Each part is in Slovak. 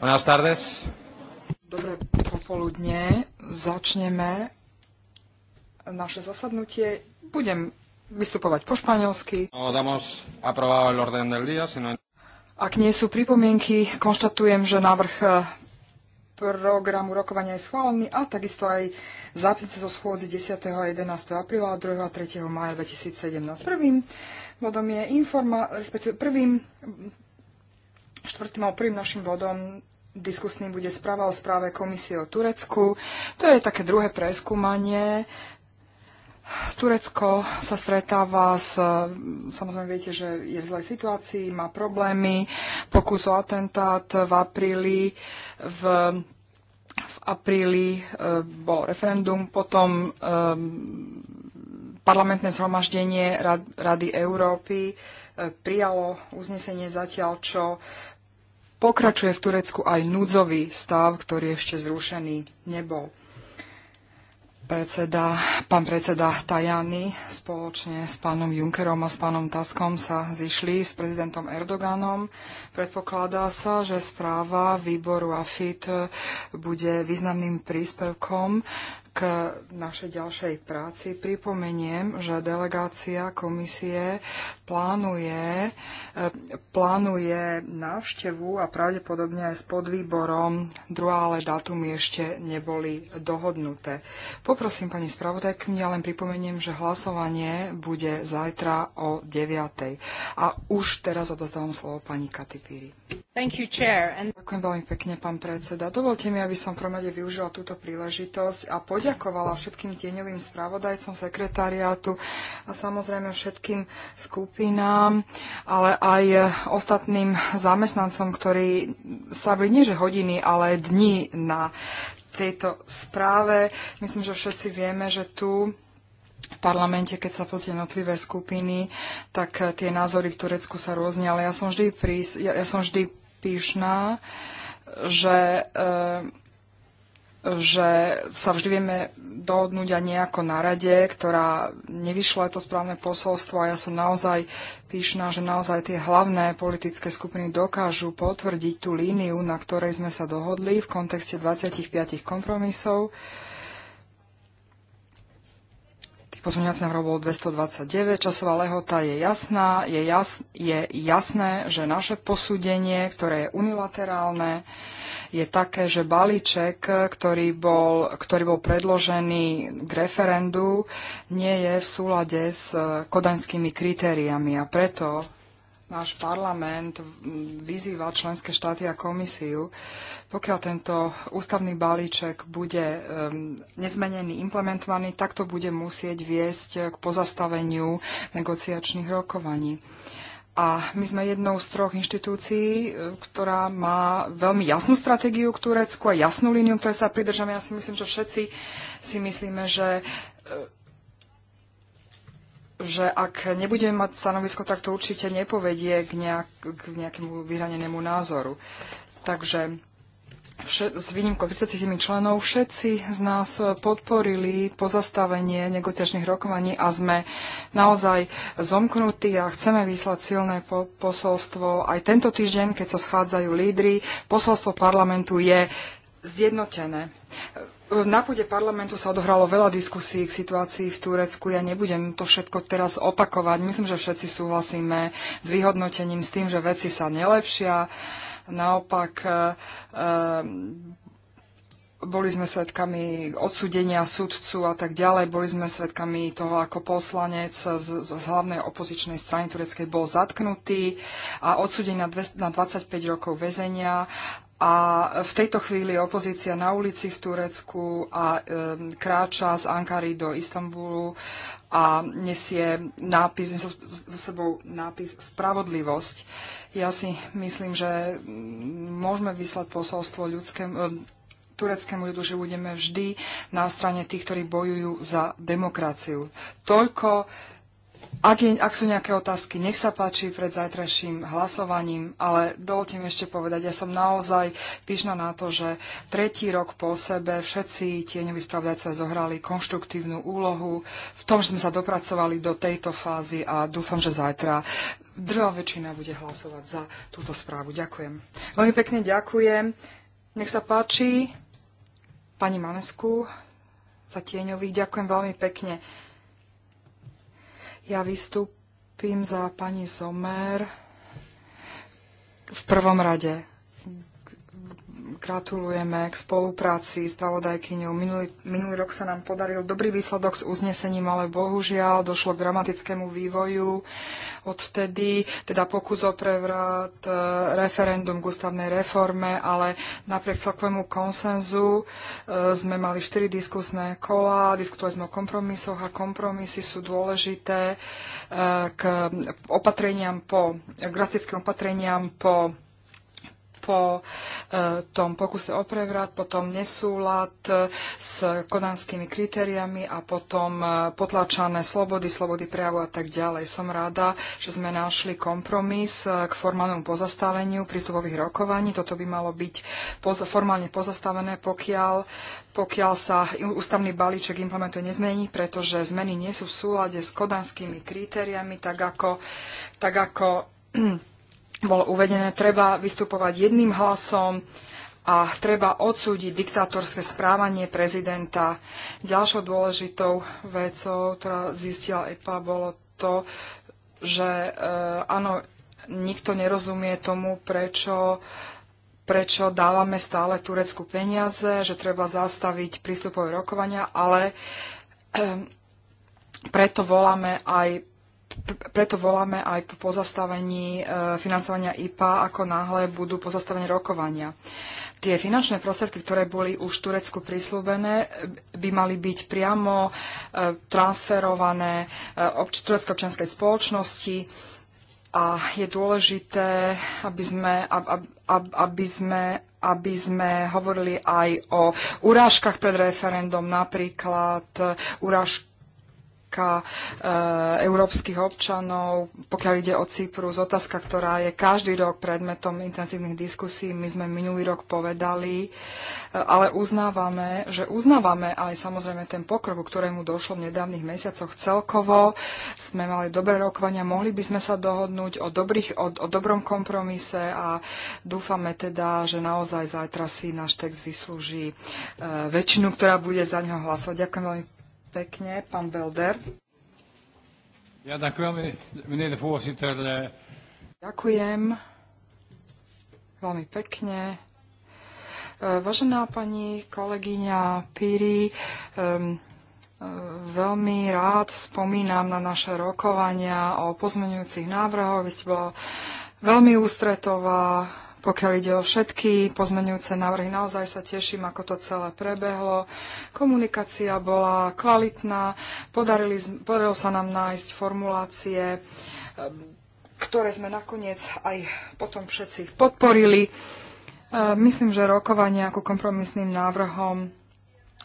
Buenas tardes. Dobré popoludne. Začneme naše zasadnutie. Budem vystupovať po španielsky. No, no- Ak nie sú pripomienky, konštatujem, že návrh eh, programu rokovania je schválený a takisto aj zápise zo schôdzi 10. a 11. apríla, 2. a 3. maja 2017. Prvým bodom je informa, respektíve prvým štvrtým a prvým našim bodom diskusný bude správa o správe komisie o Turecku. To je také druhé preskúmanie. Turecko sa stretáva s, samozrejme viete, že je v zlej situácii, má problémy, pokus o atentát v apríli, v, v apríli e, bolo referendum, potom e, parlamentné zhromaždenie Rady Európy e, prijalo uznesenie zatiaľ, čo e, Pokračuje v Turecku aj núdzový stav, ktorý ešte zrušený nebol. Predseda, pán predseda Tajany spoločne s pánom Junckerom a s pánom Taskom sa zišli s prezidentom Erdoganom. Predpokladá sa, že správa výboru AFIT bude významným príspevkom k našej ďalšej práci. Pripomeniem, že delegácia komisie plánuje, e, plánuje návštevu a pravdepodobne aj s podvýborom. Druhá, ale dátumy ešte neboli dohodnuté. Poprosím pani spravodajku, ja len pripomeniem, že hlasovanie bude zajtra o 9. A už teraz odozdávam slovo pani Katipíri. You, And... Ďakujem veľmi pekne, pán predseda. Dovolte mi, aby som v promade využila túto príležitosť a poďakovala všetkým tieňovým spravodajcom sekretariátu a samozrejme všetkým skupinám skupinám, ale aj ostatným zamestnancom, ktorí slavili nie že hodiny, ale dni na tejto správe. Myslím, že všetci vieme, že tu v parlamente, keď sa pozrie notlivé skupiny, tak tie názory k Turecku sa rôzne, ale ja som vždy, prís, ja, ja som vždy píšná, že e, že sa vždy vieme dohodnúť aj nejako na rade, ktorá nevyšla to správne posolstvo a ja som naozaj píšna, že naozaj tie hlavné politické skupiny dokážu potvrdiť tú líniu, na ktorej sme sa dohodli v kontexte 25 kompromisov. Tých pozmeňovacích návrhov bolo 229, časová lehota je jasná, je, jas, je jasné, že naše posúdenie, ktoré je unilaterálne, je také, že balíček, ktorý bol, ktorý bol predložený k referendu, nie je v súlade s eh, kodaňskými kritériami a preto náš parlament vyzýva členské štáty a komisiu, pokiaľ tento ústavný balíček bude nezmenený, implementovaný, tak to bude musieť viesť k pozastaveniu negociačných rokovaní. A my sme jednou z troch inštitúcií, e, ktorá má veľmi jasnú stratégiu k Turecku a jasnú líniu, ktoré sa pridržame. Ja si myslím, že všetci si myslíme, že e, že ak nebudeme mať stanovisko, tak to určite nepovedie k, nejak, k nejakému vyhranenému názoru. Takže všet, s výnimkou 37 členov, všetci z nás podporili pozastavenie negotiačných rokovaní a sme naozaj zomknutí a chceme vyslať silné po, posolstvo. Aj tento týždeň, keď sa schádzajú lídry, posolstvo parlamentu je zjednotené. Na pôde parlamentu sa odohralo veľa diskusí k situácii v Turecku. Ja nebudem to všetko teraz opakovať. Myslím, že všetci súhlasíme s vyhodnotením, s tým, že veci sa nelepšia Naopak e, e, boli sme svedkami odsudenia sudcu a tak ďalej. Boli sme svedkami toho, ako poslanec z, z hlavnej opozičnej strany tureckej bol zatknutý a odsudený na, dve, na 25 rokov väzenia a v tejto chvíli je opozícia na ulici v Turecku a kráča z Ankary do Istanbulu a nesie nápis, nesie so sebou nápis Spravodlivosť. Ja si myslím, že mm, môžeme vyslať posolstvo ľudskému, tureckému ľudu, že budeme vždy na strane tých, ktorí bojujú za demokraciu. Toľko ak, je, ak sú nejaké otázky, nech sa páči pred zajtrajším hlasovaním, ale dovolte mi ešte povedať, ja som naozaj pyšná na to, že tretí rok po sebe všetci tieňoví spravodajcovia zohrali konštruktívnu úlohu v tom, že sme sa dopracovali do tejto fázy a dúfam, že zajtra druhá väčšina bude hlasovať za túto správu. Ďakujem. Veľmi pekne ďakujem. Nech sa páči. Pani Manesku za tieňových, ďakujem veľmi pekne. Ja vystúpim za pani Zomer v prvom rade gratulujeme k spolupráci s pravodajkyňou. Minulý, minulý rok sa nám podaril dobrý výsledok s uznesením, ale bohužiaľ došlo k dramatickému vývoju odtedy, teda pokus o prevrat, e, referendum k ústavnej reforme, ale napriek celkovému konsenzu e, sme mali štyri diskusné kola, diskutovali sme o kompromisoch a kompromisy sú dôležité e, k opatreniam po, k drastickým opatreniam po po eh, tom pokuse o prevrat, potom nesúlad eh, s konanskými kritériami a potom eh, potlačané slobody, slobody prejavu a tak ďalej. Som rada, že sme našli kompromis k formálnemu pozastaveniu prístupových rokovaní. Toto by malo byť formálne pozastavené, pokiaľ pokiaľ sa ústavný balíček implementuje nezmení, pretože zmeny nie sú v súlade s kodanskými kritériami, tak ako, tak ako bolo uvedené, treba vystupovať jedným hlasom a treba odsúdiť diktátorské správanie prezidenta. Ďalšou dôležitou vecou, ktorá zistila EPA, bolo to, že e, áno, nikto nerozumie tomu, prečo prečo dávame stále Turecku peniaze, že treba zastaviť prístupové rokovania, ale eh, preto voláme aj preto voláme aj po pozastavení e, financovania IPA, ako náhle budú pozastavenie rokovania. Tie finančné prostriedky, ktoré boli už Turecku prislúbené, by mali byť priamo e, transferované e, obč- tureckej občianskej spoločnosti a je dôležité, aby sme, aby, aby sme, aby sme hovorili aj o urážkach pred referendum, napríklad urážky otázka e, európskych občanov, pokiaľ ide o Cyprus, otázka, ktorá je každý rok predmetom intenzívnych diskusí. My sme minulý rok povedali, e, ale uznávame, že uznávame aj samozrejme ten pokrok, ktorému došlo v nedávnych mesiacoch celkovo. Sme mali dobré rokovania, mohli by sme sa dohodnúť o, dobrých, o, o dobrom kompromise a dúfame teda, že naozaj zajtra si náš text vyslúži e, väčšinu, ktorá bude za ňo hlasovať. Ďakujem veľmi pekne, pán Belder. Ja, ďakujem, meneer de voorzitter. Eh, ďakujem veľmi pekne. Eh, vážená pani kolegyňa Piri, ehm, eh, veľmi rád spomínam na naše rokovania o pozmeňujúcich návrhoch. Vy ste bola veľmi ústretová, pokiaľ ide o všetky pozmenujúce návrhy. Naozaj sa teším, ako to celé prebehlo. Komunikácia bola kvalitná, podarili, podarilo sa nám nájsť formulácie, ktoré sme nakoniec aj potom všetci podporili. Myslím, že rokovania ako kompromisným návrhom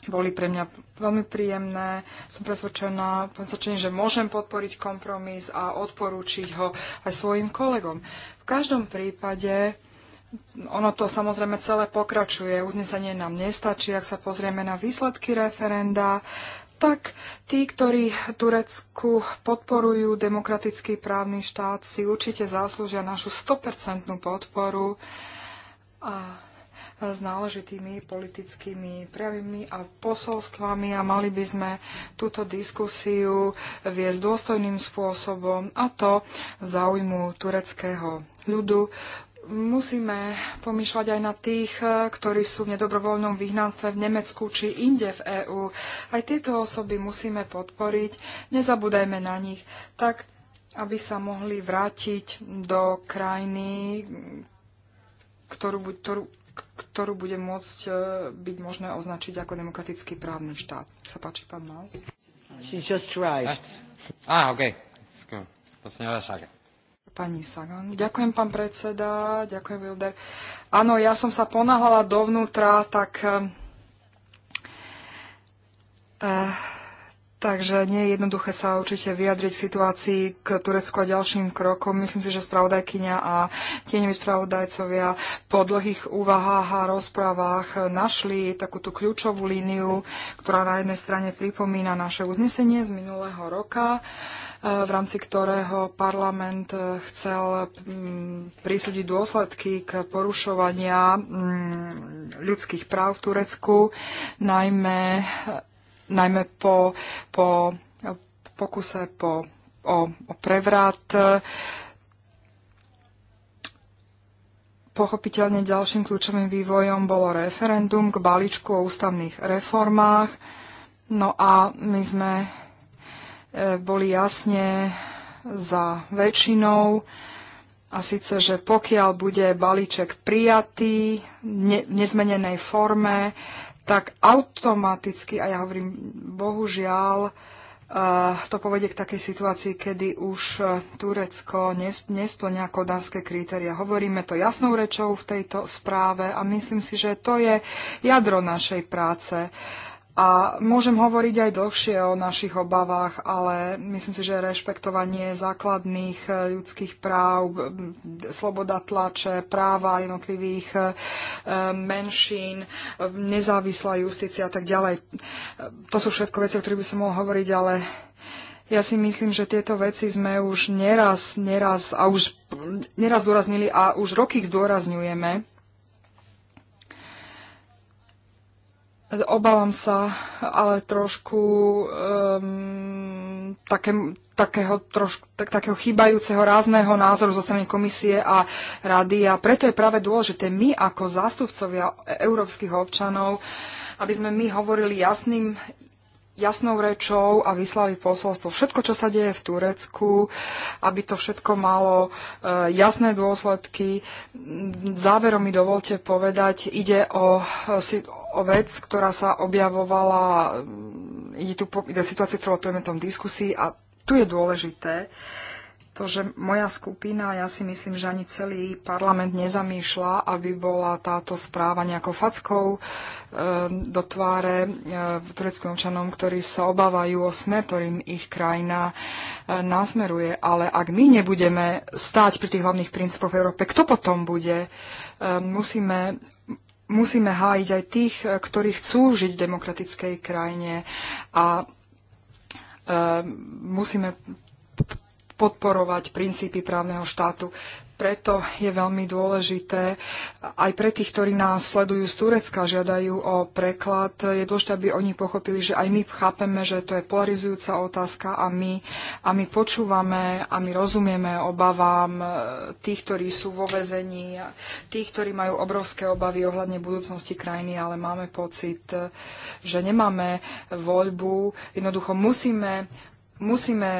boli pre mňa veľmi príjemné. Som presvedčená, presvedčená, že môžem podporiť kompromis a odporúčiť ho aj svojim kolegom. V každom prípade ono to samozrejme celé pokračuje. Uznesenie nám nestačí, ak sa pozrieme na výsledky referenda, tak tí, ktorí Turecku podporujú demokratický právny štát, si určite zaslúžia našu 100% podporu a s náležitými politickými prejavmi a posolstvami a mali by sme túto diskusiu viesť dôstojným spôsobom a to záujmu tureckého ľudu, musíme pomýšľať aj na tých, eh, ktorí sú v nedobrovoľnom vyhnanstve v Nemecku či inde v EÚ. Aj tieto osoby musíme podporiť, nezabúdajme na nich, tak aby sa mohli vrátiť do krajiny, ktorú, ktorú, ktorú bude môcť eh, byť možné označiť ako demokratický právny štát. Sa páči, pán Maus? She's just right. Ah, ah okay. Let's go. Pani Sagan. Ďakujem, pán predseda. Ďakujem, Wilder. Áno, ja som sa ponáhľala dovnútra, tak... Eh, eh takže nie je jednoduché sa určite vyjadriť situácii k Turecku a ďalším krokom. Myslím si, že spravodajkyňa a tieňoví spravodajcovia po dlhých úvahách a rozprávach našli takú tú kľúčovú líniu, ktorá na jednej strane pripomína naše uznesenie z minulého roka. Uh, v rámci ktorého parlament eh, chcel mm, prisúdiť dôsledky k porušovania mm, ľudských práv v Turecku, najmä, najmä po, po pokuse po, o, o prevrat. Pochopiteľne ďalším kľúčovým vývojom bolo referendum k balíčku o ústavných reformách. No a my sme boli jasne za väčšinou. A síce, že pokiaľ bude balíček prijatý v nezmenenej forme, tak automaticky, a ja hovorím bohužiaľ, e, to povedie k takej situácii, kedy už e, Turecko nesplňa kodanské kritéria. Hovoríme to jasnou rečou v tejto správe a myslím si, že to je jadro našej práce. A môžem hovoriť aj dlhšie o našich obavách, ale myslím si, že rešpektovanie základných eh, ľudských práv, eh, sloboda tlače, práva jednotlivých eh, menšín, nezávislá justícia a tak ďalej. To sú všetko veci, o ktorých by som mohol hovoriť, ale ja si myslím, že tieto veci sme už neraz, neraz a už neraz zdôraznili a už roky ich zdôrazňujeme. Obávam sa ale trošku um, také, takého, troš, tak, takého chýbajúceho rázneho názoru zo strany komisie a rady a preto je práve dôležité my ako zástupcovia európskych občanov, aby sme my hovorili jasným, jasnou rečou a vyslali posolstvo. Všetko, čo sa deje v Turecku, aby to všetko malo e, jasné dôsledky. Záverom mi dovolte povedať, ide o, vec, ktorá sa objavovala, hm, je tu ide situácia, ktorá predmetom diskusii a tu je dôležité, to, že moja skupina, ja si myslím, že ani celý parlament nezamýšľa, aby bola táto správa nejakou fackou e, do tváre e, tureckým občanom, ktorí sa obávajú o smer, ktorým ich krajina e, násmeruje. Ale ak my nebudeme stáť pri tých hlavných princípoch v Európe, kto potom bude? E, musíme musíme hájiť aj tých, eh, ktorí chcú žiť v demokratickej krajine a e, musíme podporovať princípy právneho štátu. Preto je veľmi dôležité aj pre tých, ktorí nás sledujú z Turecka, žiadajú o preklad. Je dôležité, aby oni pochopili, že aj my chápeme, že to je polarizujúca otázka a my, a my počúvame a my rozumieme obavám e, tých, ktorí sú vo vezení, tých, ktorí majú obrovské obavy ohľadne budúcnosti krajiny, ale máme pocit, e, že nemáme voľbu. Jednoducho musíme musíme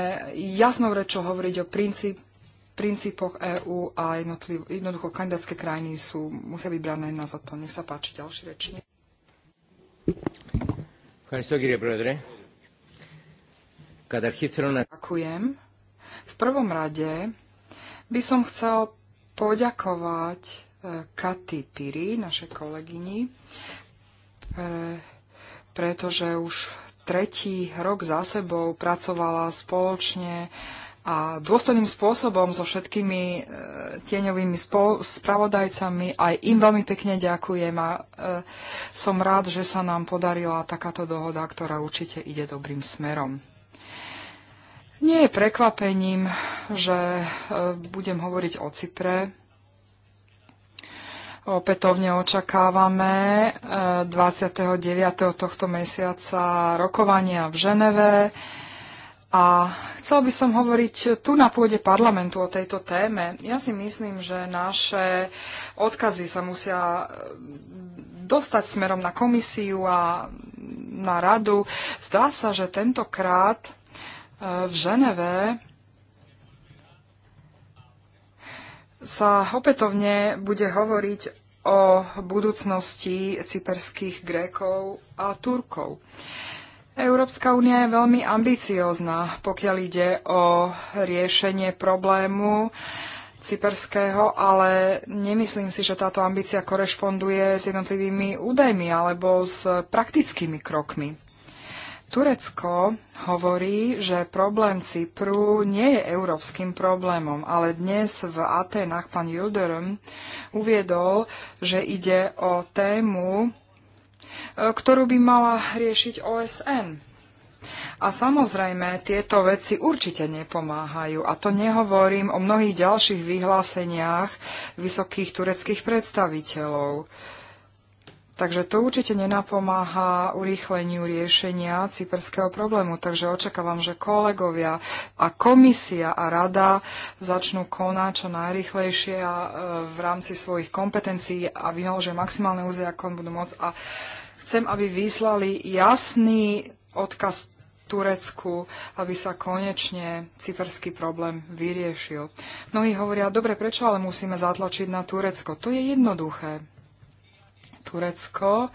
jasnou rečou hovoriť o, princíp, princípoch EÚ a jednoducho kandidátske krajiny sú, musia byť brané na zodpoň. Nech sa páči ďalší rečník. Ďakujem. V prvom rade by som chcel poďakovať e, Katy Piri, našej kolegyni, pre, pretože už tretí rok za sebou pracovala spoločne a dôstojným spôsobom so všetkými e, tieňovými spravodajcami. Aj im veľmi pekne ďakujem a e, som rád, že sa nám podarila takáto dohoda, ktorá určite ide dobrým smerom. Nie je prekvapením, že e, budem hovoriť o Cypre. Opätovne očakávame 29. E, tohto mesiaca rokovania v Ženeve. A chcela by som hovoriť tu na pôde parlamentu o tejto téme. Ja si myslím, že naše odkazy sa musia dostať smerom na komisiu a na radu. Zdá sa, že tentokrát e, v Ženeve sa opätovne bude hovoriť o budúcnosti cyperských Grékov a Turkov. Uh, Európska únia je veľmi ambiciózna, pokiaľ ide o riešenie problému cyperského, ale nemyslím si, že táto ambícia korešponduje s jednotlivými údajmi alebo s praktickými krokmi. Turecko hovorí, že problém Cypru nie je európskym problémom, ale dnes v Atenách pán Juderum uviedol, že ide o tému, ktorú by mala riešiť OSN. A samozrejme, tieto veci určite nepomáhajú. A to nehovorím o mnohých ďalších vyhláseniach vysokých tureckých predstaviteľov. Takže to určite nenapomáha urýchleniu riešenia cyperského problému. Takže očakávam, že kolegovia a komisia a rada začnú konať čo najrychlejšie a e, v rámci svojich kompetencií a že maximálne úzia, ako budú môcť. A Chcem, aby vyslali jasný odkaz Turecku, aby sa konečne cyperský problém vyriešil. Mnohí hovoria, dobre, prečo ale musíme zatlačiť na Turecko? To je jednoduché. Turecko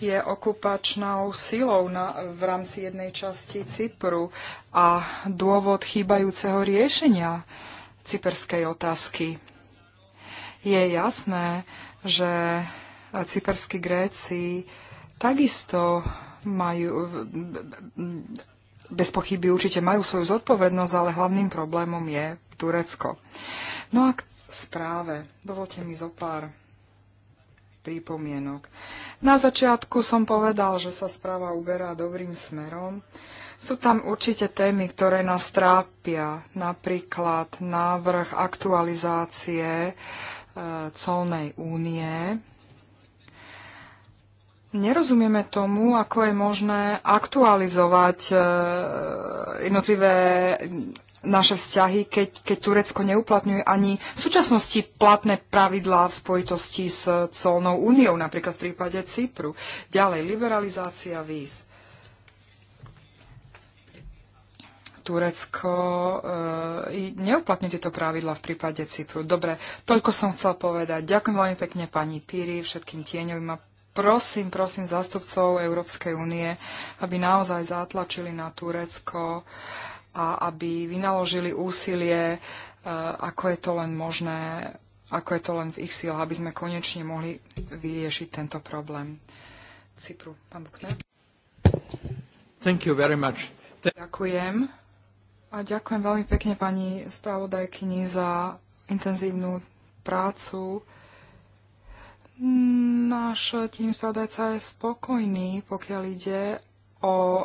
je okupačnou silou na, v rámci jednej časti Cypru a dôvod chýbajúceho riešenia cyperskej otázky. Je jasné, že cyperskí Gréci takisto majú, bez pochyby určite majú svoju zodpovednosť, ale hlavným problémom je Turecko. No a k správe. Dovolte mi zo pár prípomienok. Na začiatku som povedal, že sa správa uberá dobrým smerom. Sú tam určite témy, ktoré nás trápia, napríklad návrh aktualizácie e, colnej únie, Nerozumieme tomu, ako je možné aktualizovať e, jednotlivé naše vzťahy, keď, keď Turecko neuplatňuje ani v súčasnosti platné pravidlá v spojitosti s colnou úniou, napríklad v prípade Cypru. Ďalej, liberalizácia víz. Turecko e, neuplatňuje tieto pravidla v prípade Cypru. Dobre, toľko som chcel povedať. Ďakujem veľmi pekne pani Píri, všetkým tieňovým a prosím, prosím zástupcov Európskej únie, aby naozaj zatlačili na Turecko a aby vynaložili úsilie, e, ako je to len možné, ako je to len v ich silách, aby sme konečne mohli vyriešiť tento problém. Cypru, pán Bukner. Thank you very much. Ďakujem. A ďakujem veľmi pekne pani spravodajkyni za intenzívnu prácu Náš tím spravodajca je spokojný, pokiaľ ide o e,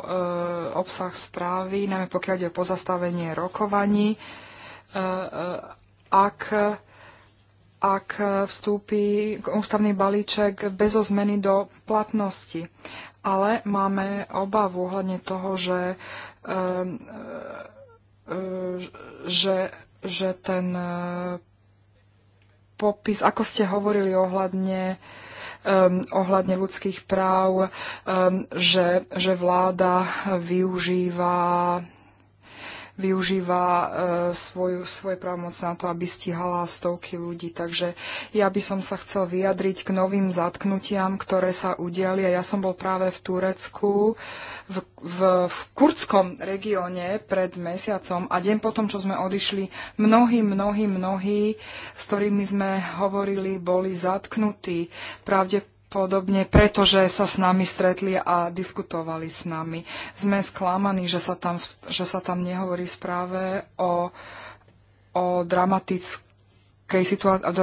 obsah správy, najmä pokiaľ ide o pozastavenie rokovaní. E, e, ak ak vstúpi ústavný balíček bez zmeny do platnosti. Ale máme obavu hľadne toho, že, e, e, že, že ten popis, ako ste hovorili ohľadne um, ohľadne ľudských práv, um, že, že vláda využíva využíva e, svoju, svoje právomoc na to, aby stíhala stovky ľudí. Takže ja by som sa chcel vyjadriť k novým zatknutiam, ktoré sa udiali. A ja som bol práve v Turecku, v, v, v kurdskom regióne pred mesiacom a deň potom, čo sme odišli, mnohí, mnohí, mnohí, s ktorými sme hovorili, boli zatknutí. Pravde, podobne, pretože sa s nami stretli a diskutovali s nami. Sme sklamaní, že sa tam, že sa tam nehovorí správe o, o dramatickej akej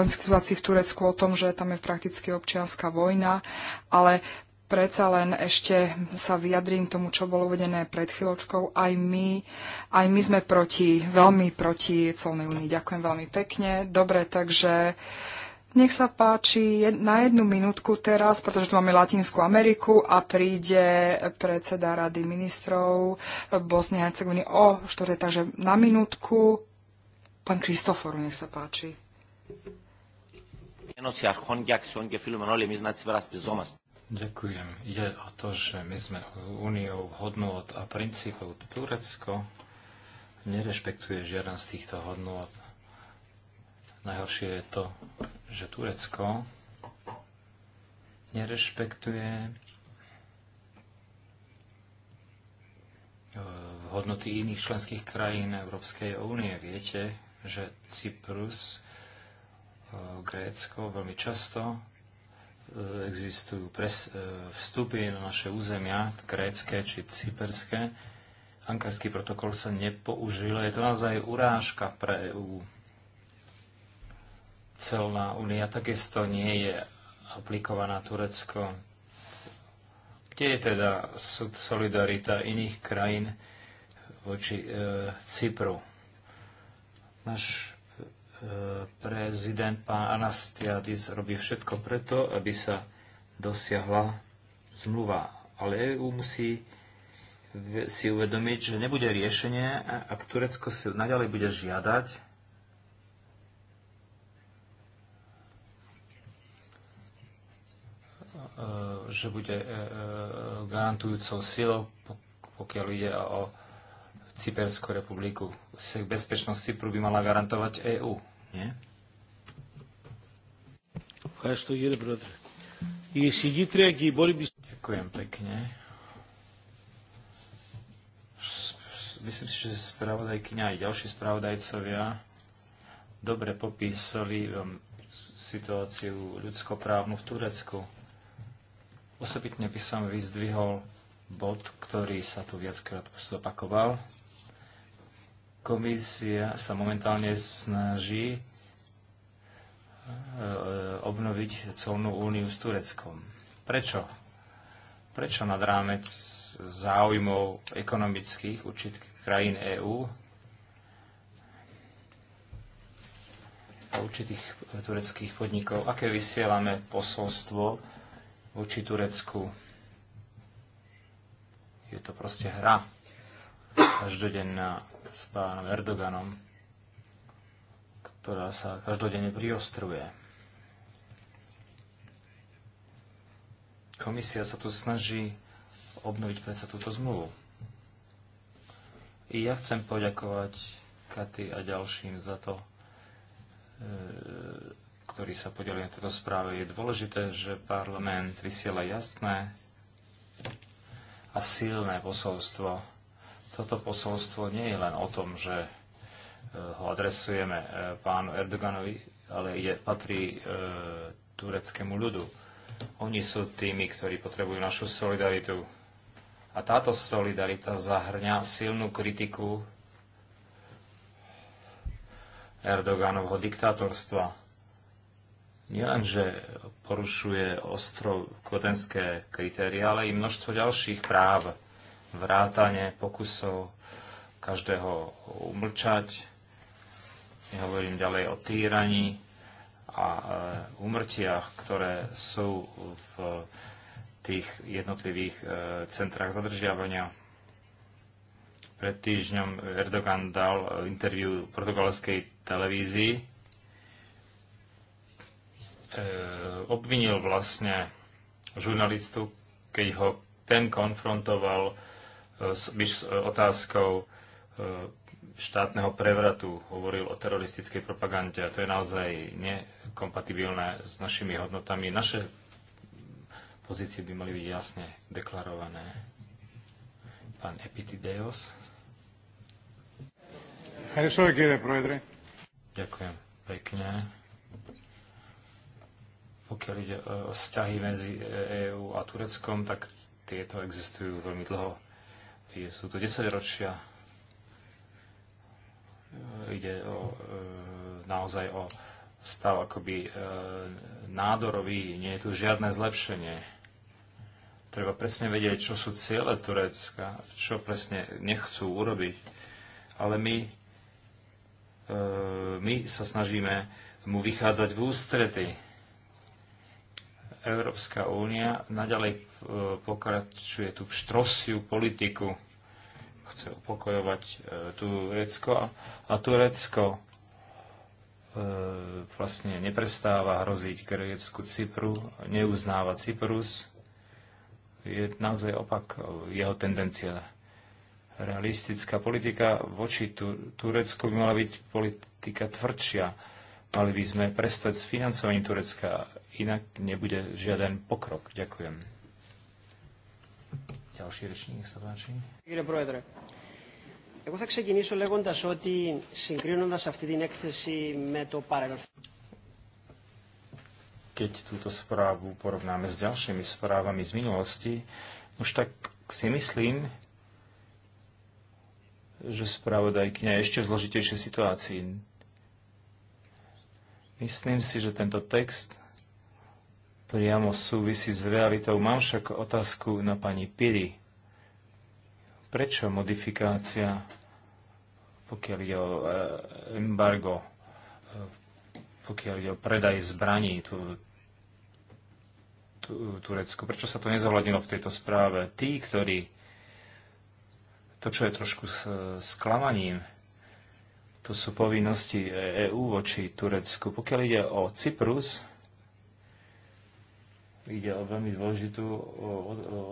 situácii v Turecku o tom, že tam je prakticky občianská vojna, ale predsa len ešte sa vyjadrím k tomu, čo bolo uvedené pred chvíľočkou. Aj my, aj my sme proti, veľmi proti celnej únii. Ďakujem veľmi pekne. Dobre, takže nech sa páči jed, na jednu minútku teraz, pretože tu máme Latinskú Ameriku a príde predseda Rady ministrov Bosny a Hercegoviny o štvrté, takže na minútku. Pán Kristofor, nech sa páči. Ďakujem. Ide o to, že my sme úniou hodnot a princípov. Turecko nerešpektuje žiaden z týchto hodnot. Najhoršie je to, že Turecko nerešpektuje e, hodnoty iných členských krajín Európskej únie. Viete, že Cyprus, e, Grécko veľmi často e, existujú pres, vstupy na naše územia, grécké či cyperské. Ankarský protokol sa nepoužil. Je to naozaj urážka pre EÚ. Celná únia takisto nie je aplikovaná Turecko. Kde je teda solidarita iných krajín voči e, Cypru? Náš e, prezident pán Anastiadis robí všetko preto, aby sa dosiahla zmluva. Ale EU musí si uvedomiť, že nebude riešenie, ak Turecko si naďalej bude žiadať E, že bude e, e, garantujúcou silou, pokiaľ ide o Cyperskú republiku. Bezpečnosť Cypru by mala garantovať EÚ, nie? Ďakujem pekne. Myslím si, že spravodajkyňa aj ďalší spravodajcovia dobre popísali um, situáciu ľudskoprávnu v Turecku Osobitne by som vyzdvihol bod, ktorý sa tu viackrát zopakoval. Komisia sa momentálne snaží e, e, obnoviť colnú úniu s Tureckom. Prečo? Prečo nad rámec záujmov ekonomických určitých krajín EÚ a určitých tureckých podnikov, aké vysielame posolstvo voči Turecku. Je to proste hra každodenná s pánom Erdoganom, ktorá sa každodenne priostruje. Komisia sa tu snaží obnoviť predsa túto zmluvu. I ja chcem poďakovať Katy a ďalším za to, e, ktorý sa podelí na tejto správe. Je dôležité, že parlament vysiela jasné a silné posolstvo. Toto posolstvo nie je len o tom, že e, ho adresujeme e, pánu Erdoganovi, ale je, patrí e, tureckému ľudu. Oni sú tými, ktorí potrebujú našu solidaritu. A táto solidarita zahrňa silnú kritiku Erdoganovho diktátorstva nielenže porušuje ostro kodenské kritéria, ale i množstvo ďalších práv, vrátane pokusov každého umlčať, nehovorím ďalej o týraní a umrtiach, e, ktoré sú v tých jednotlivých e, centrách zadržiavania. Pred týždňom Erdogan dal interviu portugalskej televízii, E, obvinil vlastne žurnalistu, keď ho ten konfrontoval e, s, e, otázkou štátneho prevratu, hovoril o teroristickej propagande a to je naozaj nekompatibilné s našimi hodnotami. Naše pozície by mali byť jasne deklarované. Pán Epitideos. Ďakujem pekne. Pokiaľ ide o e, vzťahy medzi EÚ e a Tureckom, tak tieto existujú veľmi dlho. Je Sú to 10 ročia. E, ide o, naozaj o stav akoby nádorový. Nie je tu žiadne zlepšenie treba presne vedieť, čo sú ciele Turecka, čo presne nechcú urobiť. Ale my, e, my sa snažíme mu vychádzať v ústrety. Európska únia naďalej e, pokračuje tú štrosiu politiku. Chce upokojovať e, Turecko a Turecko e, vlastne neprestáva hroziť Grécku Cypru, neuznáva Cyprus. Je naozaj opak jeho tendencia. Realistická politika voči Turecku by mala byť politika tvrdšia. Mali by sme prestať s financovaním Turecka inak nebude žiaden pokrok. Ďakujem. Ďalší rečník sa páči. Εγώ θα ξεκινήσω λέγοντας ότι συγκρίνοντας αυτή την έκθεση με το παρελθόν. Keď túto správu porovnáme s ďalšími správami z minulosti, už tak si myslím, že spravodajkňa je ešte v zložitejšej situácii. Myslím si, že tento text priamo súvisí s realitou. Mám však otázku na pani Piri. Prečo modifikácia, pokiaľ ide o e, embargo, e, pokiaľ ide o predaj zbraní tu, tu, Turecku, prečo sa to nezohľadnilo v tejto správe? Tí, ktorí, to čo je trošku sklamaním, to sú povinnosti EÚ e voči Turecku. Pokiaľ ide o Cyprus, Ide o veľmi dôležitú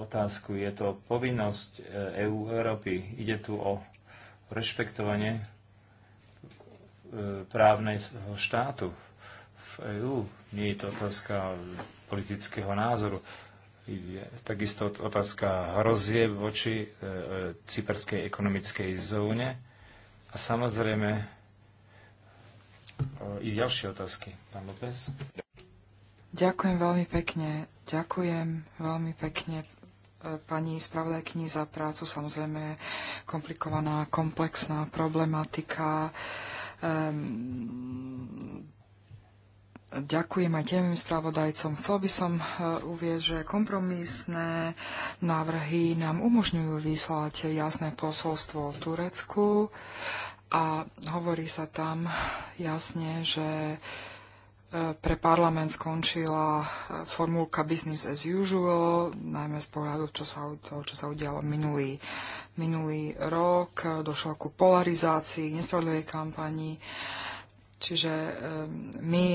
otázku. Je to povinnosť EÚ e Európy. Ide tu o rešpektovanie e, právneho štátu v EÚ. Nie je to otázka politického názoru. Je takisto otázka hrozie voči e, cyperskej ekonomickej zóne a samozrejme i ďalšie otázky. Pán López. Ďakujem veľmi pekne. Ďakujem veľmi pekne e, pani spravodajkyni za prácu. Samozrejme, komplikovaná, komplexná problematika. Um, Ďakujem aj temným spravodajcom. Chcel by som e, uvieť, že kompromisné návrhy nám umožňujú vyslať jasné posolstvo v Turecku a hovorí sa tam jasne, že pre parlament skončila e, formulka business as usual, najmä z pohľadu čo sa, toho, čo sa udialo minulý, minulý rok. Došlo ku polarizácii, k nespravodlivej kampani. Čiže e, my,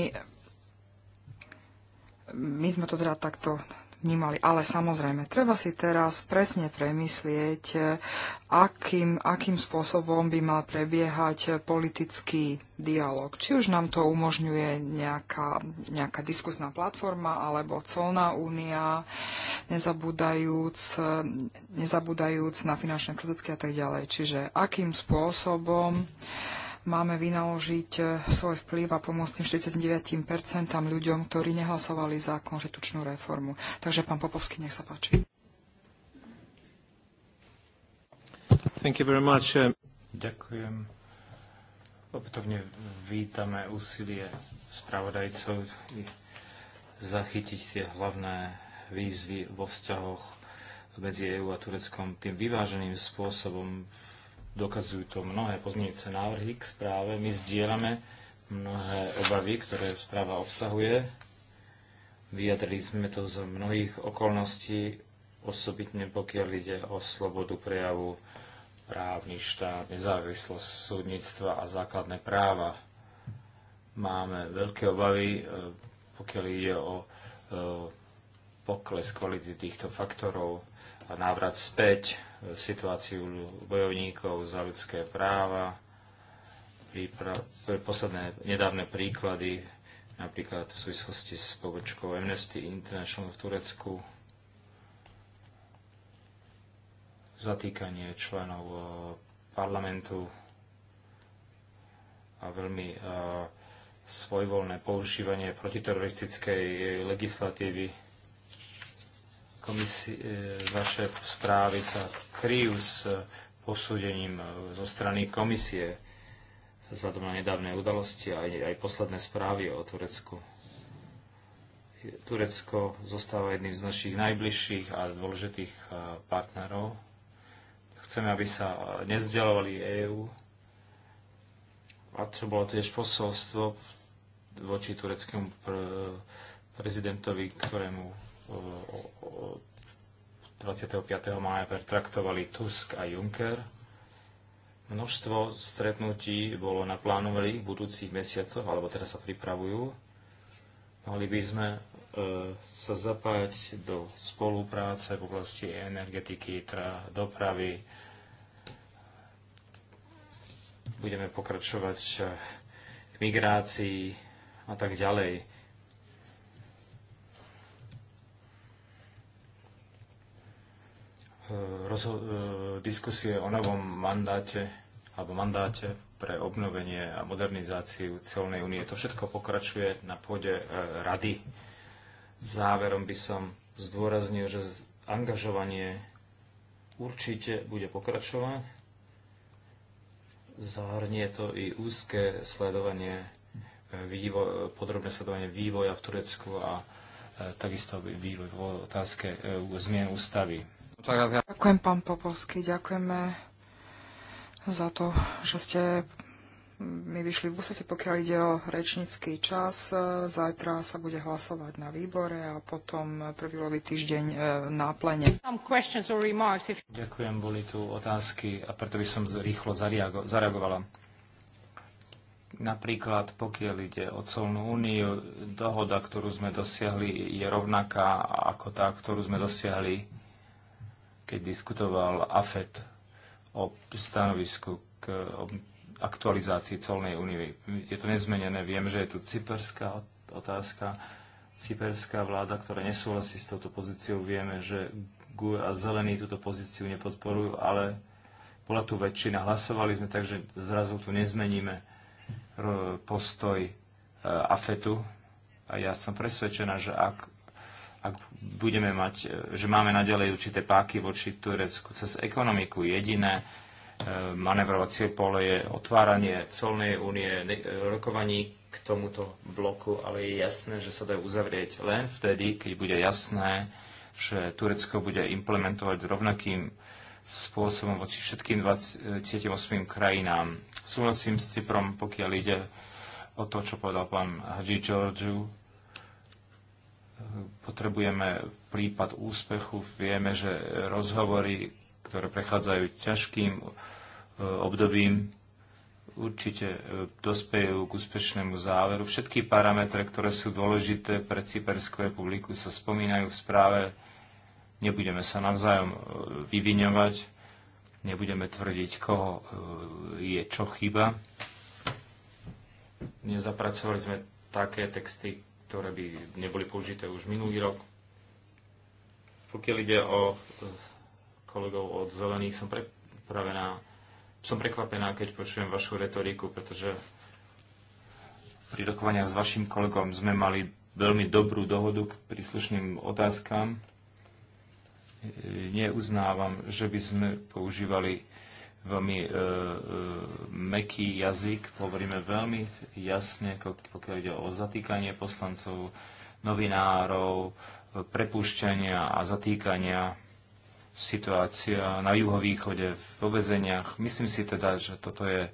my sme to teda takto vnímali. Ale samozrejme, treba si teraz presne premyslieť, akým, akým spôsobom by mal prebiehať politický dialog. Či už nám to umožňuje nejaká, nejaká diskusná platforma alebo colná únia, nezabúdajúc, nezabúdajúc na finančné prostriedky a tak ďalej. Čiže akým spôsobom máme vynaložiť e, svoj vplyv a pomôcť tým 49% ľuďom, ktorí nehlasovali za konštitučnú reformu. Takže pán Popovský, nech sa páči. Thank you very much. Uh, Ďakujem. Opätovne vítame úsilie spravodajcov zachytiť tie hlavné výzvy vo vzťahoch medzi EÚ a Tureckom tým vyváženým spôsobom v Dokazujú to mnohé pozmeňujúce návrhy k správe. My zdieľame mnohé obavy, ktoré správa obsahuje. Vyjadrili sme to za mnohých okolností, osobitne pokiaľ ide o slobodu prejavu, právny štát, nezávislosť súdnictva a základné práva. Máme veľké obavy, e, pokiaľ ide o e, pokles kvality týchto faktorov a návrat späť situáciu bojovníkov za ľudské práva, príprav, posledné nedávne príklady, napríklad v súvislosti s pobočkou Amnesty International v Turecku, zatýkanie členov eh, parlamentu a veľmi eh, svojvoľné používanie protiteroristickej legislatívy Komisi, e, vaše správy sa kryjú s e, posúdením e, zo strany komisie vzhľadom na nedávne udalosti a aj, aj posledné správy o Turecku. Turecko zostáva jedným z našich najbližších a dôležitých partnerov. Chceme, aby sa nezdelovali EÚ. A to bolo tiež posolstvo voči tureckému pr- prezidentovi, ktorému 25. mája pertraktovali Tusk a Juncker. Množstvo stretnutí bolo naplánovaných v budúcich mesiacoch, alebo teraz sa pripravujú. Mali by sme e, sa zapájať do spolupráce v oblasti energetiky, tra, dopravy. Budeme pokračovať e, k migrácii a tak ďalej E, diskusie o novom mandáte alebo mandáte pre obnovenie a modernizáciu celnej únie. To všetko pokračuje na pôde e, rady. Záverom by som zdôraznil, že angažovanie určite bude pokračovať. Zahrnie to i úzke sledovanie, e, vývo- podrobné sledovanie vývoja v Turecku a takisto vývoj v otázke zmien ústavy Ďakujem, pán Popolský, ďakujeme za to, že ste mi vyšli v úsete, pokiaľ ide o rečnícky čas. Zajtra sa bude hlasovať na výbore a potom prvý týždeň e, na plene. Ďakujem, boli tu otázky a preto by som rýchlo zareagovala. Napríklad, pokiaľ ide o colnú úniu, dohoda, ktorú sme dosiahli, je rovnaká ako tá, ktorú sme dosiahli keď diskutoval AFET o stanovisku k aktualizácii colnej únie. Je to nezmenené. Viem, že je tu cyperská otázka. Cyperská vláda, ktorá nesúhlasí s touto pozíciou, vieme, že GUE a Zelení túto pozíciu nepodporujú, ale bola tu väčšina, hlasovali sme, takže zrazu tu nezmeníme postoj e, AFETu. A ja som presvedčená, že ak ak budeme mať, e, že máme naďalej určité páky voči Turecku cez ekonomiku. Jediné e, manevrovacie pole je otváranie colnej únie, e, rokovaní k tomuto bloku, ale je jasné, že sa dajú uzavrieť len vtedy, keď bude jasné, že Turecko bude implementovať rovnakým spôsobom voči všetkým 28 krajinám. Súhlasím s Cyprom, pokiaľ ide o to, čo povedal pán Hadži Georgiou, potrebujeme prípad úspechu. Vieme, že rozhovory, ktoré prechádzajú ťažkým e, obdobím, určite e, dospejú k úspešnému záveru. Všetky parametre, ktoré sú dôležité pre Cyperskú republiku, sa spomínajú v správe. Nebudeme sa navzájom e, vyviňovať, nebudeme tvrdiť, koho je čo chyba. Nezapracovali sme také texty, ktoré by neboli použité už minulý rok. Pokiaľ ide o e, kolegov od zelených, som prepravená, som prekvapená, keď počujem vašu retoriku, pretože pri rokovaniach s vašim kolegom sme mali veľmi dobrú dohodu k príslušným otázkam. E, e, neuznávam, že by sme používali veľmi e, e, meký jazyk, hovoríme veľmi jasne, pokiaľ ide o zatýkanie poslancov, novinárov, prepúšťania a zatýkania, situácia na juhovýchode, v obezeniach. Myslím si teda, že toto je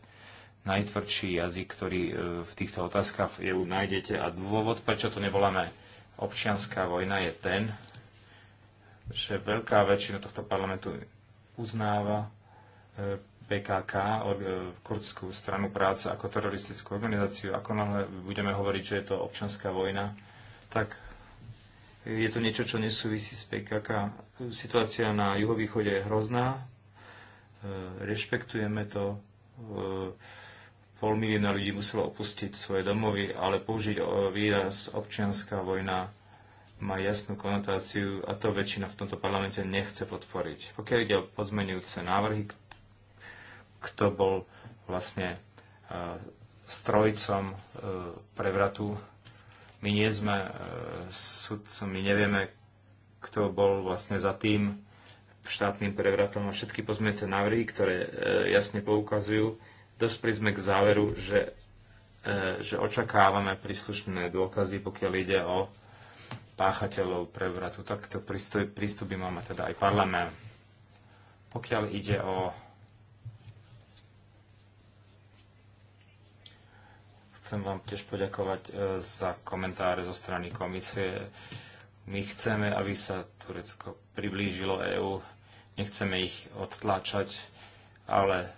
najtvrdší jazyk, ktorý e, v týchto otázkach EU nájdete. A dôvod, prečo to nevoláme občianská vojna, je ten, že veľká väčšina tohto parlamentu uznáva, PKK, e, kurdskú stranu práce, ako teroristickú organizáciu. Ako náhle budeme hovoriť, že je to občanská vojna, tak je to niečo, čo nesúvisí s PKK. Situácia na juhovýchode je hrozná. E, rešpektujeme to. E, pol milióna ľudí muselo opustiť svoje domovy, ale použiť výraz občianská vojna má jasnú konotáciu a to väčšina v tomto parlamente nechce podporiť. Pokiaľ ide o pozmenujúce návrhy, kto bol vlastne e, strojcom e, prevratu. My nie sme e, sudcom, my nevieme, kto bol vlastne za tým štátnym prevratom a všetky pozmete návrhy, ktoré jasne poukazujú, dospeli sme k záveru, že, že očakávame príslušné dôkazy, pokiaľ ide o páchateľov prevratu. Takto prístup, prístup by máme teda aj parlament. Pokiaľ ide o Chcem vám tiež poďakovať e, za komentáre zo strany komisie. My chceme, aby sa Turecko priblížilo EÚ. Nechceme ich odtláčať, ale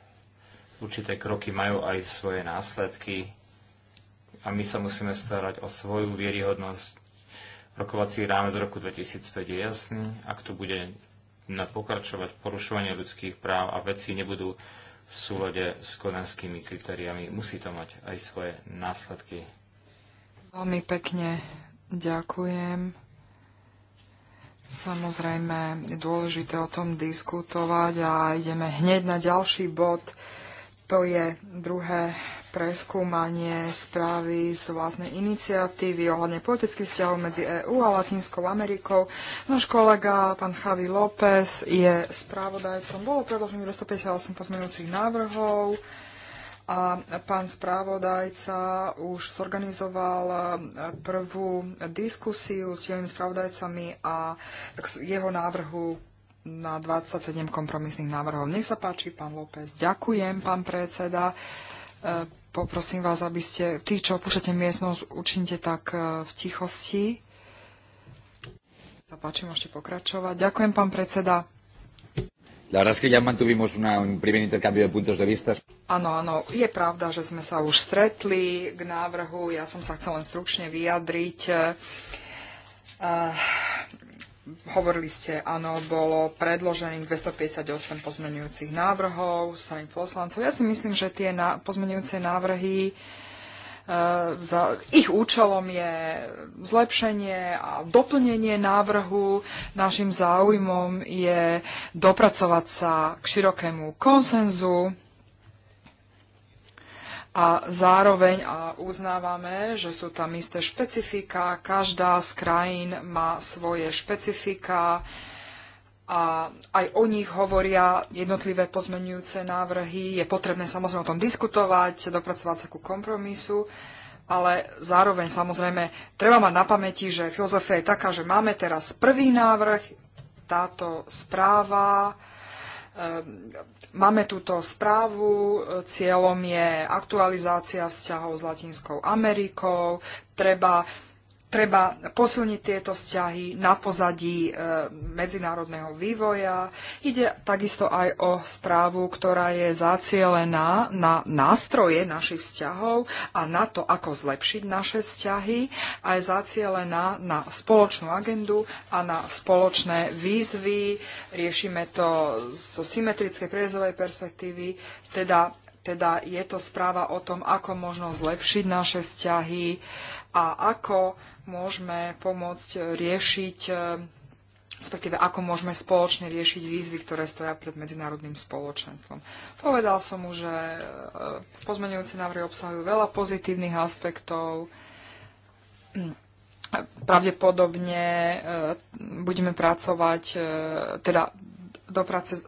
určité kroky majú aj svoje následky a my sa musíme starať o svoju vieryhodnosť. Rokovací rámec roku 2005 je jasný. Ak tu bude pokračovať porušovanie ľudských práv a veci nebudú v súlade s konanskými kritériami. Musí to mať aj svoje následky. Veľmi pekne ďakujem. Samozrejme, je dôležité o tom diskutovať a ideme hneď na ďalší bod. To je druhé preskúmanie správy z vlastnej iniciatívy ohľadne politických vzťahov medzi EÚ a Latinskou Amerikou. Náš kolega, pán Javi López, je správodajcom. Bolo predložených 258 pozmenujúcich návrhov a pán správodajca už zorganizoval eh, prvú diskusiu s tými správodajcami a jeho návrhu na 27 kompromisných návrhov. Nech sa páči, pán López. Ďakujem, pán predseda. Eh, poprosím vás, aby ste, tí, čo opúšťate miestnosť, učinite tak e, v tichosti. Zapáči, môžete pokračovať. Ďakujem, pán predseda. La verdad es que ya mantuvimos una, un primer intercambio de puntos de vista. Áno, áno, je pravda, že sme sa už stretli k návrhu. Ja som sa chcel len stručne vyjadriť. Uh, hovorili ste, áno, bolo predložených 258 pozmenujúcich návrhov strany poslancov. Ja si myslím, že tie na, pozmenujúce návrhy e, za, ich účelom je zlepšenie a doplnenie návrhu. Našim záujmom je dopracovať sa k širokému konsenzu a zároveň a uznávame, že sú tam isté špecifika, každá z krajín má svoje špecifika a aj o nich hovoria jednotlivé pozmenujúce návrhy. Je potrebné samozrejme o tom diskutovať, dopracovať sa ku kompromisu, ale zároveň samozrejme treba mať na pamäti, že filozofia je taká, že máme teraz prvý návrh, táto správa, Ehm, máme túto správu, cieľom je aktualizácia vzťahov s Latinskou Amerikou, treba treba posilniť tieto vzťahy na pozadí e, medzinárodného vývoja. Ide takisto aj o správu, ktorá je zacielená na nástroje našich vzťahov a na to, ako zlepšiť naše vzťahy a je zacielená na spoločnú agendu a na spoločné výzvy. Riešime to zo symetrickej priezovej perspektívy, teda teda je to správa o tom, ako možno zlepšiť naše vzťahy a ako môžeme pomôcť riešiť, e, respektíve ako môžeme spoločne riešiť výzvy, ktoré stoja pred medzinárodným spoločenstvom. Povedal som mu, že e, pozmenujúce návrhy obsahujú veľa pozitívnych aspektov. Pravdepodobne e, budeme pracovať, teda do, práce,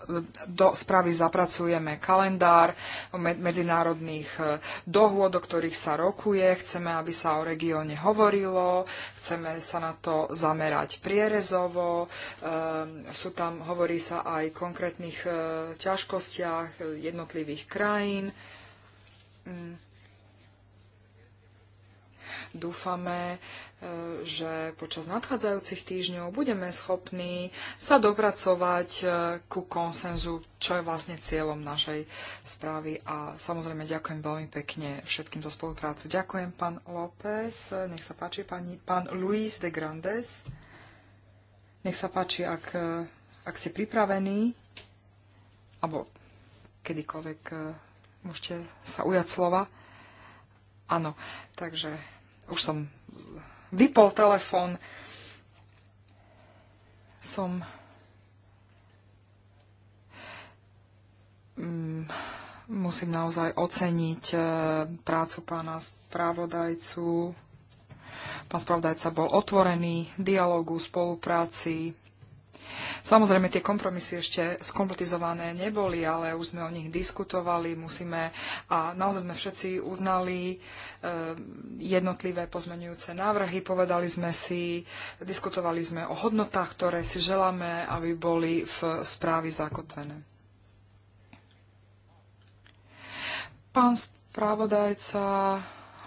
do správy zapracujeme kalendár medzinárodných e, dohôd, o ktorých sa rokuje. Chceme, aby sa o regióne hovorilo, chceme sa na to zamerať prierezovo. E, sú tam, hovorí sa aj o konkrétnych e, ťažkostiach jednotlivých krajín. Mm. Dúfame, že počas nadchádzajúcich týždňov budeme schopní sa dopracovať e, ku konsenzu, čo je vlastne cieľom našej správy. A samozrejme ďakujem veľmi pekne všetkým za spoluprácu. Ďakujem pán López, nech sa páči pani, pán Luis de Grandes. Nech sa páči, ak, e, ak ste pripravení, alebo kedykoľvek e, môžete sa ujať slova. Áno, takže už som vypol telefón. Som... Mm, musím naozaj oceniť eh, prácu pána spravodajcu. Pán spravodajca bol otvorený dialogu, spolupráci Samozrejme, tie kompromisy ešte skompletizované neboli, ale už sme o nich diskutovali, musíme a naozaj sme všetci uznali e, jednotlivé pozmenujúce návrhy, povedali sme si, diskutovali sme o hodnotách, ktoré si želáme, aby boli v správy zakotvené. Pán spravodajca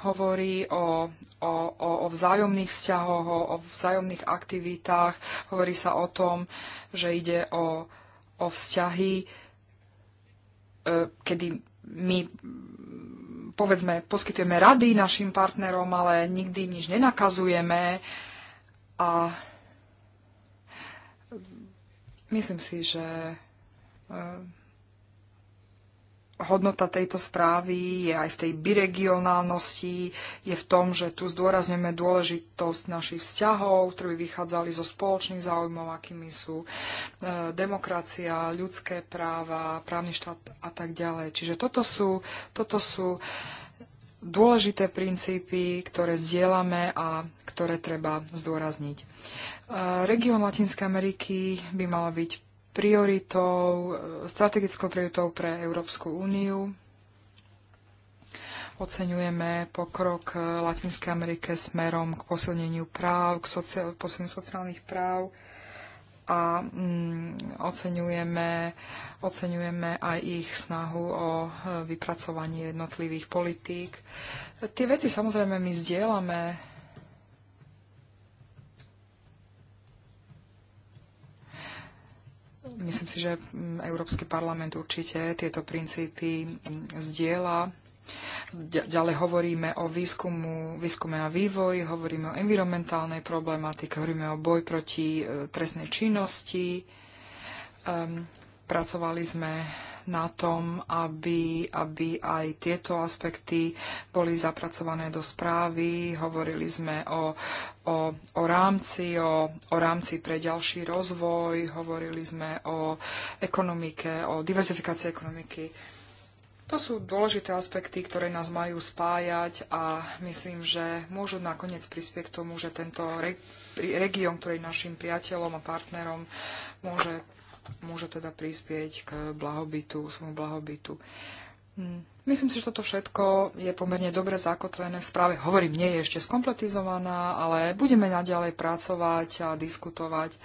hovorí o o, o, o vzájomných vzťahoch, o, o vzájomných aktivitách. Hovorí sa o tom, že ide o, o vzťahy, e, kedy my povedzme, poskytujeme rady našim partnerom, ale nikdy nič nenakazujeme a myslím si, že e, hodnota tejto správy je aj v tej biregionálnosti, je v tom, že tu zdôrazňujeme dôležitosť našich vzťahov, ktoré vychádzali zo spoločných záujmov, akými sú e, demokracia, ľudské práva, právny štát a tak ďalej. Čiže toto sú, toto sú dôležité princípy, ktoré zdieľame a ktoré treba zdôrazniť. E, Región Latinskej Ameriky by mala byť prioritou, e, strategickou prioritou pre Európsku úniu. Oceňujeme pokrok e, Latinskej Amerike smerom k posilneniu práv, k socia- posilneniu sociálnych práv a mm, oceňujeme, oceňujeme aj ich snahu o e, vypracovanie jednotlivých politík. Tie veci samozrejme my zdieľame Myslím si, že mm, Európsky parlament určite tieto princípy mm, zdieľa. Ďalej hovoríme o výskumu, výskume a vývoji, hovoríme o environmentálnej problematike, hovoríme o boj proti e, trestnej činnosti. Um, pracovali sme na tom, aby, aby aj tieto aspekty boli zapracované do správy. Hovorili sme o, o, o rámci, o, o rámci pre ďalší rozvoj, hovorili sme o ekonomike, o diverzifikácii ekonomiky. To sú dôležité aspekty, ktoré nás majú spájať a myslím, že môžu nakoniec prispieť k tomu, že tento re- región, ktorý je našim priateľom a partnerom, môže môže teda prispieť k blahobytu, svojmu blahobytu. Hm. Myslím si, že toto všetko je pomerne dobre zakotvené v správe. Hovorím, nie je ešte skompletizovaná, ale budeme naďalej pracovať a diskutovať.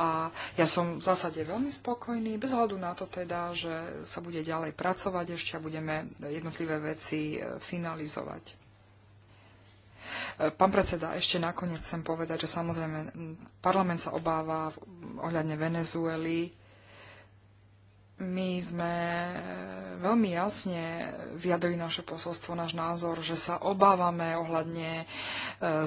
A ja som v zásade veľmi spokojný, bez hľadu na to teda, že sa bude ďalej pracovať ešte a budeme jednotlivé veci e, finalizovať. Pán predseda, ešte nakoniec chcem povedať, že samozrejme parlament sa obáva ohľadne Venezuely, my sme e, veľmi jasne vyjadrili naše posolstvo, náš názor, že sa obávame ohľadne e,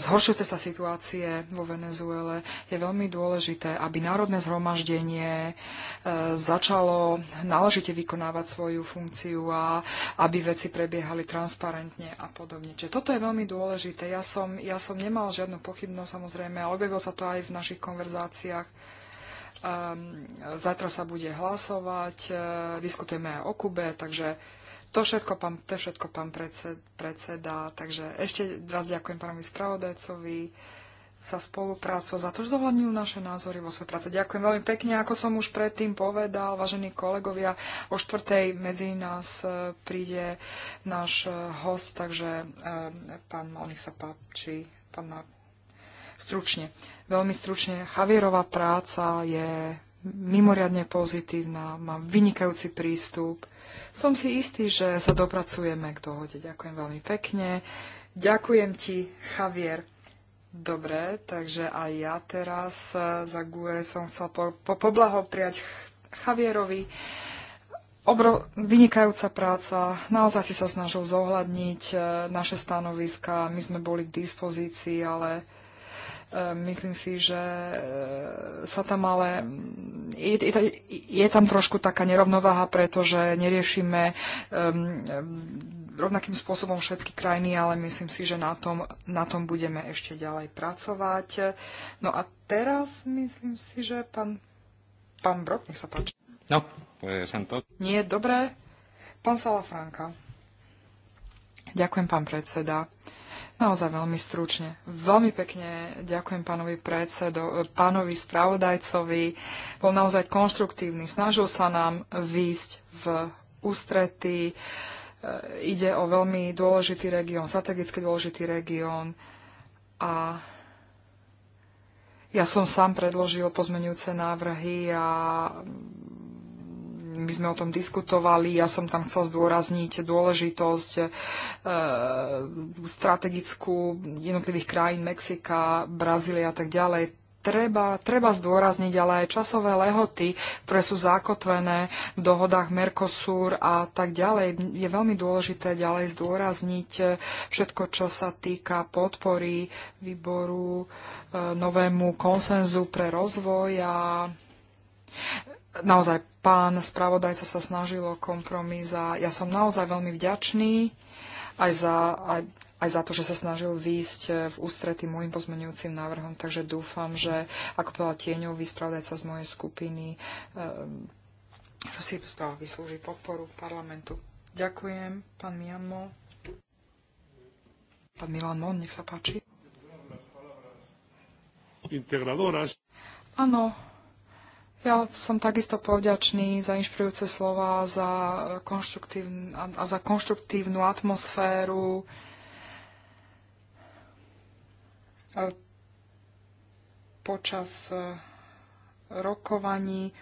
zhoršujúce sa situácie vo Venezuele. Je veľmi dôležité, aby Národné zhromaždenie e, začalo náležite vykonávať svoju funkciu a aby veci prebiehali transparentne a podobne. Čiže toto je veľmi dôležité. Ja som, ja som nemal žiadnu pochybnosť samozrejme, ale objavil sa to aj v našich konverzáciách Ehm, zajtra sa bude hlasovať, e, diskutujeme aj o Kube, takže to všetko pán, to všetko pán predsed, predseda. Takže ešte raz ďakujem pánovi spravodajcovi za spoluprácu, za to, že zohľadnil naše názory vo svojej práce. Ďakujem veľmi pekne, ako som už predtým povedal, vážení kolegovia, o štvrtej medzi nás e, príde náš e, host, takže pán Mal, sa páči, pán stručne. Veľmi stručne. Javierová práca je mimoriadne pozitívna, má vynikajúci prístup. Som si istý, že sa dopracujeme k dohode. Ďakujem veľmi pekne. Ďakujem ti, Javier. Dobre, takže aj ja teraz eh, za GUE som chcel po, po, poblahopriať Javierovi. Obro, vynikajúca práca, naozaj si sa snažil zohľadniť eh, naše stanoviska, my sme boli k dispozícii, ale E, myslím si, že e, sa tam ale... Je, je, je tam trošku taká nerovnováha, pretože neriešime e, rovnakým spôsobom všetky krajiny, ale myslím si, že na tom, na tom budeme ešte ďalej pracovať. No a teraz myslím si, že pán, pán Brok, nech sa páči. No, som to. Nie, dobre. Pán Salafranka. Ďakujem, pán predseda. Naozaj veľmi stručne. Veľmi pekne ďakujem pánovi predsedo, pánovi spravodajcovi. Bol naozaj konštruktívny. Snažil sa nám výjsť v ústrety, e, Ide o veľmi dôležitý región, strategicky dôležitý región. A ja som sám predložil pozmenujúce návrhy a my sme o tom diskutovali, ja som tam chcel zdôrazniť dôležitosť e, strategickú jednotlivých krajín Mexika, Brazília a tak ďalej. Treba, treba zdôrazniť ale aj časové lehoty, ktoré sú zakotvené v dohodách Mercosur a tak ďalej. Je veľmi dôležité ďalej zdôrazniť všetko, čo sa týka podpory výboru e, novému konsenzu pre rozvoj a naozaj pán spravodajca sa snažil o kompromis a ja som naozaj veľmi vďačný aj za, aj, aj za to, že sa snažil výjsť eh, v ústrety môjim pozmenujúcim návrhom, takže dúfam, že ako povedala tieňový spravodajca z mojej skupiny, eh, že si správa vyslúži podporu parlamentu. Ďakujem, pán Mianmo. Pán Milan Mon, nech sa páči. Integradoras. Áno, ja som takisto povďačný za inšpirujúce slova, za a za konštruktívnu atmosféru. Počas e, rokovaní e,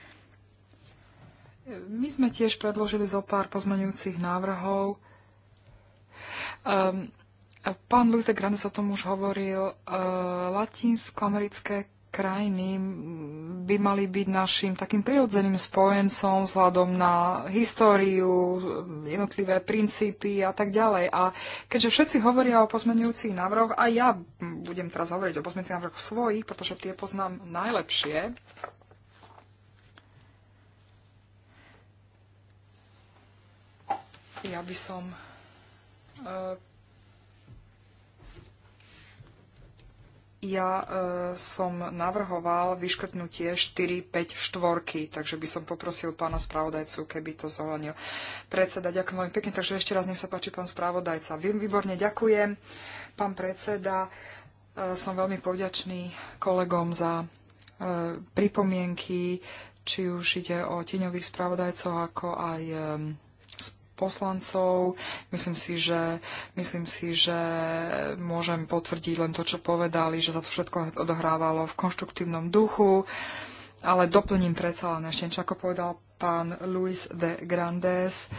my sme tiež predložili zo pár pozmeňujúcich návrhov. E, pán Luis de Grandes o tom už hovoril. latinsko Latinskoamerické krajiny by mali byť našim takým prirodzeným spojencom vzhľadom na históriu, jednotlivé princípy a tak ďalej. A keďže všetci hovoria o pozmenujúcich návrhoch, a ja budem teraz hovoriť o pozmenujúcich návrhoch svojich, pretože tie poznám najlepšie, ja by som e, ja e, som navrhoval vyškrtnutie 4, 5, 4, takže by som poprosil pána spravodajcu, keby to zohľadnil. Predseda, ďakujem veľmi pekne, takže ešte raz nech sa páči pán spravodajca. Výborne ďakujem, pán predseda. E, som veľmi povďačný kolegom za e, pripomienky, či už ide o tieňových spravodajcov, ako aj e, poslancov. Myslím si, že, myslím si, že môžem potvrdiť len to, čo povedali, že sa to všetko odohrávalo v konštruktívnom duchu. Ale doplním predsa len ešte, ako povedal pán Luis de Grandes,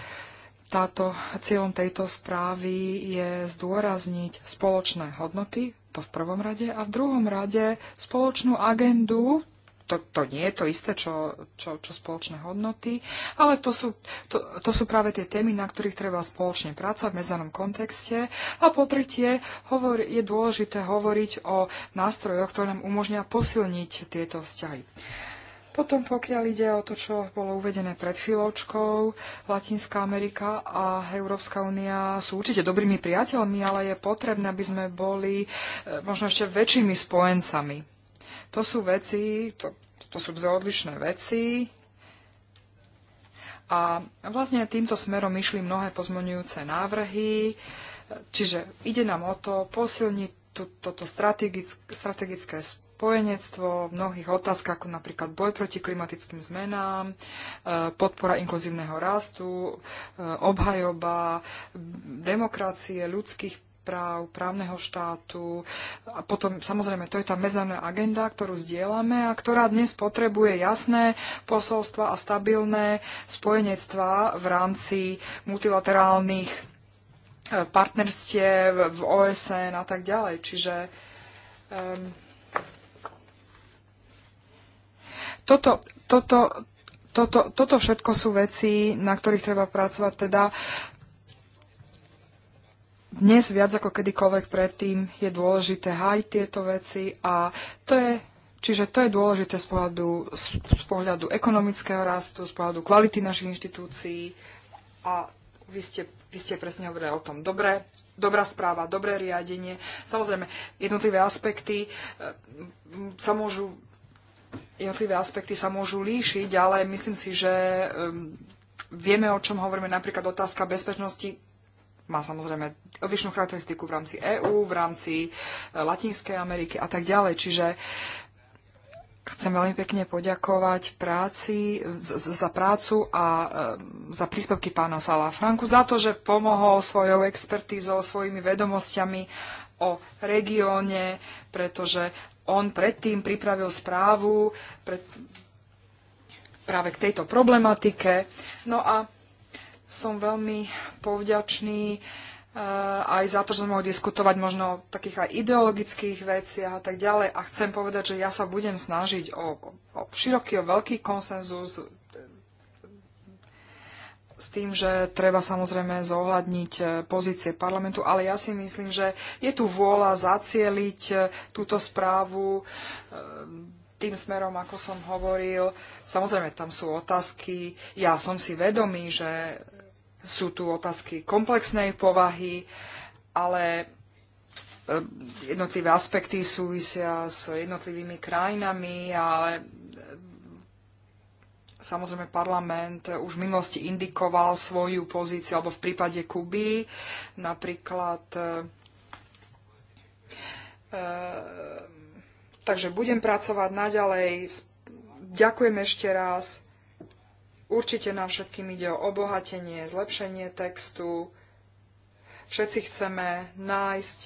táto, cieľom tejto správy je zdôrazniť spoločné hodnoty, to v prvom rade, a v druhom rade spoločnú agendu, to, to nie je to isté, čo, čo, čo spoločné hodnoty, ale to sú, to, to sú práve tie témy, na ktorých treba spoločne pracovať v medzinárodnom kontexte. A po tretie, hovor, je dôležité hovoriť o nástrojoch, ktoré nám umožnia posilniť tieto vzťahy. Potom, pokiaľ ide o to, čo bolo uvedené pred chvíľočkou, Latinská Amerika a Európska únia sú určite dobrými priateľmi, ale je potrebné, aby sme boli eh, možno ešte väčšími spojencami to sú veci, to, to sú dve odlišné veci. A vlastne týmto smerom išli mnohé pozmoňujúce návrhy, čiže ide nám o to posilniť tú, toto strategické, strategické spojenectvo v mnohých otázkach, ako napríklad boj proti klimatickým zmenám, e, podpora inkluzívneho rastu, e, obhajoba demokracie, ľudských práv, právneho štátu. A potom samozrejme to je tá medzinárodná agenda, ktorú zdieľame a ktorá dnes potrebuje jasné posolstva a stabilné spojenectvá v rámci multilaterálnych e, partnerstiev v OSN a tak ďalej. Čiže um, toto, toto, toto, toto všetko sú veci, na ktorých treba pracovať. Teda dnes viac ako kedykoľvek predtým je dôležité hájiť tieto veci a to je Čiže to je dôležité z pohľadu, z pohľadu ekonomického rastu, z pohľadu kvality našich inštitúcií a vy ste, vy ste presne hovorili o tom. Dobre, dobrá správa, dobré riadenie. Samozrejme, jednotlivé aspekty e, sa môžu jednotlivé aspekty sa môžu líšiť, ale myslím si, že e, vieme, o čom hovoríme, napríklad otázka bezpečnosti má samozrejme odlišnú charakteristiku v rámci EÚ, v rámci e, Latinskej Ameriky a tak ďalej. Čiže Chcem veľmi pekne poďakovať práci, za prácu a e, za príspevky pána Sala Franku, za to, že pomohol svojou expertízou, svojimi vedomosťami o regióne, pretože on predtým pripravil správu pre, práve k tejto problematike. No a som veľmi povďačný eh, aj za to, že sme mohli diskutovať možno o takých aj ideologických veciach a tak ďalej. A chcem povedať, že ja sa budem snažiť o, o široký, o veľký konsenzus eh, s tým, že treba samozrejme zohľadniť eh, pozície parlamentu, ale ja si myslím, že je tu vôľa zacieliť túto správu tým smerom, ako som hovoril. Samozrejme, tam sú otázky. Ja som si vedomý, že sú tu otázky komplexnej povahy, ale e, jednotlivé aspekty súvisia s jednotlivými krajinami, ale e, samozrejme parlament už v minulosti indikoval svoju pozíciu, alebo v prípade Kuby napríklad. E, takže budem pracovať naďalej. Ďakujem ešte raz Určite nám všetkým ide o obohatenie, zlepšenie textu. Všetci chceme nájsť,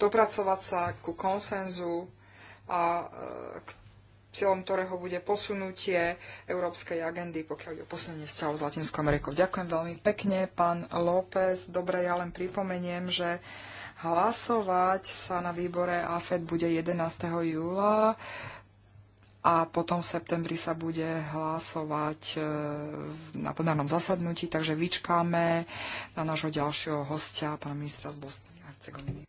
dopracovať sa ku konsenzu a e, k cieľom ktorého bude posunutie európskej agendy, pokiaľ ide o posunenie vzťahov s Latinskou Amerikou. Ďakujem veľmi pekne, pán López. Dobre, ja len pripomeniem, že hlasovať sa na výbore AFED bude 11. júla a potom v septembri sa bude hlasovať e, na plenárnom zasadnutí, takže vyčkáme na nášho ďalšieho hostia, pána ministra z Bosny a Hercegoviny.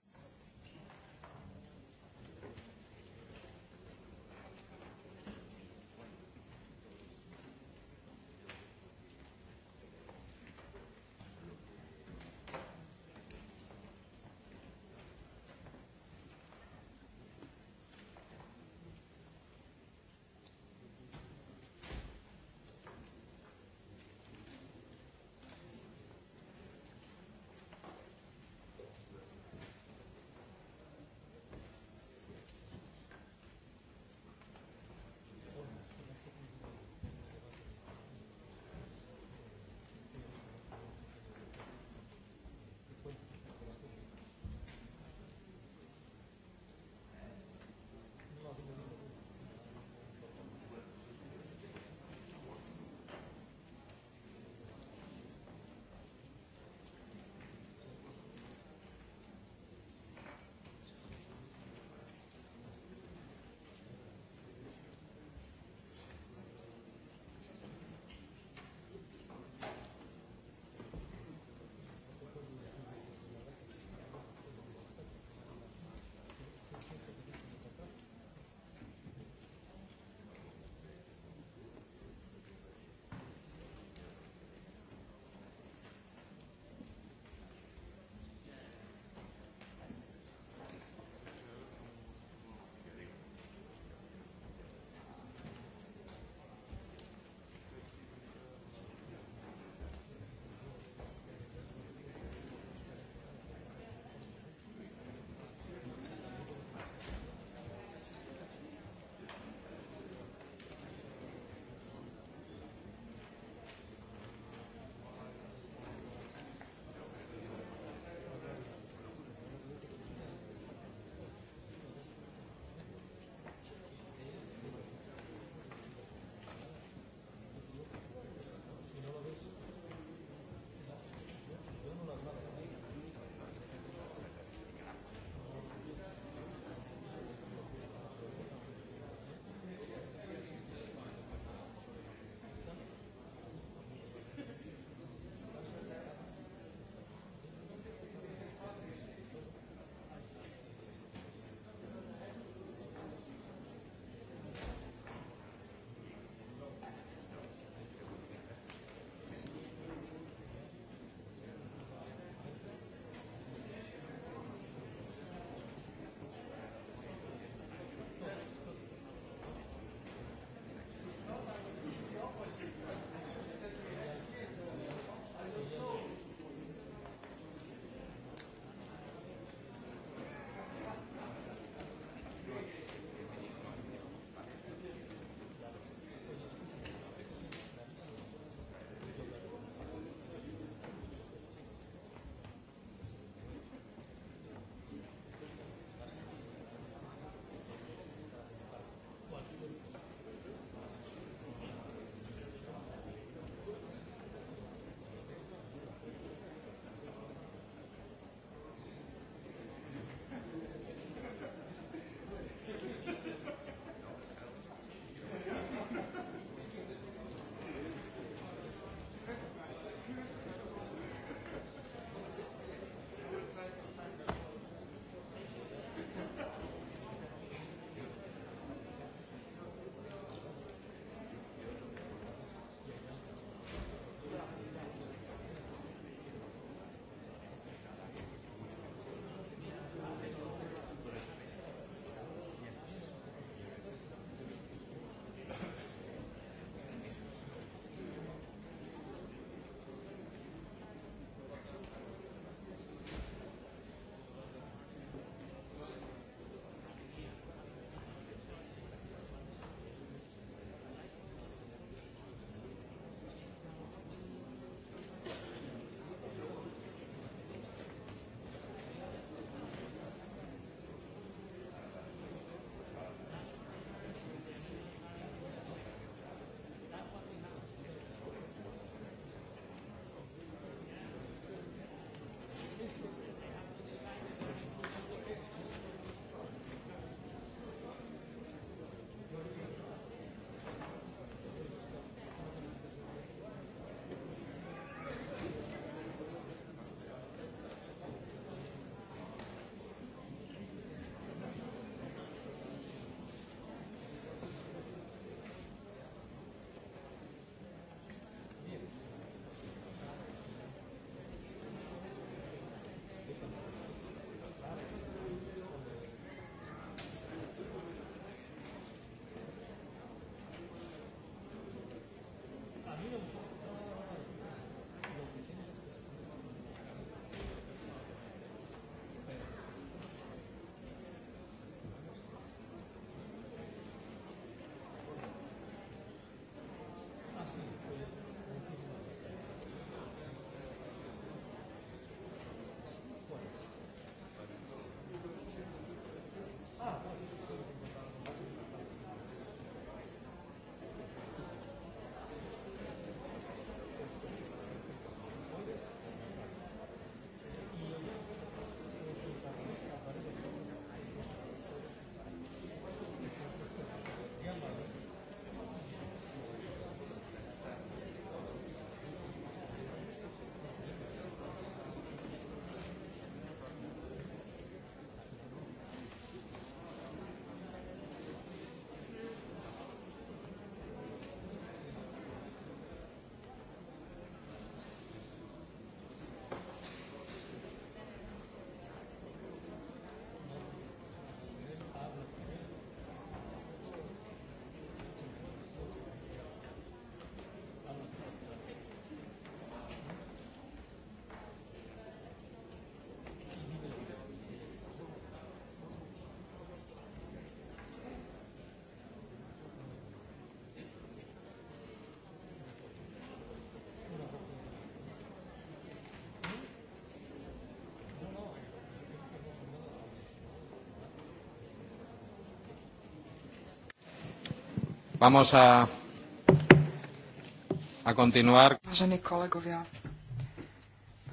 Vážení kolegovia,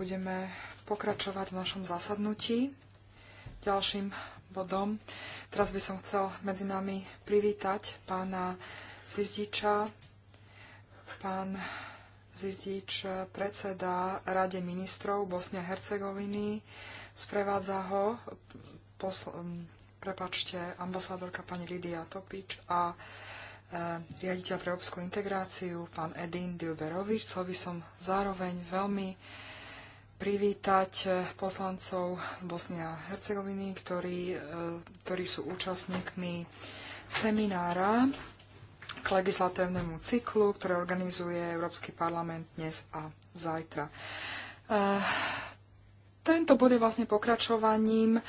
budeme pokračovať v našom zasadnutí ďalším bodom. Teraz by som chcel medzi nami privítať pána Zvizdiča. Pán Zvizdič, predseda Rade ministrov Bosne a Hercegoviny, sprevádza ho posl- prepačte, ambasádorka pani Lidia Topič a riaditeľ pre obskú integráciu, pán Edin Dilberovič. Chcel by som zároveň veľmi privítať eh, poslancov z Bosny a Hercegoviny, ktorí, eh, ktorí sú účastníkmi seminára k legislatívnemu cyklu, ktoré organizuje Európsky parlament dnes a zajtra. Eh, tento bod je vlastne pokračovaním e,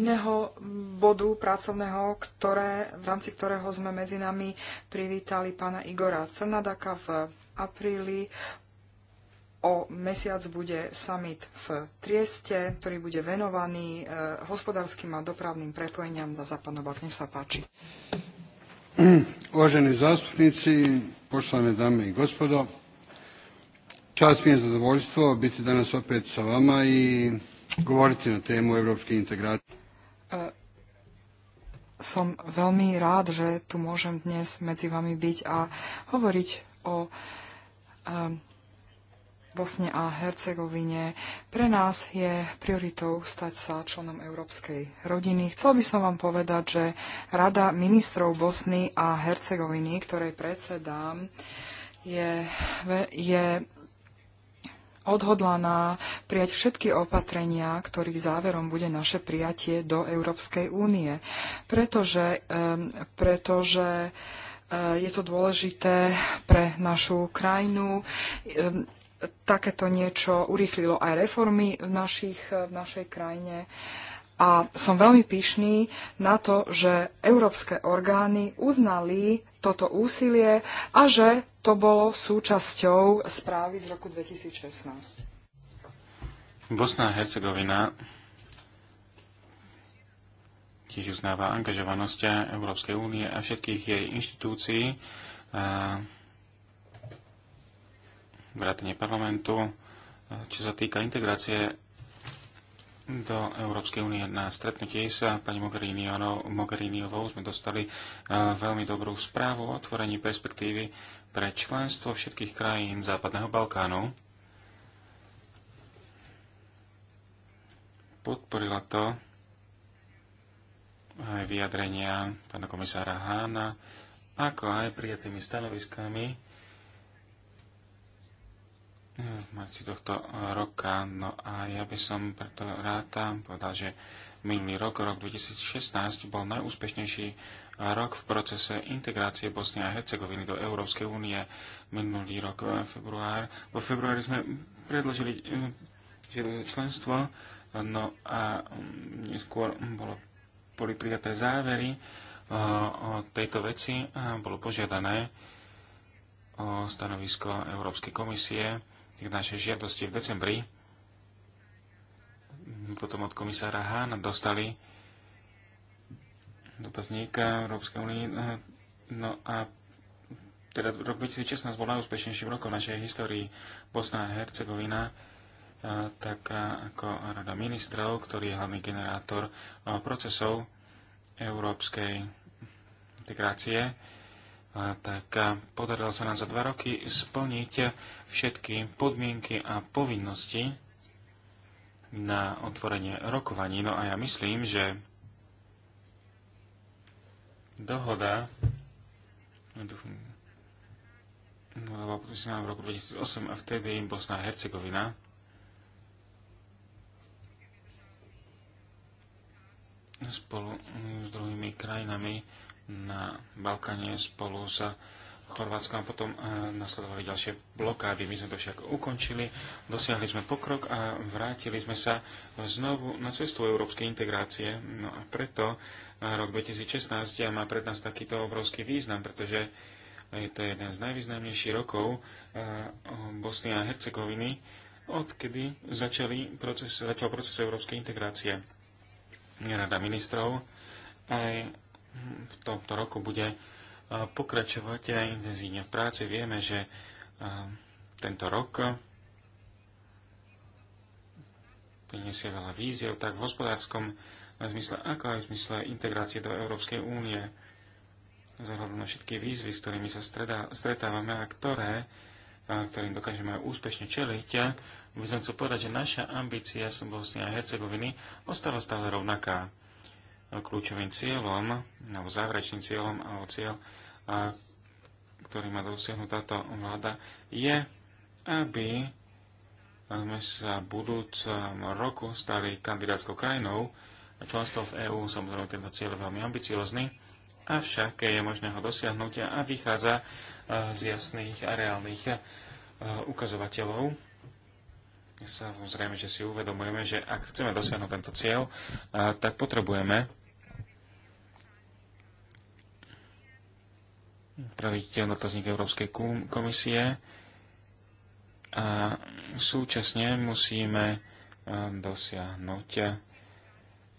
iného bodu pracovného, ktoré, v rámci ktorého sme medzi nami privítali pána Igora Cernadaka v apríli. O mesiac bude summit v Trieste, ktorý bude venovaný e, hospodárskym a dopravným prepojeniam na Západnú Nech sa páči. Uvažení zástupníci, poštované dámy i gospodo, Čast mi je zadovoljstvo biti danas opet sa vama i govoriti na tému európskej integracije. E, som veľmi rád, že tu môžem dnes medzi vami byť a hovoriť o e, Bosne a Hercegovine. Pre nás je prioritou stať sa členom európskej rodiny. Chcel by som vám povedať, že Rada ministrov Bosny a Hercegoviny, ktorej predsedám, je, je odhodlaná prijať všetky opatrenia, ktorých záverom bude naše prijatie do Európskej únie. Pretože, pretože eh, je to dôležité pre našu krajinu. Takéto niečo urýchlilo aj reformy v, našich, v našej krajine. A som veľmi pyšný na to, že európske orgány uznali toto úsilie a že to bolo súčasťou správy z roku 2016. Bosna a Hercegovina tiež uznáva angažovanosť Európskej únie a všetkých jej inštitúcií, vrátanie parlamentu, čo sa týka integrácie do Európskej únie na stretnutie sa pani Mogheriniovou sme dostali e, veľmi dobrú správu o otvorení perspektívy pre členstvo všetkých krajín Západného Balkánu. Podporila to aj vyjadrenia pána komisára Hána, ako aj prijatými stanoviskami v marci tohto roka. No a ja by som preto rád tam povedal, že minulý rok, rok 2016, bol najúspešnejší rok v procese integrácie Bosny a Hercegoviny do Európskej únie. Minulý rok v eh, február, vo februári sme predložili eh, členstvo, no a mm, neskôr bolo, boli prijaté závery eh, o tejto veci a bolo požiadané o stanovisko Európskej komisie k našej žiadosti v decembri potom od komisára Hána dostali dotazníka Európskej únie. No a teda rok 2016 bol najúspešnejším rokom našej histórii Bosna a Hercegovina, tak ako Rada ministrov, ktorý je hlavný generátor procesov európskej integrácie a tak podarilo sa nám za dva roky splniť všetky podmienky a povinnosti na otvorenie rokovaní. No a ja myslím, že dohoda no, no, bola v roku 2008 a vtedy Bosna a Hercegovina spolu s druhými krajinami na Balkáne spolu s Chorvátskom a potom eh, nasledovali ďalšie blokády. My sme to však ukončili, dosiahli sme pokrok a vrátili sme sa znovu na cestu európskej integrácie. No a preto eh, rok 2016 má pred nás takýto obrovský význam, pretože je to jeden z najvýznamnejších rokov eh, Bosny a Hercegoviny, odkedy začali proces, začal proces európskej integrácie. Rada ministrov aj v tomto roku bude eh, pokračovať aj intenzívne v práci. Vieme, že eh, tento rok priniesie veľa víziev, tak v hospodárskom eh, zmysle, ako aj v zmysle integrácie do Európskej únie, zohľadom na všetky výzvy, s ktorými sa stredá, stretávame a ktoré, a ktorým dokážeme úspešne čeliť. Ja by som chcel povedať, že naša ambícia z Bosny a Hercegoviny ostáva stále rovnaká kľúčovým cieľom, alebo záverečným cieľom, alebo cieľ, a, ktorý má dosiahnuť táto vláda, je, aby sme sa v budúcom roku stali kandidátskou krajinou. Členstvo v EÚ, samozrejme, tento cieľ je veľmi ambiciózny, avšak je možné ho dosiahnuť a vychádza e, z jasných a reálnych e, ukazovateľov. Samozrejme, že si uvedomujeme, že ak chceme dosiahnuť tento cieľ, e, tak potrebujeme praviteľ dotazník Európskej komisie a súčasne musíme dosiahnuť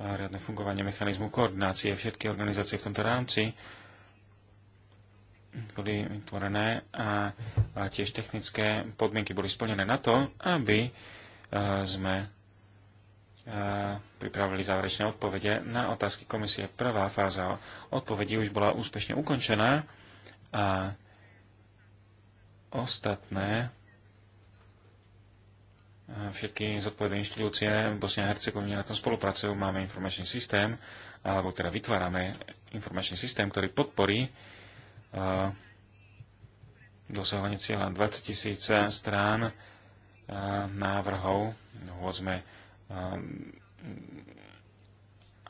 riadne fungovanie mechanizmu koordinácie. Všetky organizácie v tomto rámci boli vytvorené a, a tiež technické podmienky boli splnené na to, aby sme pripravili záverečné odpovede na otázky komisie. Prvá fáza odpovedí už bola úspešne ukončená a ostatné všetky zodpovedné inštitúcie v Bosne a Hercegovine na tom spolupracujú. Máme informačný systém, alebo teda vytvárame informačný systém, ktorý podporí dosahovanie cieľa 20 tisíc strán návrhov. hôzme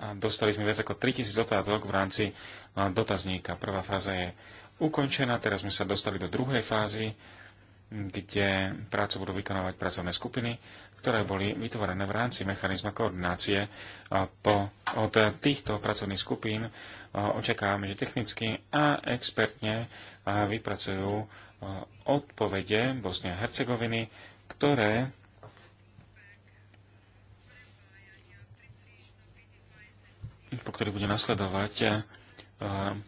a dostali sme viac ako 3000 otázok v rámci dotazníka. Prvá fáza je ukončená. Teraz sme sa dostali do druhej fázy, kde prácu budú vykonávať pracovné skupiny, ktoré boli vytvorené v rámci mechanizma koordinácie. Po, od týchto pracovných skupín očakávame, že technicky a expertne vypracujú odpovede Bosne a Hercegoviny, ktoré po ktorých bude nasledovať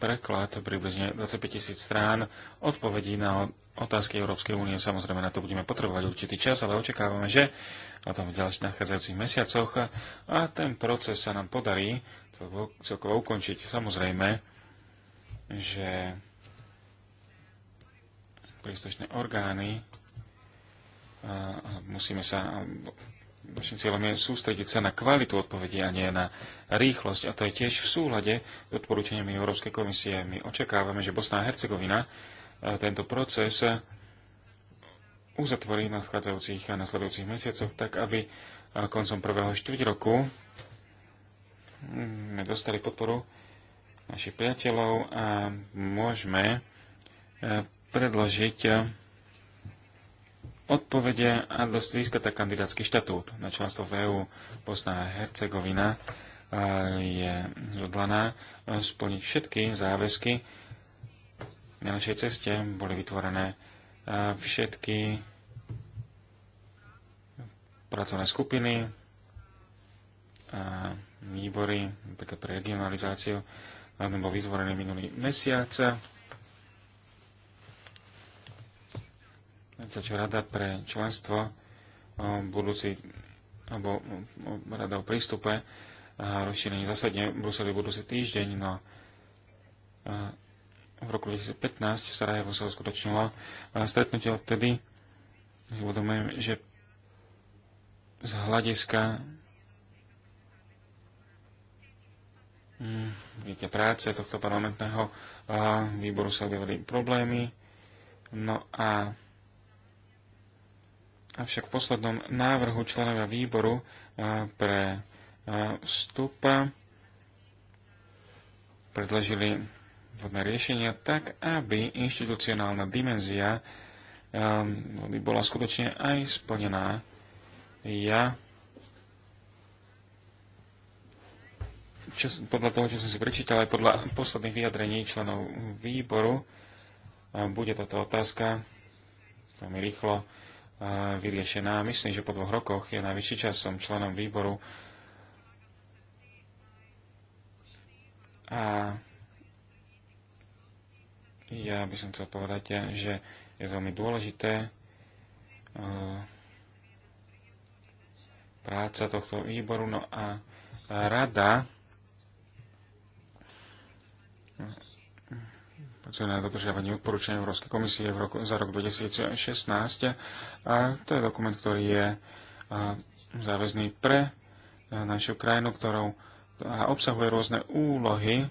preklad približne 25 tisíc strán odpovedí na otázky Európskej únie. Samozrejme, na to budeme potrebovať určitý čas, ale očakávame, že o tom v ďalších nadchádzajúcich mesiacoch a ten proces sa nám podarí celkovo ukončiť. Samozrejme, že príslušné orgány musíme sa, našim cieľom je sústrediť sa na kvalitu odpovedí a nie na rýchlosť a to je tiež v súlade s odporúčaniami Európskej komisie. My očakávame, že Bosná a Hercegovina e, tento proces e, uzatvorí na nadchádzajúcich a nasledujúcich mesiacoch, tak aby e, koncom prvého štvrť roku mm, sme dostali podporu našich priateľov a môžeme predložiť odpovede a získať kandidátsky štatút na členstvo v EÚ Bosna a Hercegovina je zhodlaná splniť všetky záväzky. Na našej ceste boli vytvorené všetky pracovné skupiny a výbory napríklad pre regionalizáciu. Veľmi bol vytvorený minulý mesiac. Tačo rada pre členstvo budúci alebo rada o prístupe rozšírení zasadne v Bruseli budúci týždeň. No, v roku 2015 v Sarajevo sa uskutočnilo stretnutie odtedy. Uvedomujem, že z hľadiska mm, Víte, práce tohto parlamentného výboru sa objavili problémy. No a avšak v poslednom návrhu členovia výboru pre vstupa eh, predložili vhodné riešenia tak, aby inštitucionálna dimenzia by eh, bola skutočne aj splnená. Ja čo, podľa toho, čo som si prečítal, aj podľa posledných vyjadrení členov výboru, eh, bude táto otázka veľmi rýchlo vyriešená. Myslím, že po dvoch rokoch je najvyšší časom členom výboru A ja by som chcel povedať, že je veľmi dôležité e, práca tohto výboru, no a rada pracuje na dodržiavanie odporúčania Európskej komisie v roku, za rok 2016. A to je dokument, ktorý je e, záväzný pre e, našu krajinu, ktorou a obsahuje rôzne úlohy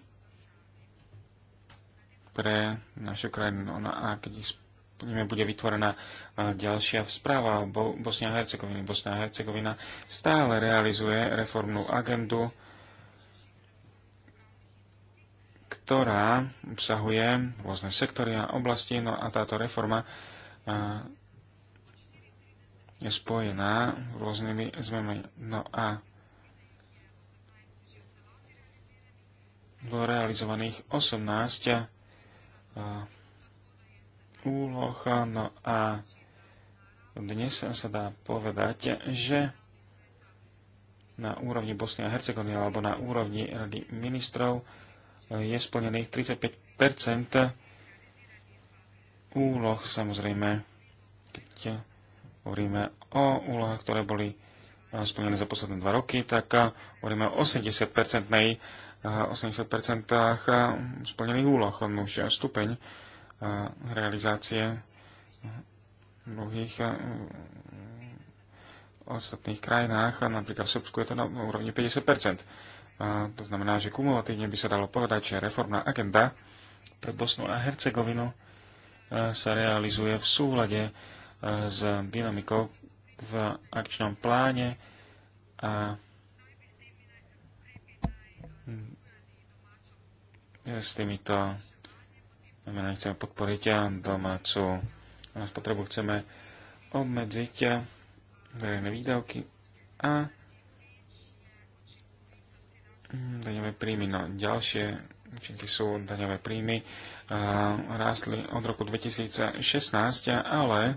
pre našu krajinu. No, no a keď ich splníme, bude vytvorená e, ďalšia správa o Bosnia a Hercegovine. Bosnia a Hercegovina stále realizuje reformnú agendu, ktorá obsahuje rôzne sektory a oblasti, no a táto reforma e, je spojená rôznymi zmenami. No a bolo realizovaných 18 úloh. No a dnes sa dá povedať, že na úrovni Bosny a Hercegoviny alebo na úrovni Rady ministrov e, je splnených 35 úloh, samozrejme, keď hovoríme o úlohách, ktoré boli e, splnené za posledné dva roky, tak e, hovoríme o 80 80% eh, splnených úloh. Už stupeň eh, realizácie eh, mnohých ostatných krajinách, napríklad v Srbsku je to na úrovni 50%. To znamená, že kumulatívne by sa dalo povedať, že reformná agenda pre Bosnu a Hercegovinu sa realizuje v súhľade s dynamikou v akčnom pláne a s týmito znamená, chceme podporiť domácu spotrebu, chceme obmedziť verejné výdavky a daňové príjmy. No ďalšie účinky sú daňové príjmy. Rástli od roku 2016, ale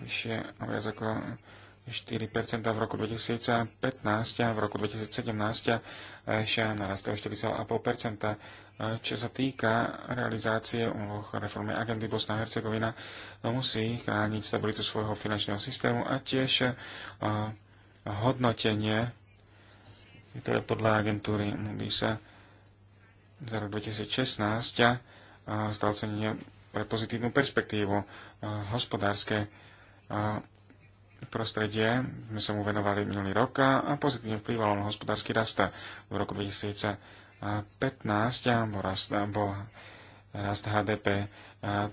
vyššie o viac ako 4% v roku 2015 a v roku 2017 ešte narastlo 4,5%. Čo sa týka realizácie úloh reformy agendy Bosna a Hercegovina, no musí chrániť stabilitu svojho finančného systému a tiež eh, hodnotenie, ktoré podľa agentúry Moody's za rok 2016 stal eh, pre pozitívnu perspektívu eh, hospodárske prostredie sme sa mu venovali minulý rok a pozitívne vplývalo na hospodársky rast. V roku 2015 bol rast, bol rast HDP 3%,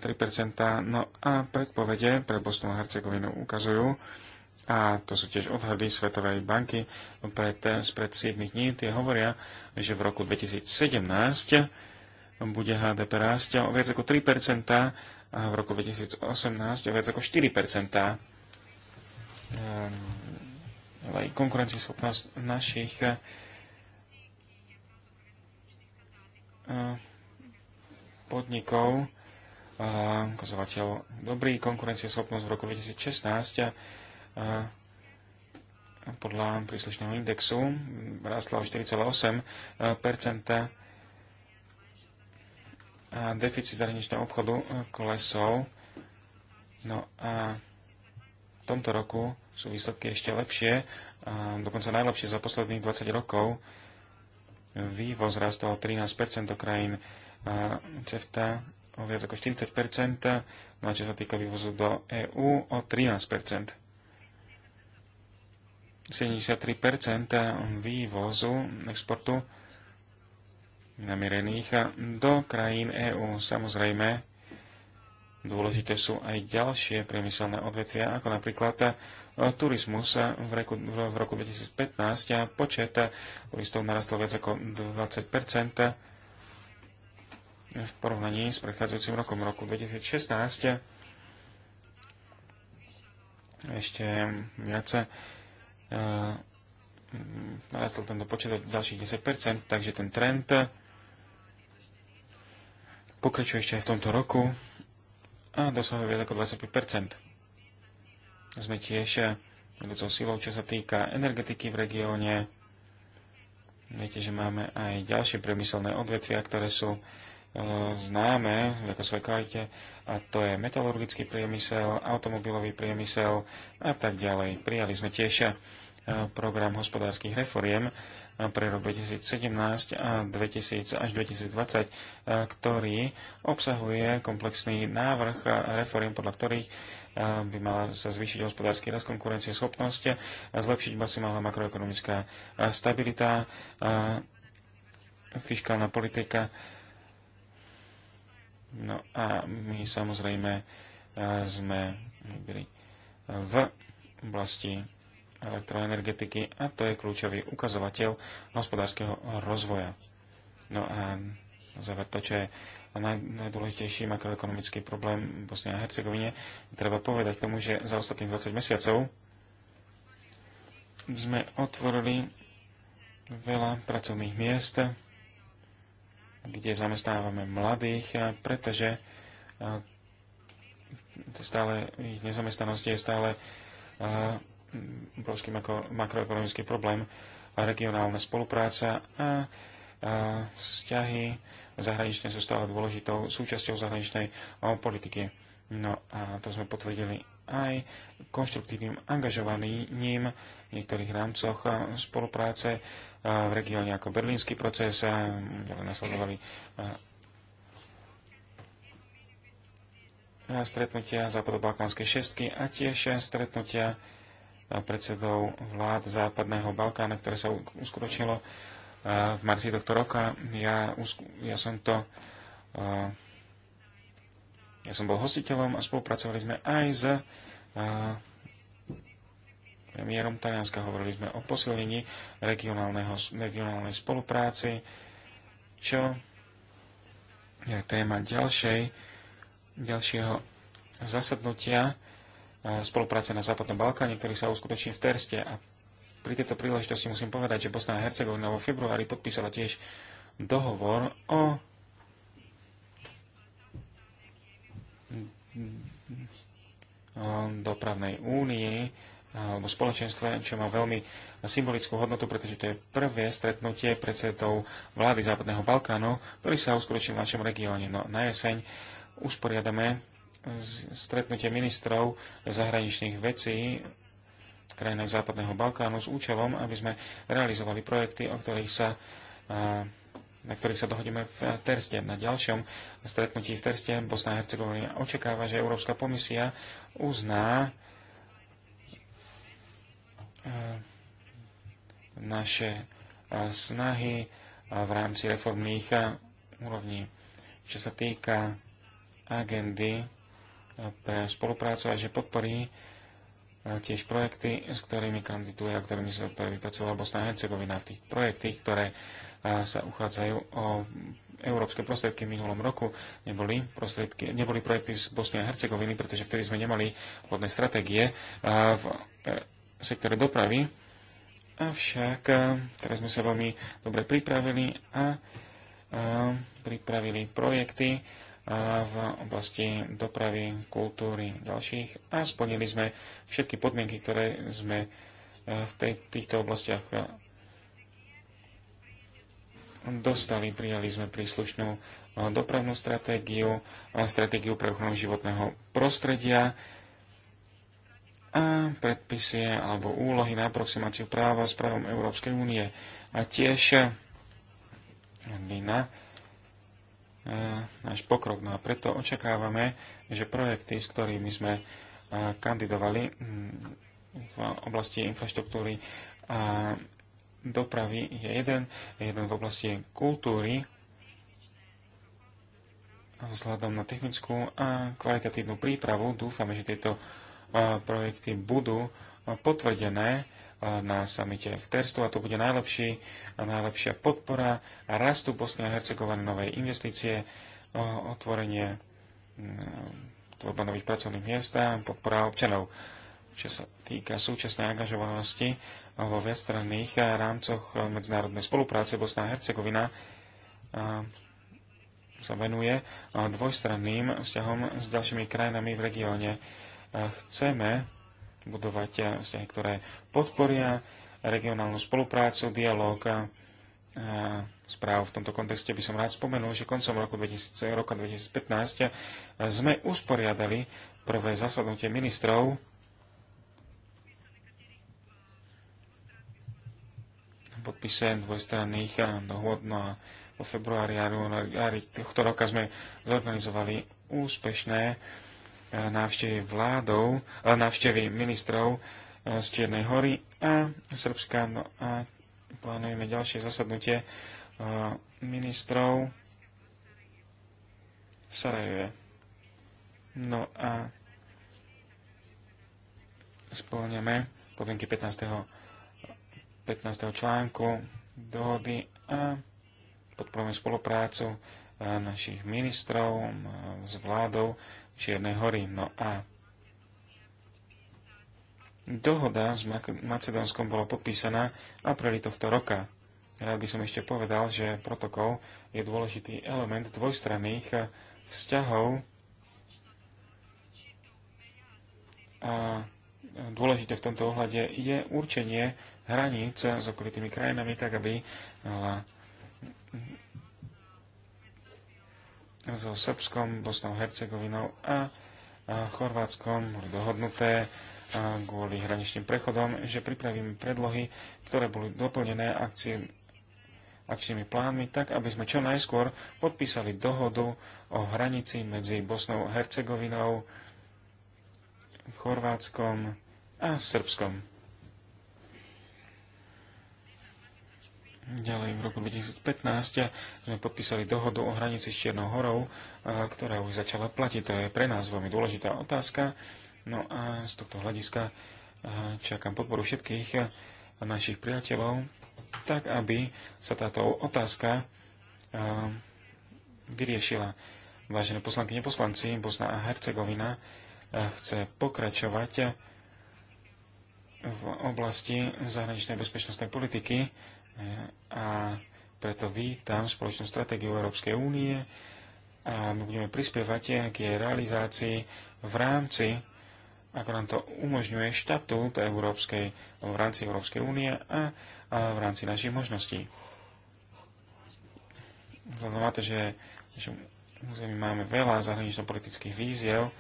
no a predpovede pre Bosnu a Hercegovinu ukazujú, a to sú tiež odhady Svetovej banky pred, spred 7 dní, tie hovoria, že v roku 2017 bude HDP rásť o viac ako 3% a v roku 2018 o viac ako 4%. Ehm, ale aj konkurencieschopnosť našich eh, podnikov. Ehm, ukazovateľ dobrý, konkurencieschopnosť v roku 2016 eh, podľa príslušného indexu rastla o 4,8 a deficit zahraničného obchodu eh, klesol. No a tomto roku sú výsledky ešte lepšie, a dokonca najlepšie za posledných 20 rokov. Vývoz rastol 13 do krajín CEFTA o viac ako 40 no a čo sa týka vývozu do EÚ o 13 73 vývozu exportu namierených do krajín EÚ. Samozrejme, Dôležité sú aj ďalšie priemyselné odvetvia, ako napríklad eh, turizmus. V roku, v roku 2015 eh, počet eh, turistov narastol viac ako 20 v porovnaní s prechádzajúcim rokom. roku 2016 ešte viac narastol tento počet o ďalších 10 takže ten trend pokračuje ešte aj v tomto roku a dosahuje viac ako 25 Sme tiež eh, ľudskou silou, čo sa týka energetiky v regióne. Viete, že máme aj ďalšie priemyselné odvetvia, ktoré sú eh, známe v svojej kvalite, a to je metalurgický priemysel, automobilový priemysel a tak ďalej. Prijali sme tiež eh, Eh, program hospodárskych reforiem eh, pre rok 2017 a 2000 až 2020, eh, ktorý obsahuje komplexný návrh reforiem, podľa ktorých by mala sa zvýšiť hospodársky rast, a zlepšiť maximálna makroekonomická stabilita, fiskálna politika. No a my samozrejme sme v oblasti elektroenergetiky a to je kľúčový ukazovateľ hospodárskeho rozvoja. No a záver to, čo je najdôležitejší makroekonomický problém v Bosne a Hercegovine, treba povedať tomu, že za ostatných 20 mesiacov sme otvorili veľa pracovných miest, kde zamestnávame mladých, pretože e, stále ich nezamestnanosť je stále e, obrovský makroekonomický problém, regionálna spolupráca a, a vzťahy zahraničné sú stále dôležitou súčasťou zahraničnej politiky. No a to sme potvrdili aj konštruktívnym angažovaním v niektorých rámcoch spolupráce v regióne ako berlínsky proces, nasledovali stretnutia Západobalkánskej šestky a tiež stretnutia predsedov vlád Západného Balkána, ktoré sa uskutočnilo e, v marci tohto roka. Ja, ja som to e, ja som bol hostiteľom a spolupracovali sme aj s e, premiérom Talianska. Hovorili sme o posilnení regionálnej spolupráci, čo je téma ďalšej, ďalšieho zasadnutia spolupráce na Západnom Balkáne, ktorý sa uskutoční v Terste. A pri tejto príležitosti musím povedať, že Bosna a Hercegovina vo februári podpísala tiež dohovor o dopravnej únii alebo spoločenstve, čo má veľmi symbolickú hodnotu, pretože to je prvé stretnutie predsedov vlády Západného Balkánu, ktorý sa uskutočnil v našom regióne. No, na jeseň usporiadame stretnutie ministrov zahraničných vecí v krajinách Západného Balkánu s účelom, aby sme realizovali projekty, o ktorých sa, na ktorých sa dohodíme v Terste. Na ďalšom stretnutí v Terste Bosna a Hercegovina očakáva, že Európska komisia uzná naše snahy v rámci reformných úrovní. Čo sa týka agendy pre spoluprácu a že podporí e, tiež projekty, s ktorými kandiduje a ktorými sa vypracovala Bosna a Hercegovina v tých projektoch, ktoré e, sa uchádzajú o európske prostriedky v minulom roku. Neboli, prostriedky, neboli projekty z Bosny a Hercegoviny, pretože vtedy sme nemali vodné stratégie e, v sektore dopravy. Avšak teraz sme sa veľmi dobre pripravili a pripravili projekty v oblasti dopravy, kultúry, ďalších a splnili sme všetky podmienky, ktoré sme e, v tej, týchto oblastiach e, dostali. Prijali sme príslušnú e, dopravnú stratégiu, stratégiu pre ochranu životného prostredia a predpisy alebo úlohy na aproximáciu práva s právom Európskej únie. A tiež na E, náš pokrok. No a preto očakávame, že projekty, s ktorými sme e, kandidovali v oblasti infraštruktúry a dopravy je jeden, jeden v oblasti kultúry vzhľadom na technickú a kvalitatívnu prípravu. Dúfame, že tieto e, projekty budú potvrdené na samite v Terstu a to bude najlepší, najlepšia podpora rastu Bosne a Hercegoviny novej investície, otvorenie mm, tvorba nových pracovných miest a podpora občanov. Čo sa týka súčasnej angažovanosti vo viacstranných rámcoch medzinárodnej spolupráce Bosna a Hercegovina, sa venuje dvojstranným vzťahom s ďalšími krajinami v regióne. Chceme budovať eh, vzťahy, ktoré podporia regionálnu spoluprácu, dialog a správ. V tomto kontexte by som rád spomenul, že koncom roku 2000, roka 2015 eh, sme usporiadali prvé zasadnutie ministrov podpise dvojstranných a eh, No a vo februári a tohto roka sme zorganizovali úspešné návštevy vládov, eh, návštevy ministrov eh, z Čiernej hory a Srbska. No a plánujeme ďalšie zasadnutie eh, ministrov v Sarajeve. No a spĺňame podmienky 15. 15. článku dohody a podporujeme spoluprácu našich ministrov s vládou Čiernej hory. No a dohoda s Macedónskom bola podpísaná v apríli tohto roka. Rád by som ešte povedal, že protokol je dôležitý element dvojstranných vzťahov a dôležité v tomto ohľade je určenie hraníc s okolitými krajinami, tak aby so Srbskom, Bosnou, Hercegovinou a Chorvátskom boli dohodnuté kvôli hraničným prechodom, že pripravíme predlohy, ktoré boli doplnené akcie, akčnými plánmi, tak aby sme čo najskôr podpísali dohodu o hranici medzi Bosnou Hercegovinou, Chorvátskom a Srbskom. Ďalej v roku 2015 eh, sme podpísali dohodu o hranici s Čiernou horou, eh, ktorá už začala platiť. To je pre nás veľmi dôležitá otázka. No a z tohto hľadiska eh, čakám podporu všetkých našich priateľov, tak aby sa táto otázka vyriešila. Vážené poslanky, neposlanci, Bosna a Hercegovina chce pokračovať v oblasti zahraničnej bezpečnostnej politiky a preto vítam spoločnú stratégiu Európskej únie a my budeme prispievať k jej realizácii v rámci, ako nám to umožňuje štatút Európskej, v rámci Európskej únie a, a v rámci našich možností. Vzhľadom na to, že, že my máme veľa zahranično-politických víziev,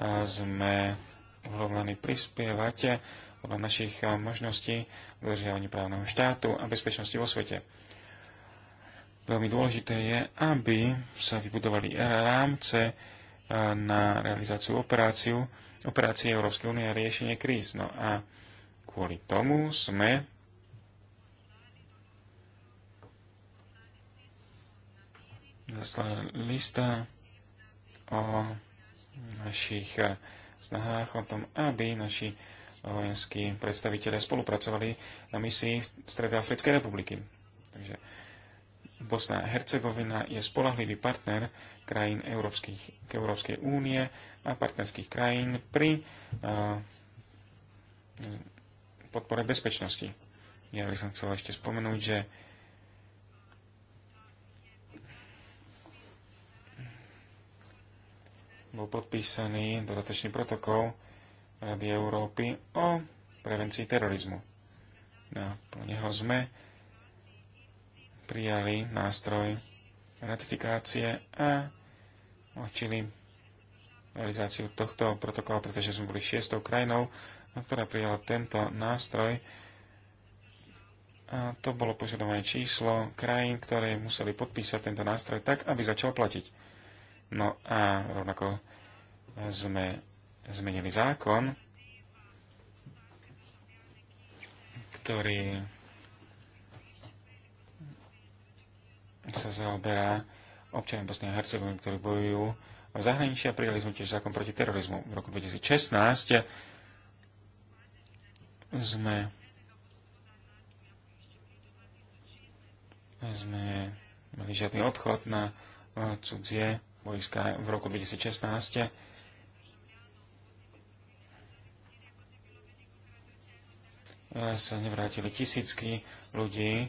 a sme odhodlaní prispievať podľa našich možností dodržiavaní právneho štátu a bezpečnosti vo svete. Veľmi dôležité je, aby sa vybudovali rámce e, na realizáciu operáciu, operácie Európskej únie a riešenie kríz. No a kvôli tomu sme zaslali lista o našich e, snahách o tom, aby naši vojenskí predstaviteľe spolupracovali na misii v Africkej republiky. Takže Bosna a Hercegovina je spolahlivý partner krajín Európskych, Európskej únie a partnerských krajín pri uh, podpore bezpečnosti. Ja by som chcel ešte spomenúť, že bol podpísaný dodatočný protokol Rady Európy o prevencii terorizmu. A po neho sme prijali nástroj ratifikácie a očili realizáciu tohto protokola, pretože sme boli šiestou krajinou, ktorá prijala tento nástroj. A to bolo požadované číslo krajín, ktoré museli podpísať tento nástroj tak, aby začal platiť. No a rovnako sme zmenili zákon, ktorý sa zaoberá občanom Bosnej a Hercegoviny, ktorí bojujú v zahraničí a prijali sme tiež zákon proti terorizmu. V roku 2016 sme sme mali žiadny odchod na eh, cudzie vojska v roku 2016 E, sa nevrátili tisícky ľudí e,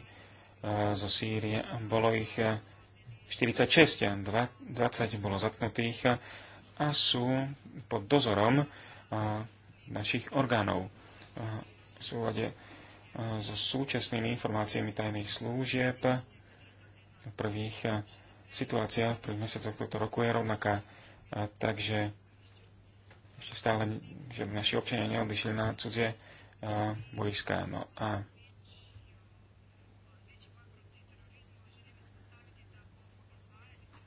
zo Sýrie. Bolo ich 46, e, 20 bolo zatknutých a sú pod dozorom našich orgánov. V súhľade so súčasnými informáciami tajných služieb v prvých situáciách v prvých mesiacoch tohto roku je rovnaká. Takže ešte stále, že naši občania neodišli na cudzie boiska. No a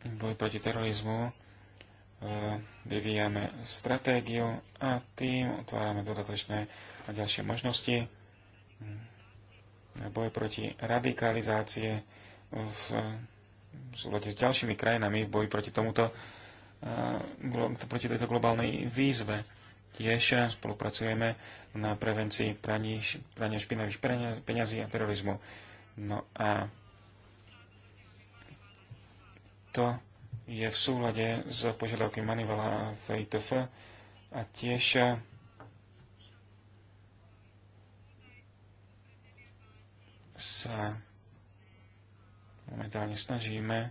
boj proti terorizmu vyvíjame stratégiu a tým otvárame dodatočné a ďalšie možnosti boj proti radikalizácie v súlade s ďalšími krajinami v boji proti tomuto proti tejto globálnej výzve. Tiež spolupracujeme na prevencii prania špinavých peňazí a terorizmu. No a to je v súlade s požiadavky Manivala FITF a tiež eh, sa momentálne snažíme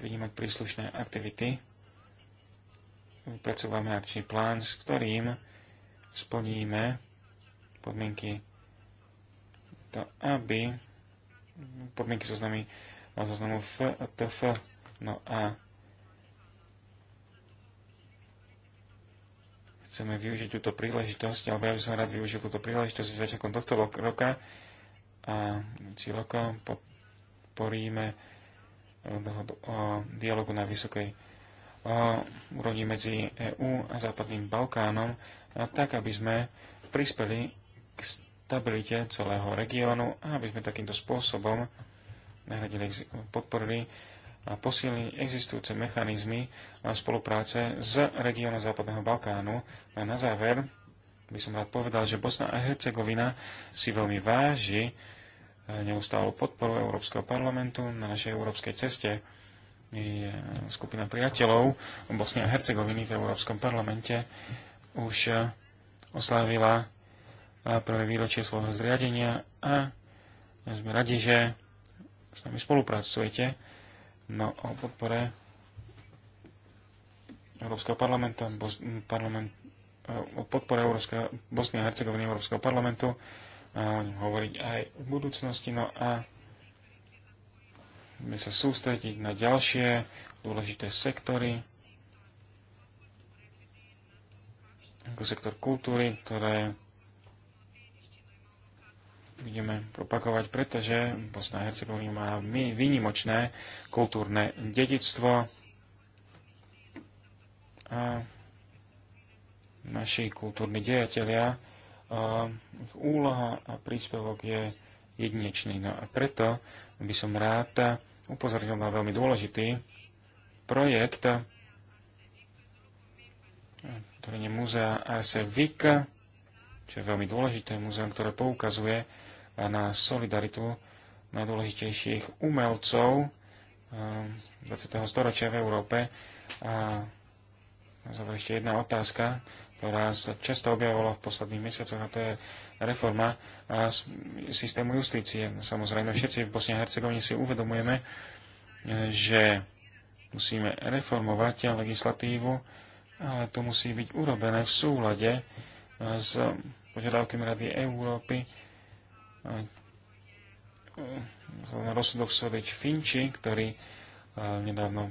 prijímať príslušné aktivity vypracováme akčný plán, s ktorým splníme podmienky to, aby podmienky zoznamy so zoznamu so F, TF, no a chceme využiť túto príležitosť, alebo ja by som rád využil túto príležitosť začiatkom tohto roka a či roka podporíme eh, dohodu o dialogu na vysokej úrovni medzi EÚ a Západným Balkánom, tak aby sme prispeli k stabilite celého regiónu a aby sme takýmto spôsobom nahradili, podporili a posilní existujúce mechanizmy spolupráce z regiónu Západného Balkánu. A na záver by som rád povedal, že Bosna a Hercegovina si veľmi váži neustálu podporu Európskeho parlamentu na našej európskej ceste je skupina priateľov Bosny a Hercegoviny v Európskom parlamente už e, oslávila e, prvé výročie svojho zriadenia a sme radi, že s nami spolupracujete no, o podpore Európskeho parlamentu, Bos- parlament, e, o podpore Európska, Bosny a Hercegoviny Európskeho parlamentu a o ňom hovoriť aj v budúcnosti. No a Budeme sa sústrediť na ďalšie dôležité sektory, ako sektor kultúry, ktoré budeme propagovať, pretože Bosna a Hercegovina má výnimočné kultúrne dedictvo a naši kultúrni dejatelia ich úloha a príspevok je jedinečný. No a preto by som rád upozornil na veľmi dôležitý projekt, ktorý je Múzea Arsevik, čo je veľmi dôležité múzeum, ktoré poukazuje na solidaritu najdôležitejších umelcov ehm, 20. storočia v Európe. A na záver ešte jedna otázka ktorá sa často objavovala v posledných mesiacoch, a to je reforma a systému justície. Samozrejme, všetci v Bosne a Hercegovine si uvedomujeme, že musíme reformovať legislatívu, ale to musí byť urobené v súlade e, s požiadavkami Rady Európy e, e, rozsudok Sodeč Finči, ktorý nedávno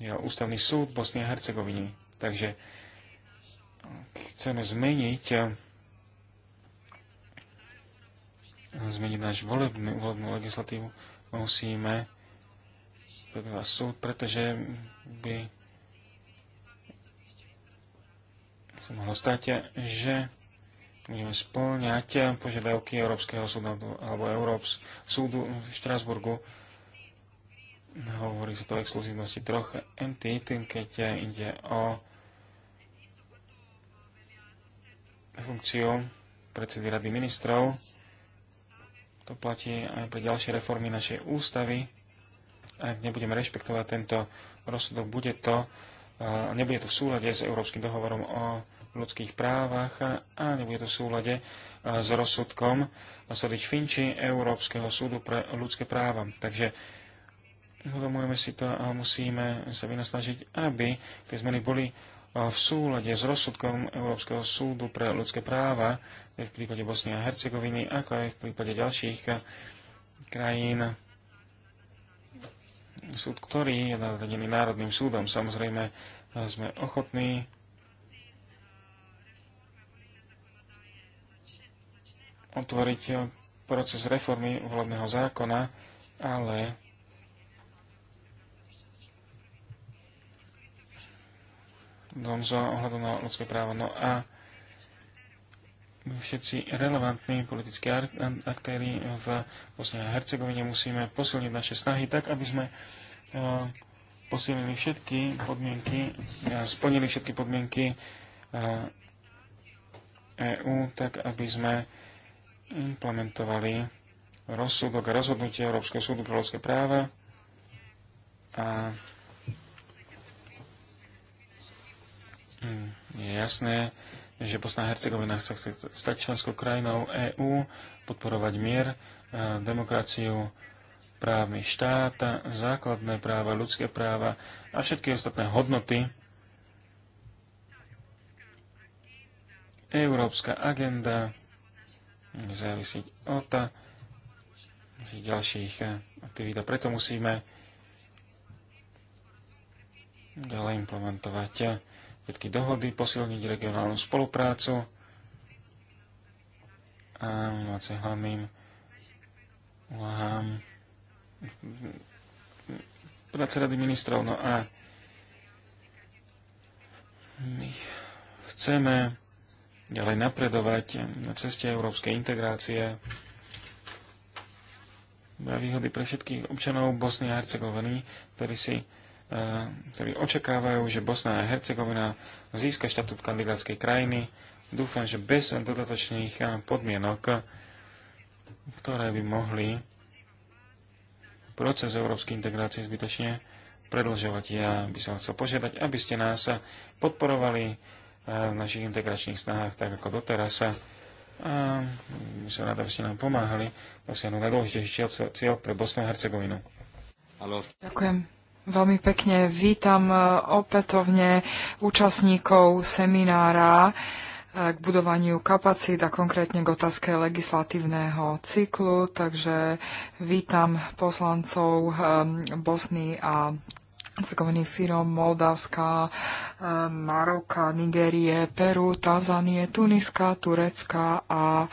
je ústavný súd Bosny a Hercegoviny. Takže chceme zmeniť zmeniť náš volebnú, volebnú legislatívu, musíme súd, pretože by sa mohlo stať, že budeme spĺňať požiadavky Európskeho súdu alebo Európs súdu v Štrasburgu. Hovorí sa to o exkluzívnosti troch entít, keď ide o funkciu predsedy Rady ministrov. To platí aj pre ďalšie reformy našej ústavy. Ak nebudeme rešpektovať tento rozsudok, bude to, nebude to v súlade s Európskym dohovorom o ľudských právach a nebude to v súlade s rozsudkom Sodič Finči Európskeho súdu pre ľudské práva. Takže uvedomujeme si to a musíme sa vynasnažiť, aby tie zmeny boli v súlade s rozsudkom Európskeho súdu pre ľudské práva v prípade Bosny a Hercegoviny, ako aj v prípade ďalších krajín súd, ktorý je nadadený Národným súdom. Samozrejme, sme ochotní otvoriť proces reformy volebného zákona, ale dom z ohľadom na ľudské právo. No a všetci relevantní politickí aktéry v Bosne a Hercegovine musíme posilniť naše snahy tak, aby sme eh, posilnili všetky podmienky, eh, splnili všetky podmienky EÚ, eh, e tak aby sme implementovali rozsudok a rozhodnutie Európskeho súdu pre ľudské práva a Hm, je jasné, že Bosna a Hercegovina chce stať členskou krajinou EÚ, podporovať mier, e, demokraciu, právny štát, základné práva, ľudské práva a všetky ostatné hodnoty. Európska agenda závisí od ďalších aktivít a preto musíme ďalej implementovať všetky dohody, posilniť regionálnu spoluprácu a vlastne hlavným úlohám práce rady ministrov. No a my chceme ďalej napredovať na ceste európskej integrácie na výhody pre všetkých občanov Bosny a Hercegoviny, ktorí si E, ktorí očakávajú, že Bosna a Hercegovina získa štatút kandidátskej krajiny. Dúfam, že bez dodatočných e, podmienok, ktoré by mohli proces európskej integrácie zbytočne predlžovať. Ja by som chcel požiadať, aby ste nás podporovali e, v našich integračných snahách, tak ako doteraz. A som rád, aby ste nám pomáhali dosiahnuť najdôležitejší cieľ pre Bosnu a Hercegovinu. Ďakujem. Veľmi pekne vítam e, opätovne účastníkov seminára e, k budovaniu kapacít a konkrétne k otázke legislatívneho cyklu. Takže vítam poslancov e, Bosny a Hercegoviny, Firom, Moldavska, Maroka, Nigérie, Peru, Tanzánie, Tuniska, Turecka a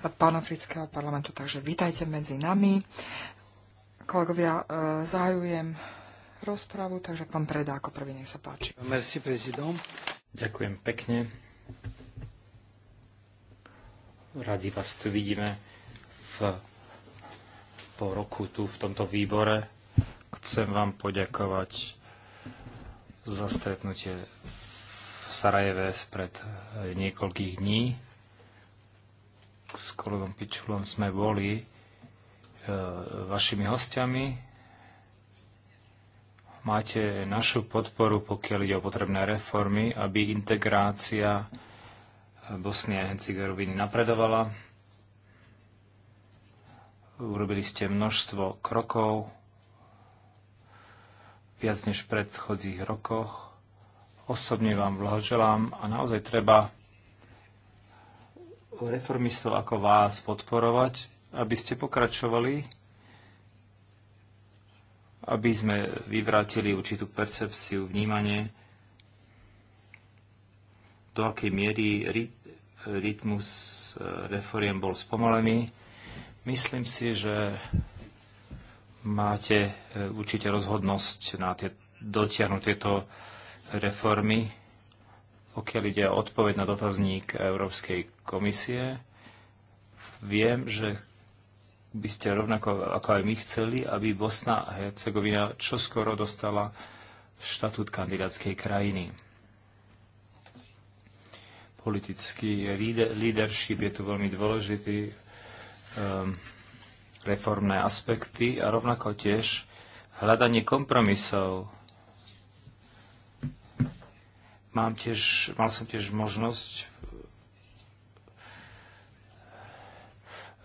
panafrického parlamentu. Takže vítajte medzi nami. Kolegovia, zahajujem rozpravu, takže pán Preda ako prvý, nech sa páči. Merci, prezident. Ďakujem pekne. Radi vás tu vidíme v, po roku tu v tomto výbore. Chcem vám poďakovať za stretnutie v Sarajeve spred eh, niekoľkých dní. S kolegom Pičulom sme boli e, vašimi hostiami Máte našu podporu, pokiaľ ide o potrebné reformy, aby integrácia Bosny a Hercegoviny napredovala. Urobili ste množstvo krokov, viac než v predchodzích rokoch. Osobne vám blahoželám a naozaj treba reformistov ako vás podporovať, aby ste pokračovali aby sme vyvrátili určitú percepciu, vnímanie, do akej miery rytmus e, reforiem bol spomalený. Myslím si, že máte e, určite rozhodnosť na tie, dotiahnuť tieto reformy, pokiaľ ide o odpoveď na dotazník Európskej komisie. Viem, že by ste rovnako ako aj my chceli, aby Bosna a Hercegovina čoskoro dostala štatút kandidátskej krajiny. Politický leadership je tu veľmi dôležitý, um, reformné aspekty a rovnako tiež hľadanie kompromisov. Mám tiež, mal som tiež možnosť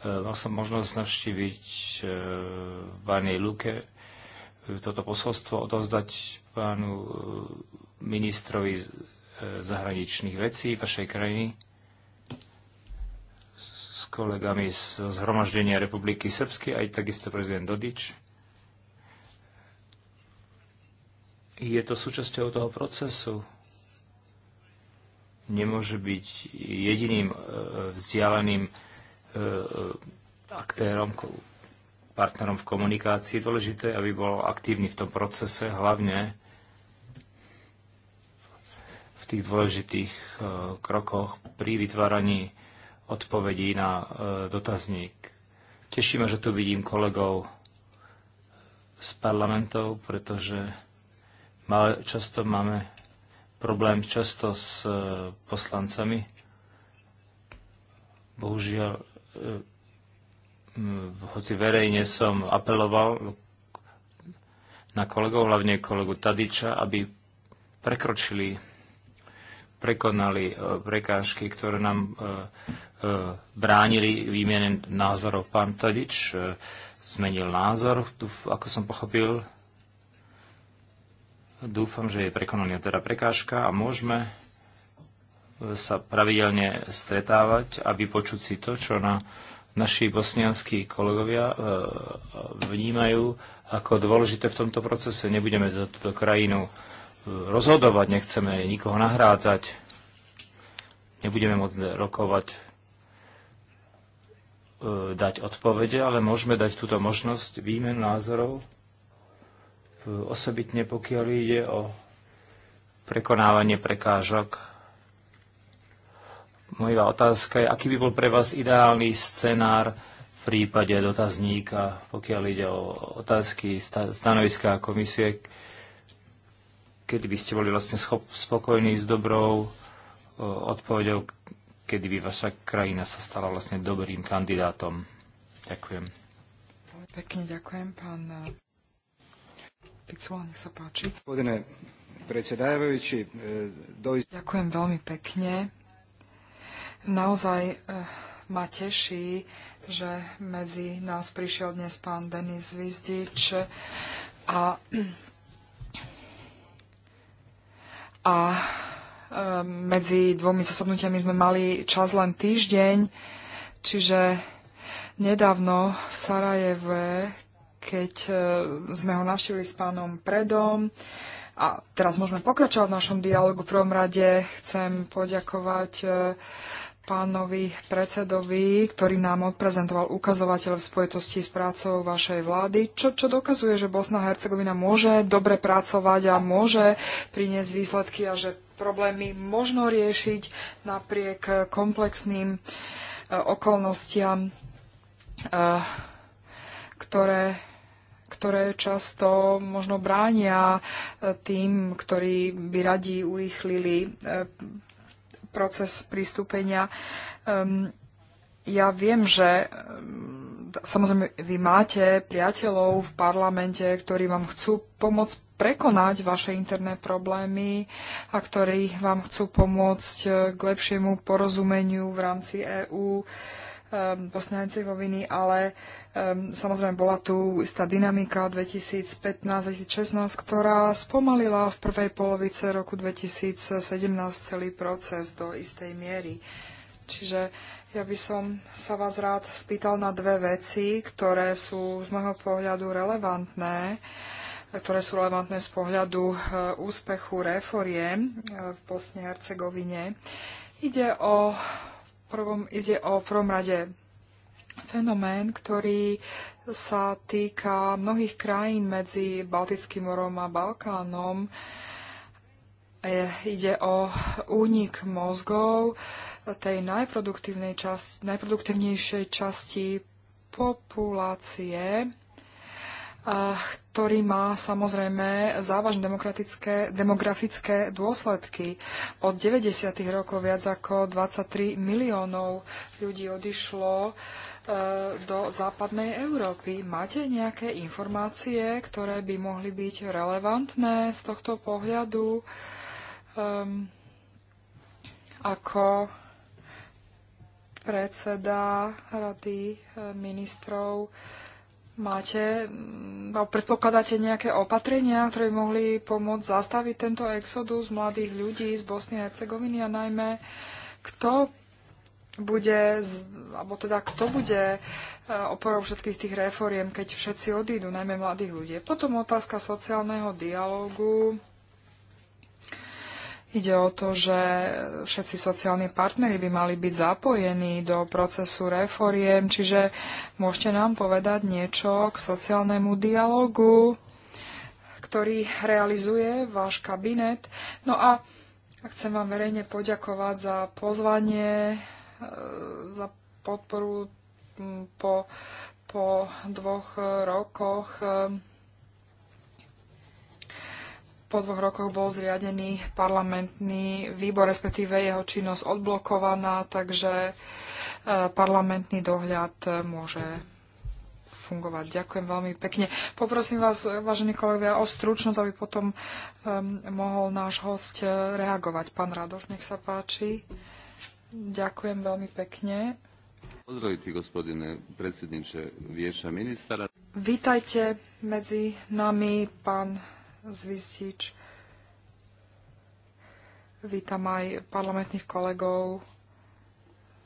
Eh, mal som možnosť navštíviť eh, v Luke eh, toto posolstvo odovzdať pánu ministrovi zahraničných vecí vašej krajiny s kolegami z Zhromaždenia Republiky Srbsky, aj takisto prezident Dodič. Je to súčasťou toho procesu. Nemôže byť jediným vzdialeným E, e, aktérom, partnerom v komunikácii. Dôležité, aby bol aktívny v tom procese, hlavne v tých dôležitých e, krokoch pri vytváraní odpovedí na dotazník. Tešíme, že tu vidím kolegov z parlamentov, pretože často máme problém často s poslancami. Bohužiaľ, E, e, hoci verejne som apeloval na kolegov, hlavne kolegu Tadiča, aby prekročili, prekonali e, prekážky, ktoré nám bránili výmene názorov. Pán Tadič zmenil názor, ako som pochopil. Dúfam, že je prekonaná teda prekážka a môžeme sa pravidelne stretávať a vypočuť si to, čo na naši bosnianskí kolegovia e, vnímajú ako dôležité v tomto procese. Nebudeme za túto krajinu e, rozhodovať, nechceme nikoho nahrádzať, nebudeme môcť rokovať, e, dať odpovede, ale môžeme dať túto možnosť výmen názorov, osobitne pokiaľ ide o prekonávanie prekážok moja otázka je, aký by bol pre vás ideálny scenár v prípade dotazníka, pokiaľ ide o otázky a komisie, kedy by ste boli vlastne spokojní s dobrou odpovedou, kedy by vaša krajina sa stala vlastne dobrým kandidátom. Ďakujem. Pekne ďakujem, pán e, Picula, nech sa páči. E, ďakujem veľmi pekne. Naozaj eh, ma teší, že medzi nás prišiel dnes pán Denis Vizdič a, a eh, medzi dvomi zasadnutiami sme mali čas len týždeň, čiže nedávno v Sarajeve, keď eh, sme ho navštívili s pánom Predom, a teraz môžeme pokračovať v našom dialogu. V prvom rade chcem poďakovať pánovi predsedovi, ktorý nám odprezentoval ukazovateľ v spojitosti s prácou vašej vlády, čo, čo dokazuje, že Bosna a Hercegovina môže dobre pracovať a môže priniesť výsledky a že problémy možno riešiť napriek komplexným eh, okolnostiam, eh, ktoré ktoré často možno bránia eh, tým, ktorí by radi urýchlili proces pristúpenia. Um, ja viem, že ehm, samozrejme vy máte priateľov v parlamente, ktorí vám chcú pomôcť prekonať vaše interné problémy a ktorí vám chcú pomôcť eh, k lepšiemu porozumeniu v rámci EÚ um, Bosna Hercegoviny, ale um, samozrejme bola tu istá dynamika 2015-2016, ktorá spomalila v prvej polovice roku 2017 celý proces do istej miery. Čiže ja by som sa vás rád spýtal na dve veci, ktoré sú z môjho pohľadu relevantné ktoré sú relevantné z pohľadu uh, úspechu reforiem uh, v Bosne a Hercegovine. Ide o prvom, ide o prvom rade fenomén, ktorý sa týka mnohých krajín medzi Baltickým morom a Balkánom. E, ide o únik mozgov tej čas, najproduktívnejšej časti populácie, ktorý má samozrejme závažné demokratické, demografické dôsledky. Od 90. rokov viac ako 23 miliónov ľudí odišlo e, do západnej Európy. Máte nejaké informácie, ktoré by mohli byť relevantné z tohto pohľadu? Um, ako predseda Rady e, ministrov Máte, mm, predpokladáte nejaké opatrenia, ktoré mohli pomôcť zastaviť tento exodus mladých ľudí z Bosny a Hercegoviny a najmä kto bude, alebo teda kto bude e, oporou všetkých tých reforiem, keď všetci odídu, najmä mladých ľudí. Potom otázka sociálneho dialógu. Ide o to, že všetci sociálni partnery by mali byť zapojení do procesu reforiem, čiže môžete nám povedať niečo k sociálnemu dialogu, ktorý realizuje váš kabinet. No a chcem vám verejne poďakovať za pozvanie, e, za podporu po, po dvoch rokoch e, po dvoch rokoch bol zriadený parlamentný výbor, respektíve jeho činnosť odblokovaná, takže e, parlamentný dohľad e, môže fungovať. Ďakujem veľmi pekne. Poprosím vás, vážení kolegovia, o stručnosť, aby potom um, mohol náš host reagovať. Pán Radoš, nech sa páči. Ďakujem veľmi pekne. Pozdravite, gospodine predsedniče Vieša ministra. Vítajte medzi nami, pán Zvistič. Vítam aj parlamentných kolegov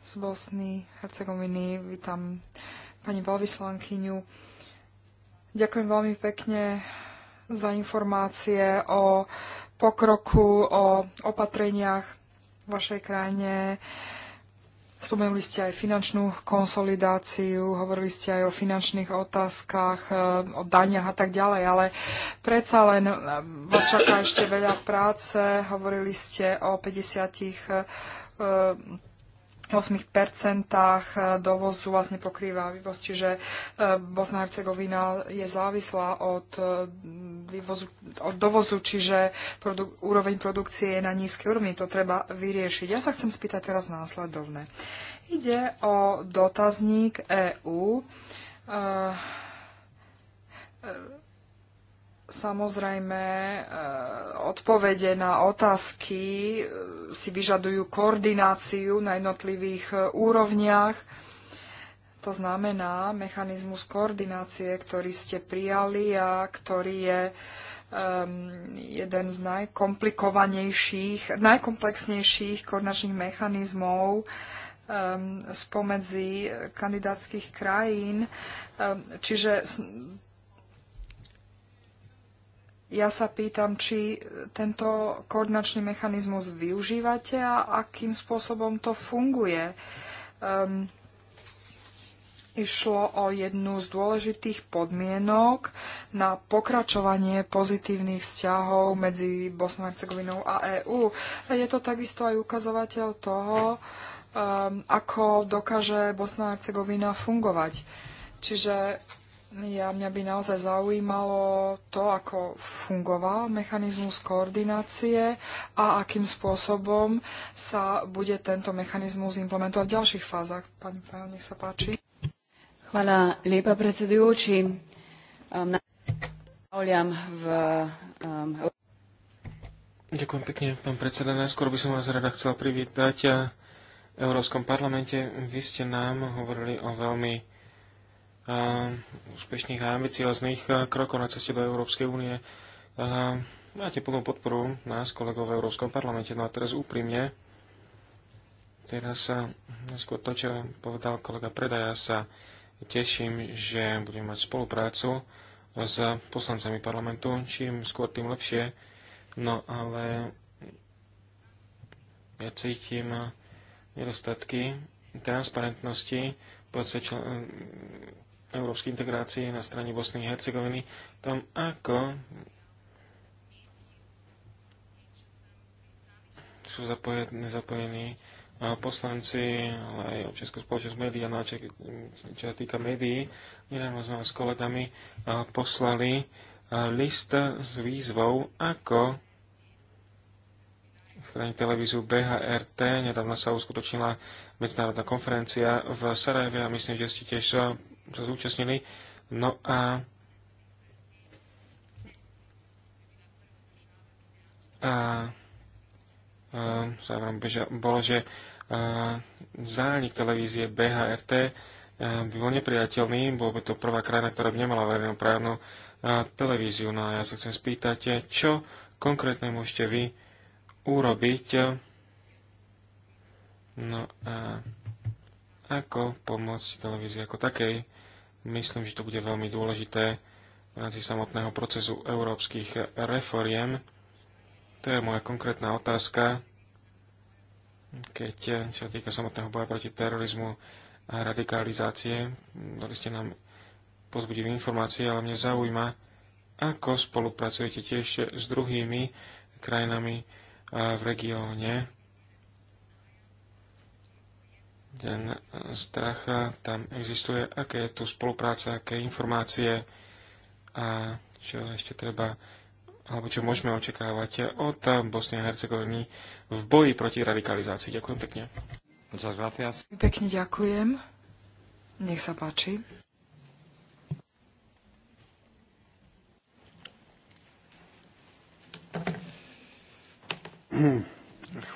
z Bosny, Hercegoviny. Vítam pani veľvyslankyňu. Ďakujem veľmi pekne za informácie o pokroku, o opatreniach v vašej krajine Spomenuli ste aj finančnú konsolidáciu, hovorili ste aj o finančných otázkach, e, o daniach a tak ďalej, ale predsa len e, vás čaká ešte veľa práce. Hovorili ste o 50 e, 8% dovozu vlastne pokrýva vývoz, čiže e, Bosna a Hercegovina je závislá od, e, vývozu, od dovozu, čiže produ- úroveň produkcie je na nízkej úrovni. To treba vyriešiť. Ja sa chcem spýtať teraz následovné. Ide o dotazník EÚ. Uh, e, Samozrejme, e, odpovede na otázky e, si vyžadujú koordináciu na jednotlivých e, úrovniach. To znamená mechanizmus koordinácie, ktorý ste prijali a ktorý je um, jeden z najkomplikovanejších, najkomplexnejších koordinačných mechanizmov um, spomedzi kandidátskych krajín. Um, čiže ja sa pýtam, či tento koordinačný mechanizmus využívate a akým spôsobom to funguje. Um, išlo o jednu z dôležitých podmienok na pokračovanie pozitívnych vzťahov medzi Bosnou a Hercegovinou a EÚ. Je to takisto aj ukazovateľ toho, um, ako dokáže Bosna a Hercegovina fungovať. Čiže ja, mňa by naozaj zaujímalo to, ako fungoval mechanizmus koordinácie a akým spôsobom sa bude tento mechanizmus implementovať v ďalších fázach. Pani Fajon, nech sa páči. Hvala lepa, predsedujúči. Um, ehm, v, um... Ďakujem pekne, pán predseda. Najskôr by som vás rada chcel privítať eh, v Európskom parlamente. Vy ste nám hovorili o veľmi úspešných a ambicióznych eh, krokov na ceste do Európskej únie. Máte plnú podporu nás, kolegov v Európskom parlamente. No a teraz úprimne, teraz sa skôr to, čo povedal kolega Predaja, sa teším, že budeme mať spoluprácu s poslancami parlamentu, čím skôr tým lepšie. No ale ja cítim nedostatky transparentnosti v európskej integrácie na strane Bosny a Hercegoviny, tam ako sú zapojení, zapojení poslanci, ale aj občianskú spoločnosť médií, no a čo, čo sa týka médií, nedávno sme s kolegami poslali list s výzvou, ako strane televíziu BHRT. Nedávno sa uskutočnila medzinárodná konferencia v Sarajeve a myslím, že ste tiež sa zúčastnili. No a a, a vám beža, bolo, že a, zánik televízie BHRT a, by bol nepriateľný, bol by to prvá krajina, ktorá by nemala verejnoprávnu televíziu. No a ja sa chcem spýtať, čo konkrétne môžete vy urobiť, no a ako pomôcť televízii ako takej, Myslím, že to bude veľmi dôležité v rámci samotného procesu európskych reforiem. To je moja konkrétna otázka, keď sa týka samotného boja proti terorizmu a radikalizácie. Dali ste nám pozbudivé informácie, ale mňa zaujíma, ako spolupracujete tiež s druhými krajinami v regióne, ten eh, stracha eh, tam existuje, aké je tu spolupráca, aké informácie a čo ešte treba, alebo čo môžeme očakávať od eh, Bosny a Hercegoviny v boji proti radikalizácii. Ďakujem pekne. Pekne ďakujem. Nech sa páči.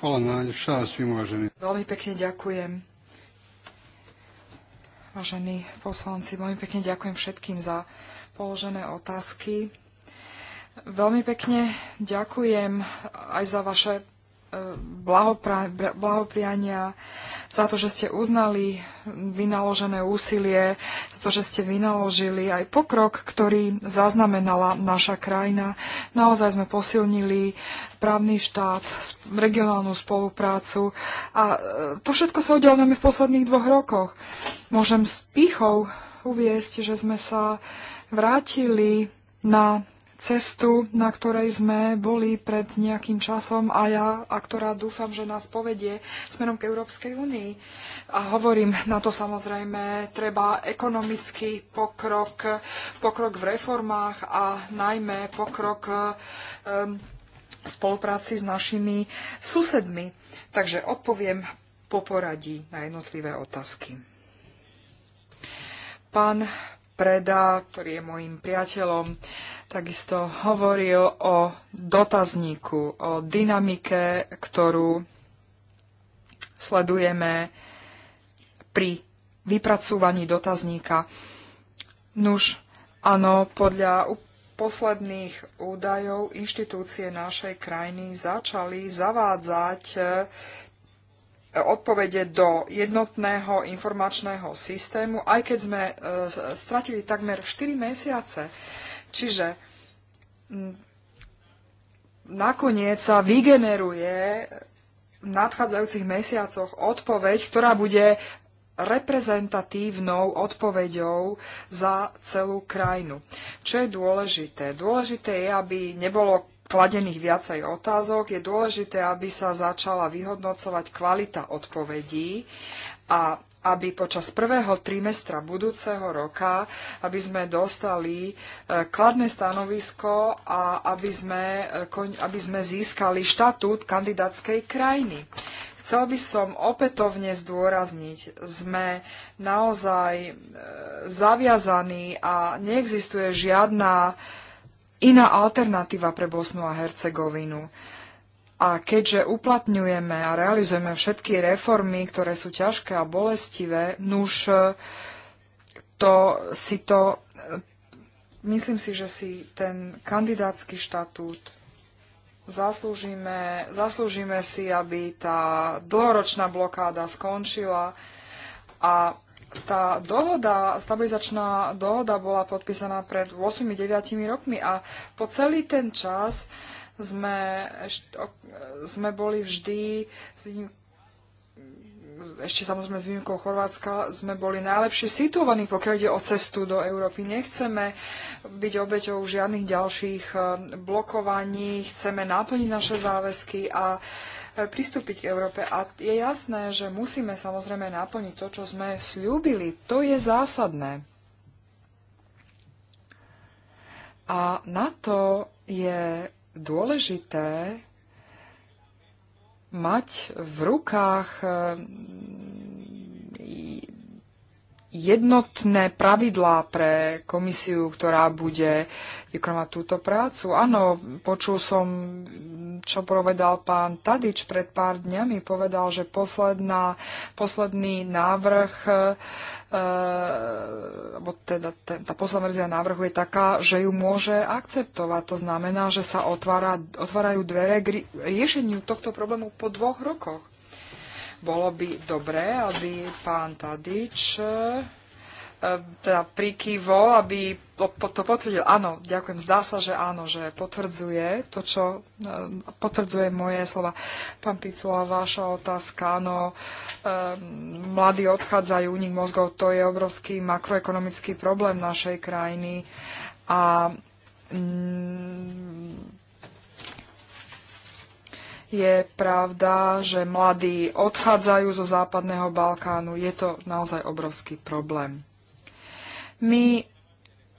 Hvala všetko, svým uvaženim. Veľmi pekne ďakujem. Vážení poslanci, veľmi pekne ďakujem všetkým za položené otázky. Veľmi pekne ďakujem aj za vaše e, blahopriania za to, že ste uznali vynaložené úsilie, za to, že ste vynaložili aj pokrok, ktorý zaznamenala naša krajina. Naozaj sme posilnili právny štát, regionálnu spoluprácu a e, to všetko sa udialo v posledných dvoch rokoch. Môžem s pýchou uviesť, že sme sa vrátili na cestu, na ktorej sme boli pred nejakým časom a ja, a ktorá dúfam, že nás povedie smerom k Európskej únii. A hovorím, na to samozrejme treba ekonomický pokrok, pokrok v reformách a najmä pokrok um, v spolupráci s našimi susedmi. Takže odpoviem po poradí na jednotlivé otázky. Pán Preda, ktorý je môjim priateľom, uh, takisto hovoril o dotazníku, o dynamike, ktorú sledujeme pri vypracúvaní dotazníka. Nuž, áno, podľa posledných údajov inštitúcie našej krajiny začali zavádzať e, odpovede do jednotného informačného systému, aj keď sme e, stratili takmer 4 mesiace. Čiže nakoniec sa vygeneruje v nadchádzajúcich mesiacoch odpoveď, ktorá bude reprezentatívnou odpoveďou za celú krajinu. Čo je dôležité? Dôležité je, aby nebolo kladených viacej otázok, je dôležité, aby sa začala vyhodnocovať kvalita odpovedí a aby počas prvého trimestra budúceho roka, aby sme dostali e, kladné stanovisko a aby sme, e, aby sme získali štatút kandidátskej krajiny. Chcel by som opätovne zdôrazniť, sme naozaj e, zaviazaní a neexistuje žiadna iná alternatíva pre Bosnu a Hercegovinu. A keďže uplatňujeme a realizujeme všetky reformy, ktoré sú ťažké a bolestivé, nuž e, to si to, e, myslím si, že si ten kandidátsky štatút zaslúžime, zaslúžime si, aby tá dlhoročná blokáda skončila a tá dohoda, stabilizačná dohoda bola podpísaná pred 8-9 rokmi a po celý ten čas uh, sme, sme boli vždy, ešte samozrejme s výnimkou Chorvátska, sme boli najlepšie situovaní, pokiaľ ide o cestu do Európy. Nechceme byť obeťou žiadnych ďalších eh, blokovaní, chceme naplniť naše záväzky a eh, pristúpiť k Európe. A je jasné, že musíme samozrejme naplniť to, čo sme slúbili. To je zásadné. A na to je dôležité mať v rukách jednotné pravidlá pre komisiu, ktorá bude vykonávať túto prácu. Áno, počul som, čo povedal pán Tadič pred pár dňami. Povedal, že posledná, posledný návrh, e, teda tá posledná verzia návrhu je taká, že ju môže akceptovať. To znamená, že sa otvára, otvárajú dvere k riešeniu tohto problému po dvoch rokoch. Bolo by dobré, aby pán Tadič e, teda prikyvol, aby to potvrdil. Áno, ďakujem. Zdá sa, že áno, že potvrdzuje to, čo e, potvrdzuje moje slova. Pán Picula, vaša otázka, áno, e, mladí odchádzajú, únik mozgov, to je obrovský makroekonomický problém našej krajiny a mm, je pravda, že mladí odchádzajú zo západného Balkánu. Je to naozaj obrovský problém. My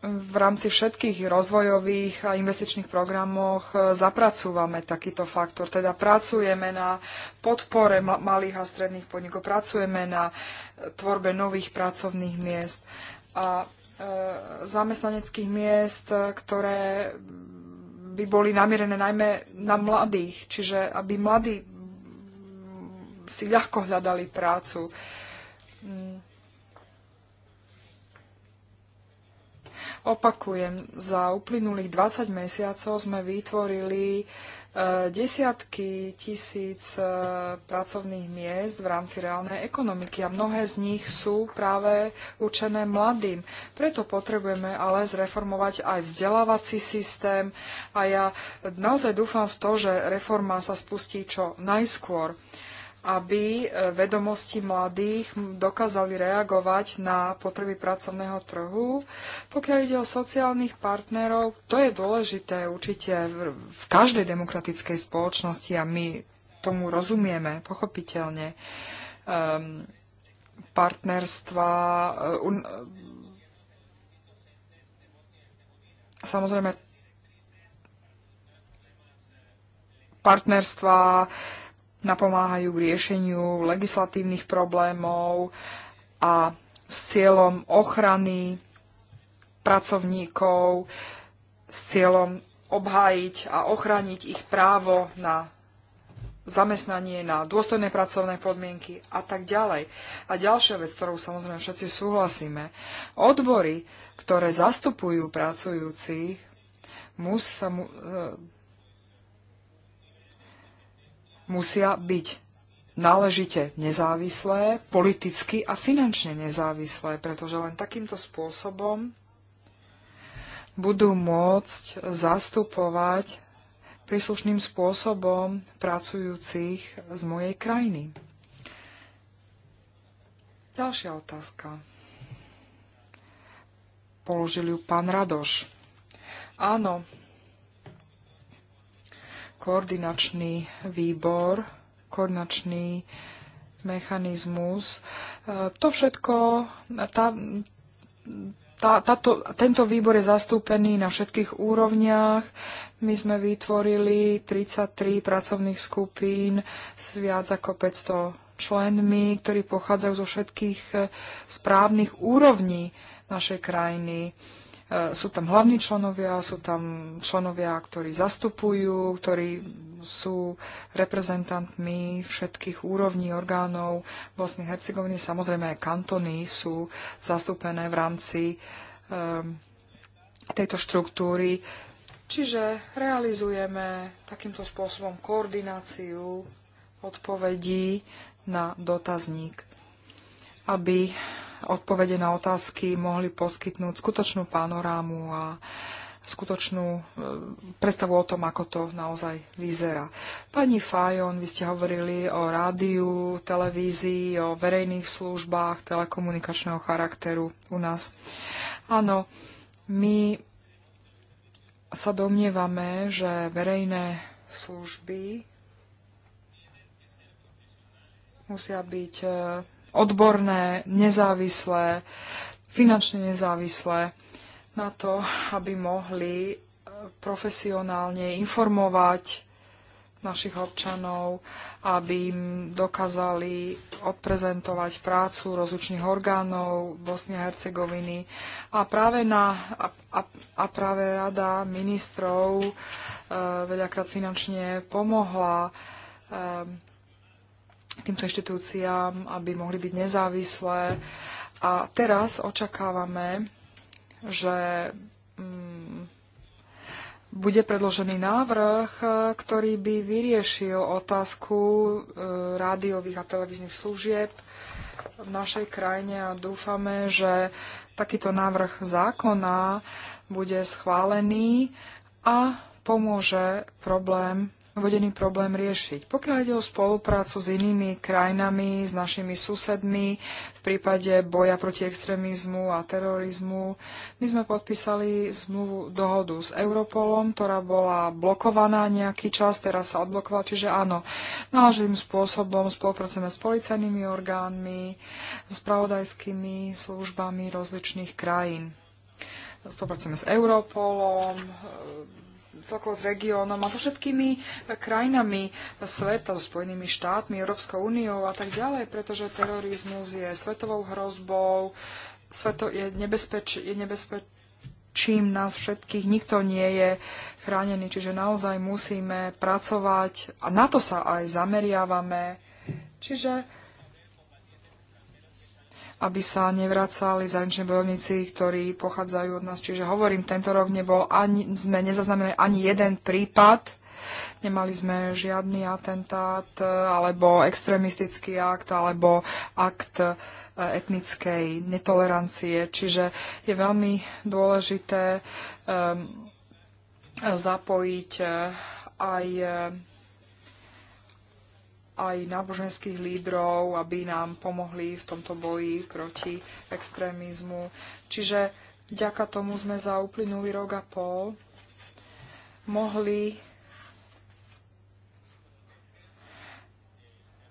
v rámci všetkých rozvojových a investičných programoch zapracúvame takýto faktor. Teda pracujeme na podpore malých a stredných podnikov, pracujeme na tvorbe nových pracovných miest a e, zamestnaneckých miest, ktoré by boli namierené najmä na mladých, čiže aby mladí si ľahko hľadali prácu. Opakujem, za uplynulých 20 mesiacov sme vytvorili Eh, desiatky tisíc eh, pracovných miest v rámci reálnej ekonomiky a mnohé z nich sú práve určené mladým. Preto potrebujeme ale zreformovať aj vzdelávací systém a ja naozaj dúfam v to, že reforma sa spustí čo najskôr aby e, vedomosti mladých dokázali reagovať na potreby pracovného trhu. Pokiaľ ide o sociálnych partnerov, to je dôležité určite v každej demokratickej spoločnosti a my tomu rozumieme, pochopiteľne. Um, partnerstva, e, Un, samozrejme partnerstva, napomáhajú k riešeniu legislatívnych problémov a s cieľom ochrany pracovníkov, s cieľom obhájiť a ochrániť ich právo na zamestnanie, na dôstojné pracovné podmienky a tak ďalej. A ďalšia vec, ktorou samozrejme všetci súhlasíme, odbory, ktoré zastupujú pracujúcich, mus, sa e, musia byť náležite nezávislé, politicky a finančne nezávislé, pretože len takýmto spôsobom budú môcť zastupovať príslušným spôsobom pracujúcich z mojej krajiny. Ďalšia otázka. Položil ju pán Radoš. Áno, koordinačný výbor, koordinačný mechanizmus. E, to všetko, tá, tá, táto, tento výbor je zastúpený na všetkých úrovniach. My sme vytvorili 33 pracovných skupín s viac ako 500 členmi, ktorí pochádzajú zo všetkých e, správnych úrovní našej krajiny. E, sú tam hlavní členovia, sú tam členovia, ktorí zastupujú, ktorí sú reprezentantmi všetkých úrovní orgánov Bosny a Hercegoviny. Samozrejme aj kantony sú zastúpené v rámci um, tejto štruktúry. Čiže realizujeme takýmto spôsobom koordináciu odpovedí na dotazník, aby odpovede na otázky mohli poskytnúť skutočnú panorámu a skutočnú e, predstavu o tom, ako to naozaj vyzerá. Pani Fajon, vy ste hovorili o rádiu, televízii, o verejných službách telekomunikačného charakteru u nás. Áno, my sa domnievame, že verejné služby musia byť e, odborné, nezávislé, finančne nezávislé na to, aby mohli e, profesionálne informovať našich občanov, aby im dokázali odprezentovať prácu rozlučných orgánov Bosny a Hercegoviny. A práve, na, a, a, a práve rada ministrov e, veľakrát finančne pomohla e, týmto inštitúciám, aby mohli byť nezávislé. A teraz očakávame, že mm, bude predložený návrh, ktorý by vyriešil otázku e, rádiových a televíznych služieb v našej krajine a dúfame, že takýto návrh zákona bude schválený a pomôže problém uvedený problém riešiť. Pokiaľ ide o spoluprácu s inými krajinami, s našimi susedmi, v prípade boja proti extrémizmu a terorizmu, my sme podpísali zmluvu, dohodu s Europolom, ktorá bola blokovaná nejaký čas, teraz sa odblokovala, čiže áno, náležitým spôsobom spolupracujeme s policajnými orgánmi, s spravodajskými službami rozličných krajín spolupracujeme s Europolom, celkovo s regiónom a so všetkými krajinami sveta, so Spojenými štátmi, Európskou úniou a tak ďalej, pretože terorizmus je svetovou hrozbou, sveto je, nebezpeč, je nebezpečím nás všetkých, nikto nie je chránený, čiže naozaj musíme pracovať a na to sa aj zameriavame. Čiže aby sa nevracali zahraniční bojovníci, ktorí pochádzajú od nás. Čiže hovorím, tento rok nebol ani, sme nezaznamenali ani jeden prípad, nemali sme žiadny atentát e, alebo extrémistický akt alebo akt e, etnickej netolerancie. Čiže je veľmi dôležité um, zapojiť aj aj náboženských lídrov, aby nám pomohli v tomto boji proti extrémizmu. Čiže vďaka tomu sme za uplynulý rok a pol mohli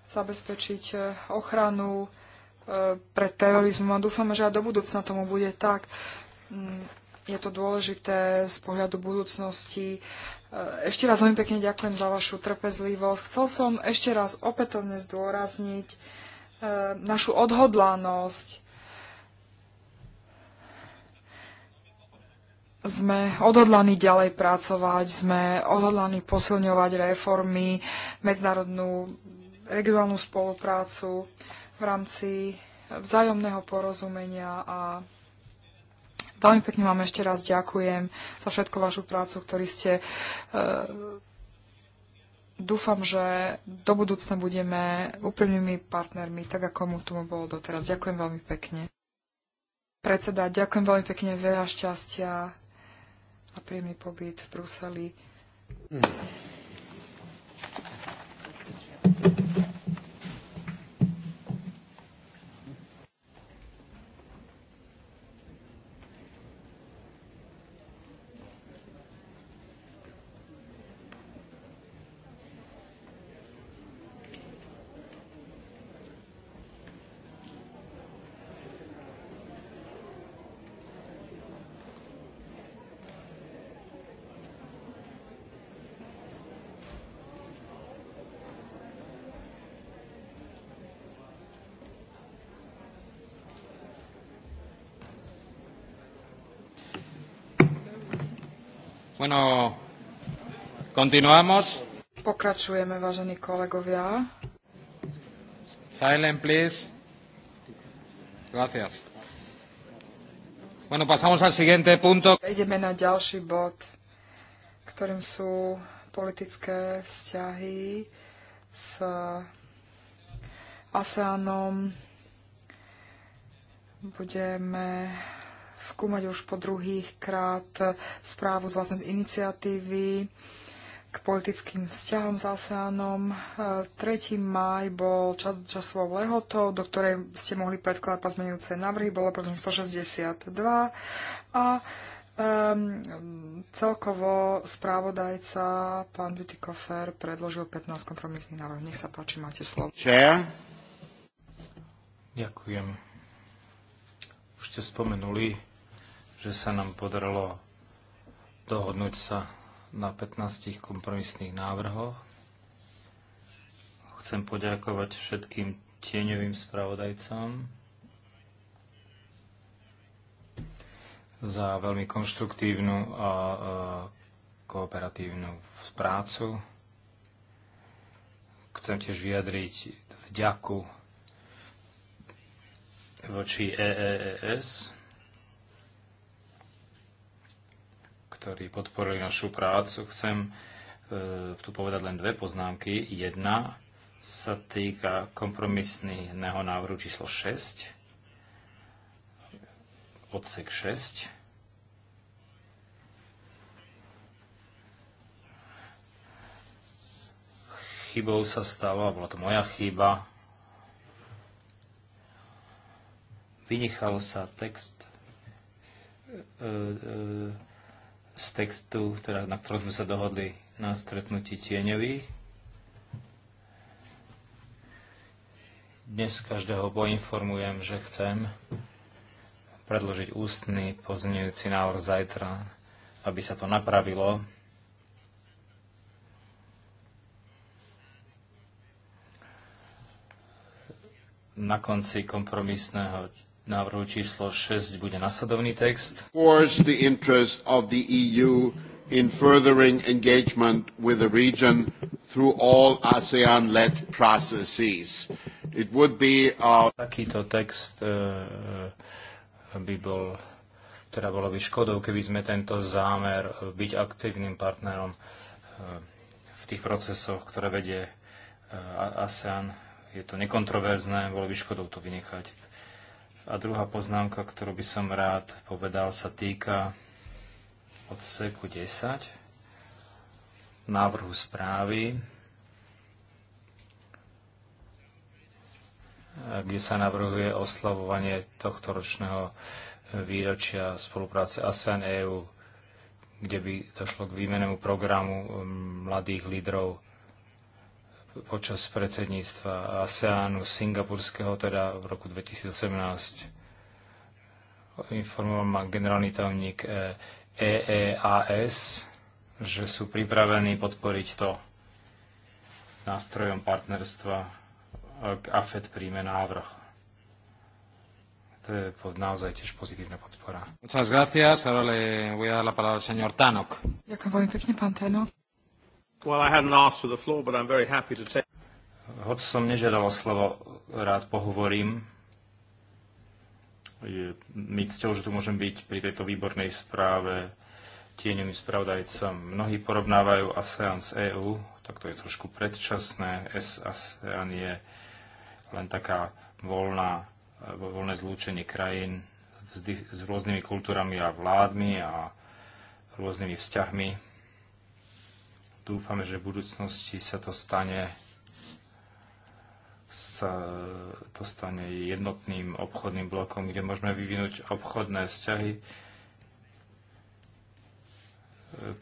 zabezpečiť eh, ochranu eh, pred terorizmom a dúfame, že aj do budúcna tomu bude tak. Mm, je to dôležité z pohľadu budúcnosti E, ešte raz veľmi pekne ďakujem za vašu trpezlivosť. Chcel som ešte raz opätovne zdôrazniť e, našu odhodlanosť. Sme odhodlaní ďalej pracovať, sme odhodlaní posilňovať reformy, medzinárodnú regionálnu spoluprácu v rámci vzájomného porozumenia a Veľmi pekne vám ešte raz ďakujem za všetko vašu prácu, ktorý ste... E, dúfam, že do budúcna budeme úplnými partnermi, tak ako mu tomu bolo doteraz. Ďakujem veľmi pekne. Predseda, ďakujem veľmi pekne, veľa šťastia a príjemný pobyt v Bruseli. Mm. Bueno, continuamos. Pokračujeme, vážení kolegovia. Silent, please. Gracias. Bueno, pasamos al siguiente punto. Ideme na ďalší bod, ktorým sú politické vzťahy s ASEANom. Budeme skúmať už po druhých krát správu z vlastnej iniciatívy k politickým vzťahom s ASEANom. 3. máj bol čas, časovou lehotou, do ktorej ste mohli predkladať pozmeňujúce návrhy, bolo potom 162 a Um, celkovo správodajca pán Butikofer predložil 15 kompromisných návrhov. Nech sa páči, máte slovo. Chair. Ďakujem. Už ste spomenuli že sa nám podarilo dohodnúť sa na 15 kompromisných návrhoch. Chcem poďakovať všetkým tieňovým spravodajcom za veľmi konštruktívnu a kooperatívnu prácu. Chcem tiež vyjadriť vďaku voči EEES ktorí podporili našu prácu. Chcem e, tu povedať len dve poznámky. Jedna sa týka kompromisného návrhu číslo 6, odsek 6. Chybou sa stalo, a bola to moja chyba, vynechal sa text e, e, z textu, teda, na ktorom sme sa dohodli na stretnutí tieňových. Dnes každého poinformujem, že chcem predložiť ústny pozňujúci návrh zajtra, aby sa to napravilo. Na konci kompromisného návrhu číslo 6 bude nasledovný text. the interest of the EU in furthering engagement with the region through all ASEAN-led processes. It would be uh... Takýto text e, e, by bol, teda bolo by škodou, keby sme tento zámer e, byť aktívnym partnerom v tých procesoch, ktoré vedie ASEAN. Je to nekontroverzné, bolo by škodou to vynechať a druhá poznámka, ktorú by som rád povedal, sa týka odseku 10 návrhu správy, kde sa navrhuje oslavovanie tohto ročného výročia spolupráce ASEAN-EU, kde by došlo k výmenému programu um, mladých lídrov počas predsedníctva ASEANu singapurského, teda v roku 2018. Informoval ma generálny tajomník EEAS, eh, e že sú pripravení podporiť to nástrojom partnerstva, ak eh, AFED príjme návrh. To je naozaj tiež pozitívna podpora. Muchas gracias. Ahora le voy a dar la palabra al señor Tanok. Ďakujem pekne, pán Tanok. Well, I hadn't asked for the floor, but I'm very happy to take... Hoď som nežiadal slovo, rád pohovorím. Je mi cťou, že tu môžem byť pri tejto výbornej správe tieňovým spravodajcom. Mnohí porovnávajú ASEAN s EÚ, tak to je trošku predčasné. S ASEAN je len taká voľná, voľné zlúčenie krajín s rôznymi kultúrami a vládmi a rôznymi vzťahmi Dúfame, že v budúcnosti sa to stane sa to stane jednotným obchodným blokom, kde môžeme vyvinúť obchodné vzťahy.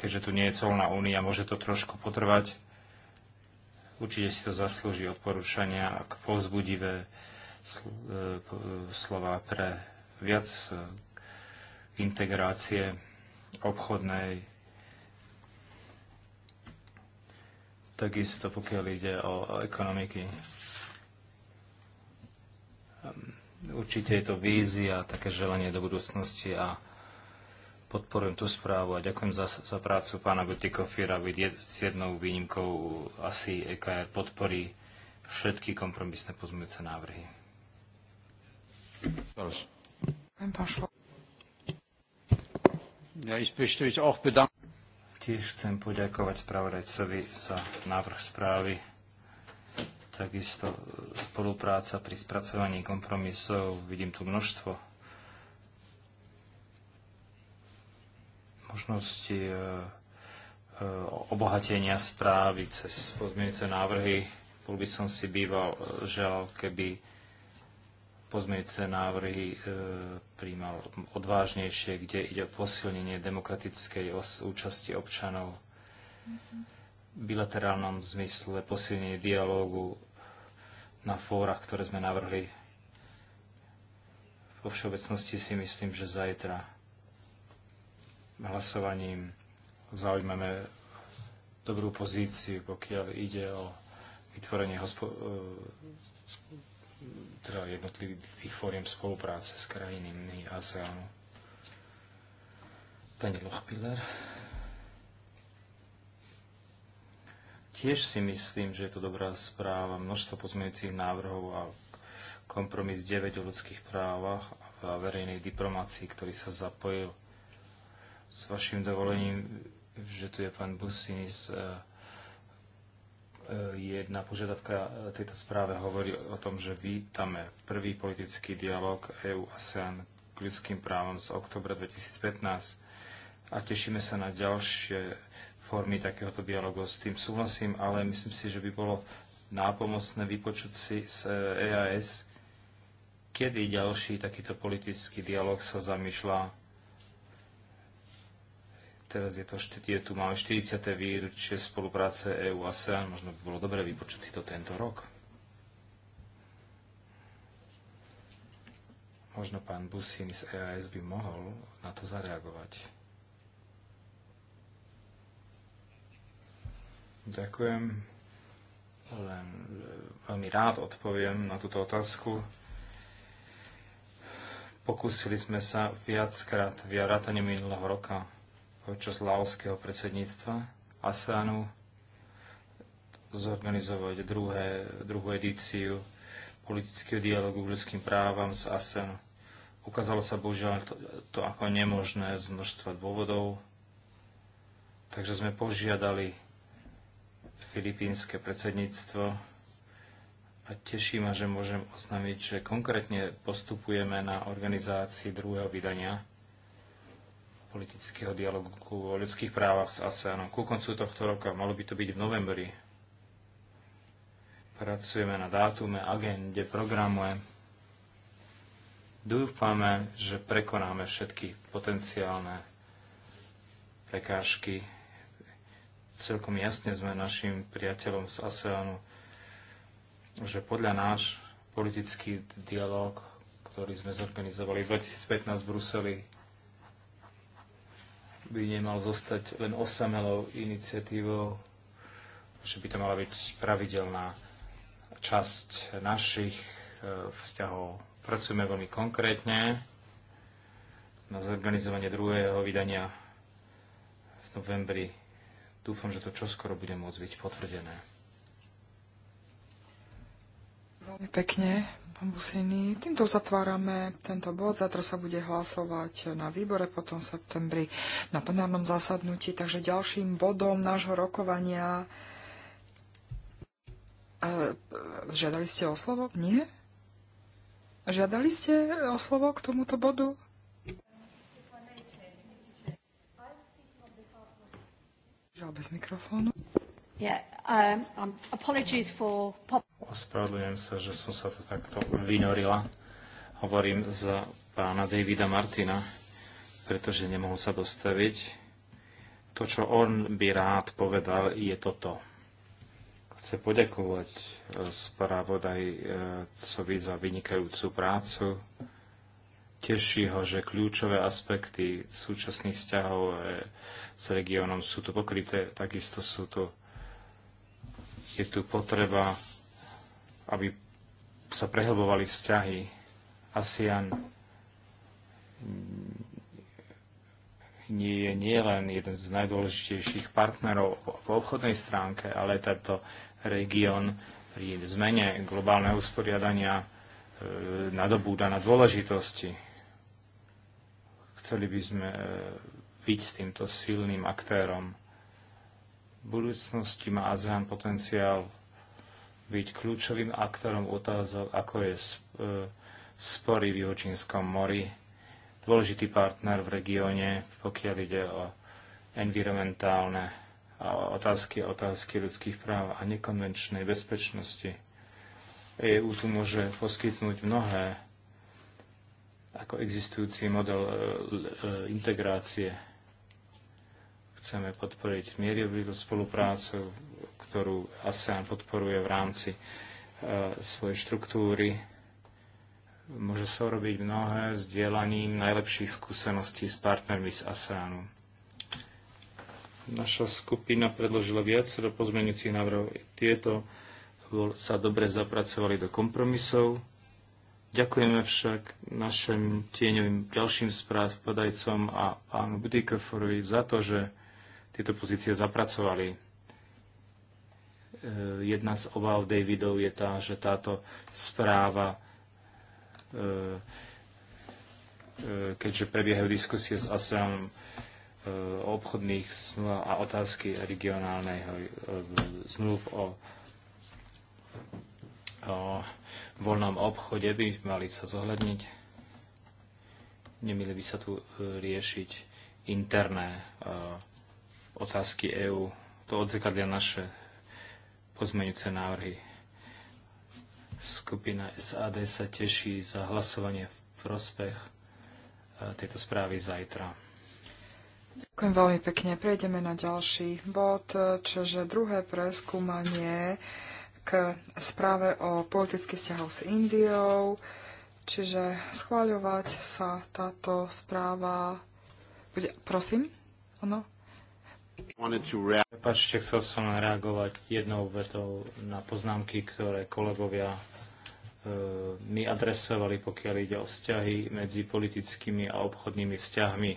Keďže tu nie je colná únia, môže to trošku potrvať. Určite si to zaslúži odporúčania a povzbudivé e, slova pre viac e, integrácie obchodnej takisto pokiaľ ide o, o ekonomiky. Ehm, určite je to vízia, také želanie do budúcnosti a podporujem tú správu a ďakujem za, za prácu pána Butikofira s jednou výnimkou asi EKR podporí všetky kompromisné pozmeňujúce návrhy. Ja, ich möchte mich auch bedanken. Tiež chcem poďakovať spravodajcovi za návrh správy. Takisto e, spolupráca pri spracovaní kompromisov, vidím tu množstvo možnosti e, e, obohatenia správy cez pozmienice návrhy. Bol by som si býval želal, keby pozmeňujúce návrhy e, príjmal odvážnejšie, kde ide o posilnenie demokratickej účasti občanov, v mhm. bilaterálnom zmysle posilnenie dialógu na fórach, ktoré sme navrhli. Vo všeobecnosti si myslím, že zajtra hlasovaním zaujmeme dobrú pozíciu, pokiaľ ide o vytvorenie hospo- e, teda jednotlivých fóriem spolupráce s krajinami ASEANu. Pani Lochpiller. Tiež si myslím, že je to dobrá správa. Množstvo pozmeňujúcich návrhov a kompromis 9 o ľudských právach a verejnej diplomácii, ktorý sa zapojil s vašim dovolením, že tu je pán Businis. Uh, E, jedna požiadavka e, tejto správe hovorí o tom, že vítame prvý politický dialog eu SEAN k ľudským právom z oktobra 2015 a tešíme sa na ďalšie formy takéhoto dialogu. S tým súhlasím, ale myslím si, že by bolo nápomocné vypočuť si z EAS, e kedy ďalší takýto politický dialog sa zamýšľa Teraz je, to, je tu máme 40. výročie spolupráce EU a e ASEAN. Možno by bolo dobre vypočuť si to tento rok. Možno pán Busín z EAS by mohol na to zareagovať. Ďakujem. Len e, veľmi rád odpoviem na túto otázku. Pokúsili sme sa viackrát, rátane minulého roka, počas laoského predsedníctva ASEANu zorganizovať druhé, druhú edíciu politického dialogu k ľudským právam z ASEAN. Ukázalo sa bohužiaľ to, to ako nemožné z množstva dôvodov, takže sme požiadali filipínske predsedníctvo a teší ma, že môžem oznámiť, že konkrétne postupujeme na organizácii druhého vydania politického dialogu o ľudských právach s ASEANom. Ku koncu tohto roka, malo by to byť v novembri, pracujeme na dátume, agende, programe. Dúfame, že prekonáme všetky potenciálne prekážky. Celkom jasne sme našim priateľom z ASEANu, že podľa náš politický dialog, ktorý sme zorganizovali v 2015 v Bruseli, by nemal zostať len osamelou iniciatívou, že by to mala byť pravidelná časť našich e, vzťahov. Pracujeme veľmi konkrétne na zorganizovanie druhého vydania v novembri. Dúfam, že to čoskoro bude môcť byť potvrdené. Veľmi pekne Businy. Týmto zatvárame tento bod. Zatra sa bude hlasovať na výbore, potom v septembri na plenárnom zasadnutí. Takže ďalším bodom nášho rokovania... E, žiadali ste o slovo? Nie? Žiadali ste o slovo k tomuto bodu? Žiaľ bez mikrofónu. Um, um, Ospravedlňujem sa, že som sa tu takto vynorila. Hovorím za pána Davida Martina, pretože nemohol sa dostaviť. To, čo on by rád povedal, je toto. Chce poďakovať e, spravodajcovi za vynikajúcu prácu. Teší ho, že kľúčové aspekty súčasných vzťahov e, s regiónom sú tu pokryté, takisto sú tu je tu potreba, aby sa prehlbovali vzťahy ASEAN nie je nielen jeden z najdôležitejších partnerov po obchodnej stránke, ale tento región pri zmene globálneho usporiadania e, nadobúda na dôležitosti. Chceli by sme e, byť s týmto silným aktérom v budúcnosti má ASEAN potenciál byť kľúčovým aktorom otázok, ako je e, spory v Juhočínskom mori, dôležitý partner v regióne, pokiaľ ide o environmentálne otázky, otázky ľudských práv a nekonvenčnej bezpečnosti. EU tu môže poskytnúť mnohé ako existujúci model e, e, integrácie Chceme podporiť mierovú spoluprácu, ktorú ASEAN podporuje v rámci e, svojej štruktúry. Môže sa robiť mnohé sdielaním najlepších skúseností s partnermi z ASEANu. Naša skupina predložila viacero pozmeňujúcich návrhov. Tieto sa dobre zapracovali do kompromisov. Ďakujeme však našim tieňovým ďalším správpodajcom a pánu Budikoforovi za to, že tieto pozície zapracovali. E, jedna z obav Davidov je tá, že táto správa, e, e, keďže prebiehajú diskusie s ASEAN o obchodných zmluv a otázky regionálneho zmluv o, o voľnom obchode by mali sa zohľadniť nemili by sa tu riešiť interné otázky EÚ. To odzrkadlia naše pozmeňujúce návrhy. Skupina SAD sa teší za hlasovanie v prospech e, tejto správy zajtra. Ďakujem veľmi pekne. Prejdeme na ďalší bod, e, čiže druhé preskúmanie k správe o politických vzťahoch s Indiou. Čiže schváľovať sa táto správa... Bude, prosím? Áno? Prepačte, chcel som reagovať jednou vetou na poznámky, ktoré kolegovia e, mi adresovali, pokiaľ ide o vzťahy medzi politickými a obchodnými vzťahmi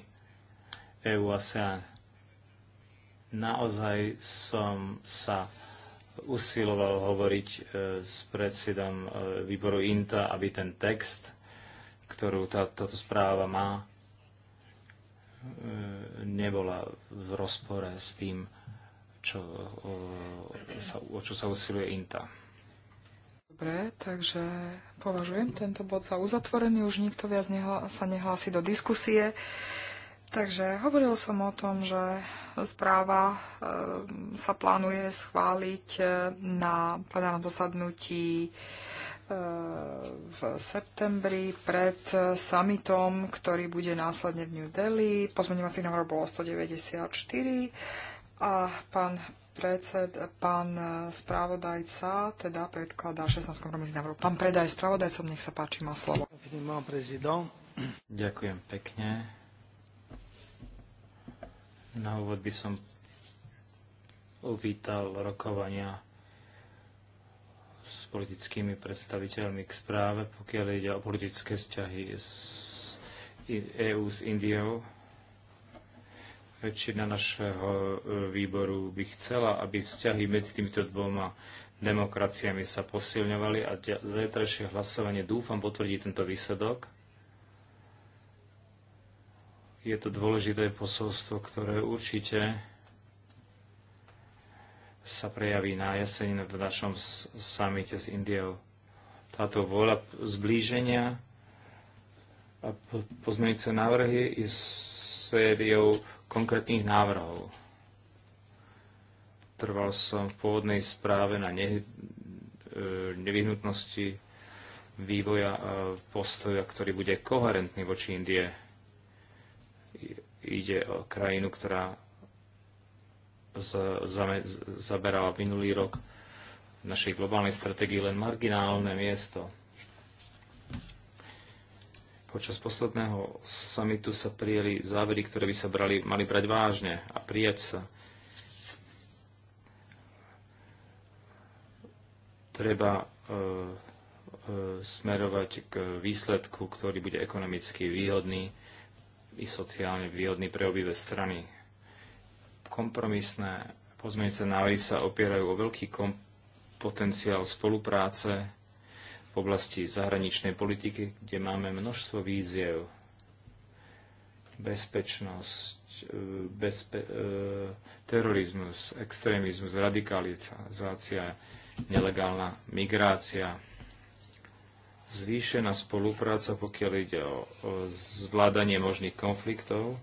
EU a SEAN. Naozaj som sa usiloval hovoriť e, s predsedom e, výboru INTA, aby ten text, ktorú táto správa má, nebola v rozpore s tým, čo, o, e, sa, o čo sa usiluje INTA. Dobre, takže považujem tento bod za uzatvorený. Už nikto viac nehla, sa nehlási do diskusie. Takže hovoril som o tom, že správa e, sa plánuje schváliť e, na plenárnom zasadnutí v septembri pred summitom, ktorý bude následne v New Delhi. Pozmeňovacích návrh bolo 194 a pán predsed, pán správodajca teda predkladá 16 kompromisný návrh. Pán predaj správodajcom, nech sa páči, má slovo. Ďakujem pekne. Na úvod by som uvítal rokovania s politickými predstaviteľmi k správe, pokiaľ ide o politické vzťahy s EU s Indiou. Väčšina našeho e, výboru by chcela, aby vzťahy medzi týmito dvoma demokraciami sa posilňovali a zajtrajšie hlasovanie dúfam potvrdí tento výsledok. Je to dôležité posolstvo, ktoré určite sa prejaví na jeseň v našom samite s Indiou. Táto vôľa zblíženia a pozmeňujúce návrhy i sériou konkrétnych návrhov. Trval som v pôvodnej správe na ne, e, nevyhnutnosti vývoja postoja, ktorý bude koherentný voči Indie. Ide o krajinu, ktorá zaberala minulý rok v našej globálnej strategii len marginálne miesto. Počas posledného samitu sa prijeli závery, ktoré by sa brali, mali brať vážne a prijať sa. Treba e, e, smerovať k výsledku, ktorý bude ekonomicky výhodný i sociálne výhodný pre obive strany kompromisné pozmeňujúce návrhy sa opierajú o veľký potenciál spolupráce v oblasti zahraničnej politiky, kde máme množstvo víziev. Bezpečnosť, e, bezpe- e, terorizmus, extrémizmus, radikalizácia, nelegálna migrácia, zvýšená spolupráca, pokiaľ ide o, o zvládanie možných konfliktov,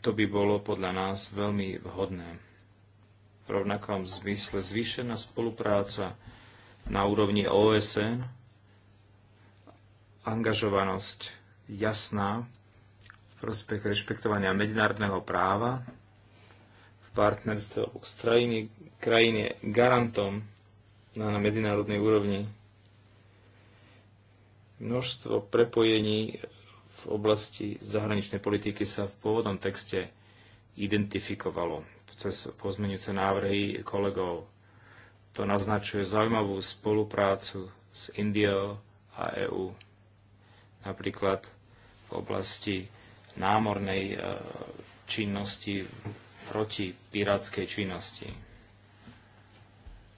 to by bolo podľa nás veľmi vhodné. V rovnakom zmysle zvýšená spolupráca na úrovni OSN, angažovanosť jasná v prospech rešpektovania medzinárodného práva v partnerstve k krajine, krajine garantom na, na medzinárodnej úrovni množstvo prepojení v oblasti zahraničnej politiky sa v pôvodnom texte identifikovalo cez pozmeňujúce návrhy kolegov. To naznačuje zaujímavú spoluprácu s Indiou a EÚ. Napríklad v oblasti námornej e, činnosti proti pirátskej činnosti.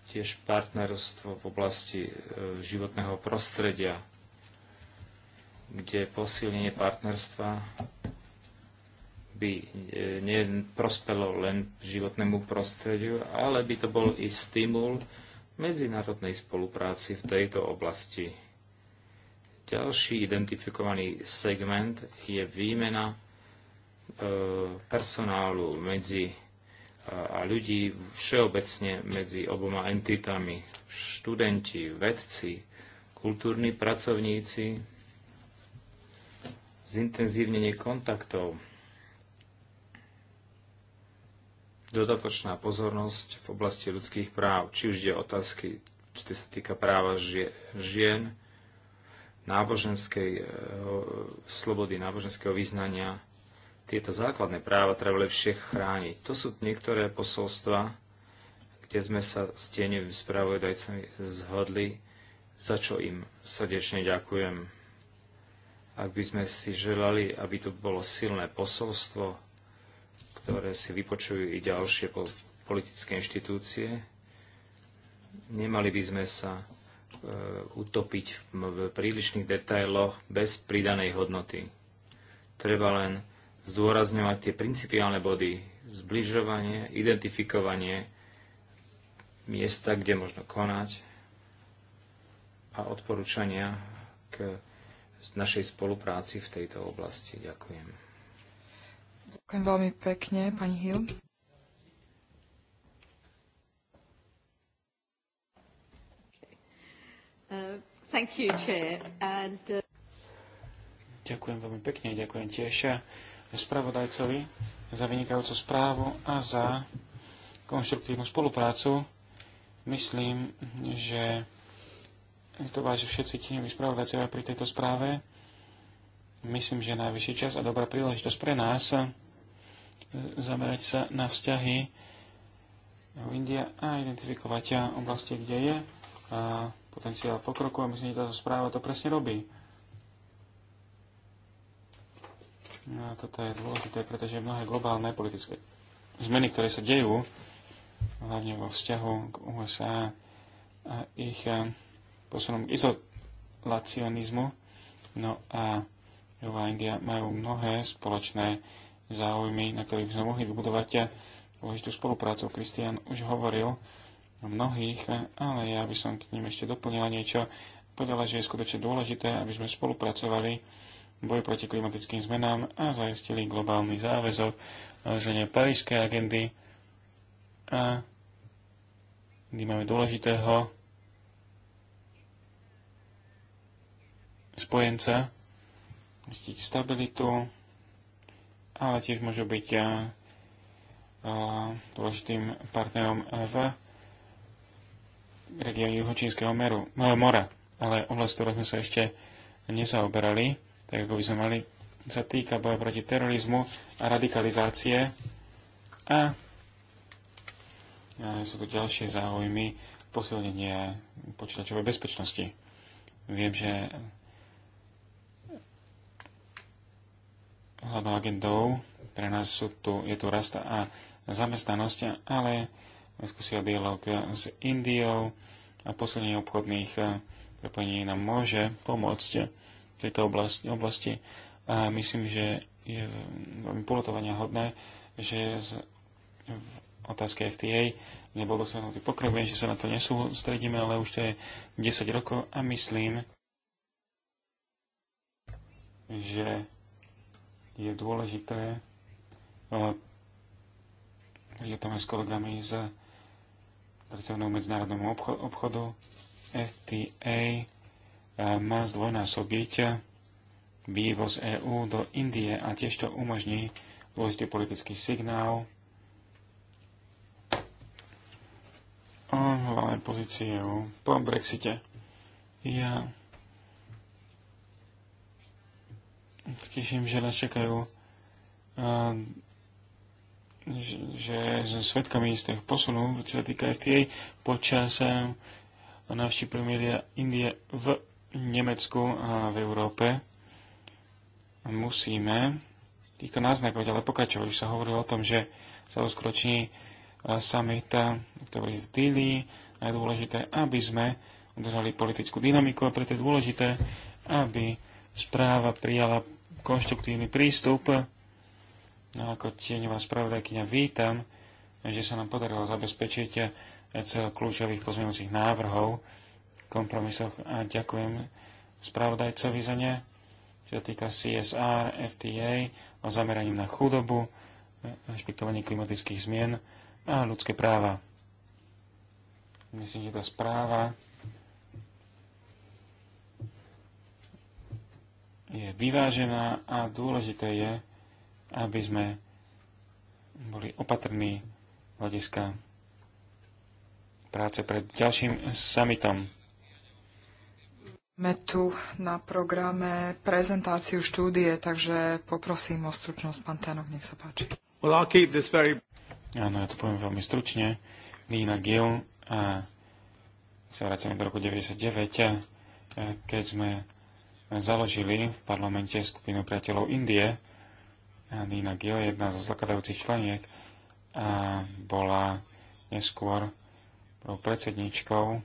Tiež partnerstvo v oblasti e, životného prostredia kde posilnenie partnerstva by e, neprospelo len životnému prostrediu, ale by to bol i stimul medzinárodnej spolupráci v tejto oblasti. Ďalší identifikovaný segment je výmena e, personálu medzi a ľudí všeobecne medzi oboma entitami, študenti, vedci, kultúrni pracovníci, zintenzívnenie kontaktov, dodatočná pozornosť v oblasti ľudských práv, či už je otázky, či sa týka práva žien, náboženskej eh, slobody, náboženského vyznania. Tieto základné práva treba lepšie chrániť. To sú niektoré posolstva, kde sme sa s tieňovými spravodajcami zhodli, za čo im srdečne ďakujem. Ak by sme si želali, aby to bolo silné posolstvo, ktoré si vypočujú i ďalšie politické inštitúcie, nemali by sme sa e, utopiť v prílišných detailoch bez pridanej hodnoty. Treba len zdôrazňovať tie principiálne body, zbližovanie, identifikovanie, miesta, kde možno konať a odporúčania k našej spolupráci v tejto oblasti. Ďakujem. Ďakujem veľmi pekne, pani Hill. Uh, you, And, uh... Ďakujem veľmi pekne, ďakujem tiež spravodajcovi za vynikajúcu správu a za konštruktívnu spoluprácu. Myslím, že to váži všetci tieňoví spravodajcovia pri tejto správe. Myslím, že je najvyšší čas a dobrá príležitosť pre nás eh, zamerať sa na vzťahy v India a identifikovať eh, oblasti, kde je a eh, potenciál pokroku a myslím, že táto správa to presne robí. No, toto je dôležité, pretože mnohé globálne politické zmeny, ktoré sa dejú, hlavne vo vzťahu k USA a ich posunom k izolacionizmu. No a Nová India majú mnohé spoločné záujmy, na ktorých by sme mohli vybudovať dôležitú spoluprácu. Kristian už hovoril o mnohých, ale ja by som k ním ešte doplnila niečo. Povedala, že je skutočne dôležité, aby sme spolupracovali v boji proti klimatickým zmenám a zaistili globálny záväzok žene parížskej agendy a kdy máme dôležitého spojence, zistiť stabilitu, ale tiež môže byť a, eh, a, eh, dôležitým partnerom v regióne Juhočínskeho meru, eh, mora, ale oblasť, ktorú sme sa ešte nezaoberali, tak ako by sme mali, sa týka boja proti terorizmu a radikalizácie a, a sú tu ďalšie záujmy posilnenie počítačovej bezpečnosti. Viem, že hlavnou agendou pre nás sú tu, je tu rast a zamestnanosť, ale skúsia dialog s Indiou a posilnenie obchodných eh, prepojení nám môže pomôcť v tejto oblasti. oblasti. A myslím, že je veľmi polotovania hodné, že z, v otázke FTA nebol dosiahnutý pokrok. Viem, že sa na to nesústredíme, ale už to je 10 rokov a myslím, že je dôležité, e, je to s kolegami z predstavnou medzinárodnom obchodu, FTA e, má zdvojnásobiť vývoz EÚ do Indie a tiež to umožní dôležitý politický signál o hlavnej pozícii EÚ po Brexite. Ja teším, že nás čakajú že sme svetkami těch posunů, čo sa týka FTA, počas návštív premiéra Indie v Nemecku a v Európe. Musíme týchto náznakov ďalej pokračovať. Už sa hovorilo o tom, že sa uskroční summit, ktorý v Dili a je dôležité, aby sme udržali politickú dynamiku a preto je dôležité, aby správa prijala konštruktívny prístup. No ako tieňová spravodajkyňa vítam, že sa nám podarilo zabezpečiť cel kľúčových pozmeňujúcich návrhov, kompromisoch a ďakujem spravodajcovi za ne, čo sa týka CSR, FTA, o zameraním na chudobu, rešpektovanie klimatických zmien a ľudské práva. Myslím, že tá správa je vyvážená a dôležité je, aby sme boli opatrní hľadiska práce pred ďalším summitom. Máme tu na programe prezentáciu štúdie, takže poprosím o stručnosť, pán Tenok, nech sa páči. Well, I'll keep this very... Áno, ja to poviem veľmi stručne. Nina Gill a sa vracame do roku 99, keď sme založili v parlamente skupinu priateľov Indie. Nina Gill, jedna zo zakladajúcich členiek, a bola neskôr predsedničkou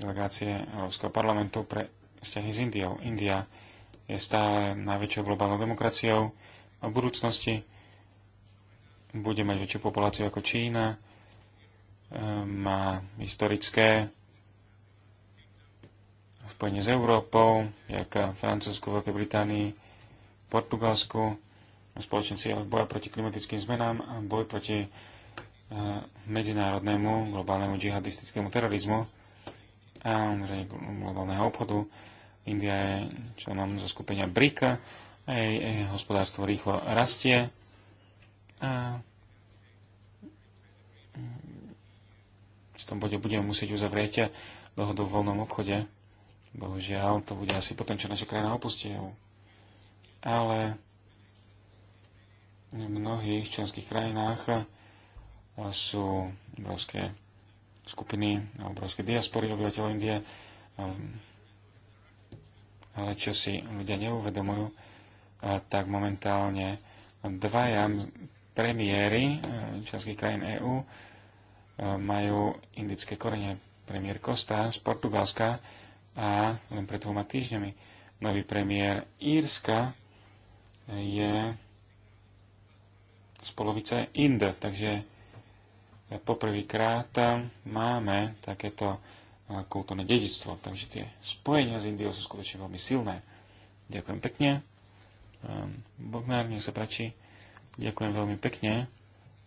delegácie Európskeho parlamentu pre vzťahy s Indiou. India je stále najväčšou globálnou demokraciou a v budúcnosti bude mať väčšiu populáciu ako Čína, ehm, má historické spojení s Európou, jak Francúzsku, Veľkej Británii, Portugalsku, spoločný cieľ boja proti klimatickým zmenám a boj proti e, medzinárodnému globálnemu džihadistickému terorizmu a globálneho obchodu. India je členom zo skupenia BRIC, jej, jej hospodárstvo rýchlo rastie a v tom bode budeme musieť uzavrieť dohodu v voľnom obchode Bohužiaľ, to bude asi potom, čo naša krajina opustí EU. Ale v mnohých členských krajinách eh, sú obrovské skupiny, a obrovské diaspory obyvateľov Indie. Eh, ale čo si ľudia neuvedomujú, eh, tak momentálne dvaja premiéry členských krajín EÚ majú indické korene. Premiér Costa z Portugalska a len pred dvoma týždňami nový premiér Írska je z polovice Ind, takže poprvýkrát máme takéto e, kultúrne dedičstvo, takže tie spojenia s Indiou sú skutočne veľmi silné. Ďakujem pekne. Ehm, Bognár, nech sa páči. Ďakujem veľmi pekne.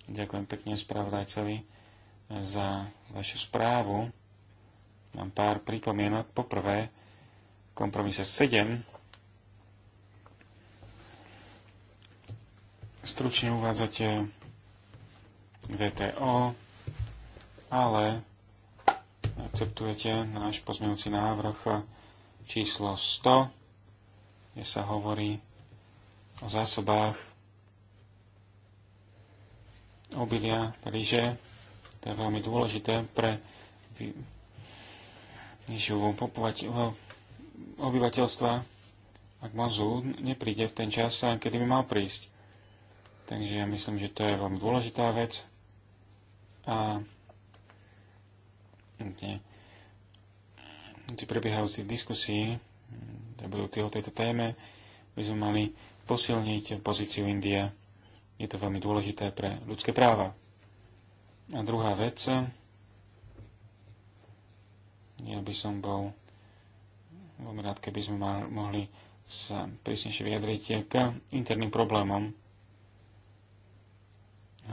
Ďakujem pekne spravodajcovi za vašu správu. Mám pár pripomienok. Poprvé, kompromise 7 stručne uvádzate VTO, ale akceptujete náš pozmeňujúci návrh číslo 100, kde sa hovorí o zásobách obilia ríže. To je veľmi dôležité pre živú obyvateľstva, ak mozu nepríde v ten čas, kedy by mal prísť. Takže ja myslím, že to je veľmi dôležitá vec. A tie pri prebiehajúcich diskusí budú o tejto téme, by sme mali posilniť pozíciu Indie. Je to veľmi dôležité pre ľudské práva. A druhá vec, ja by som bol veľmi rád, keby sme mohli sa prísnejšie vyjadriť k interným problémom,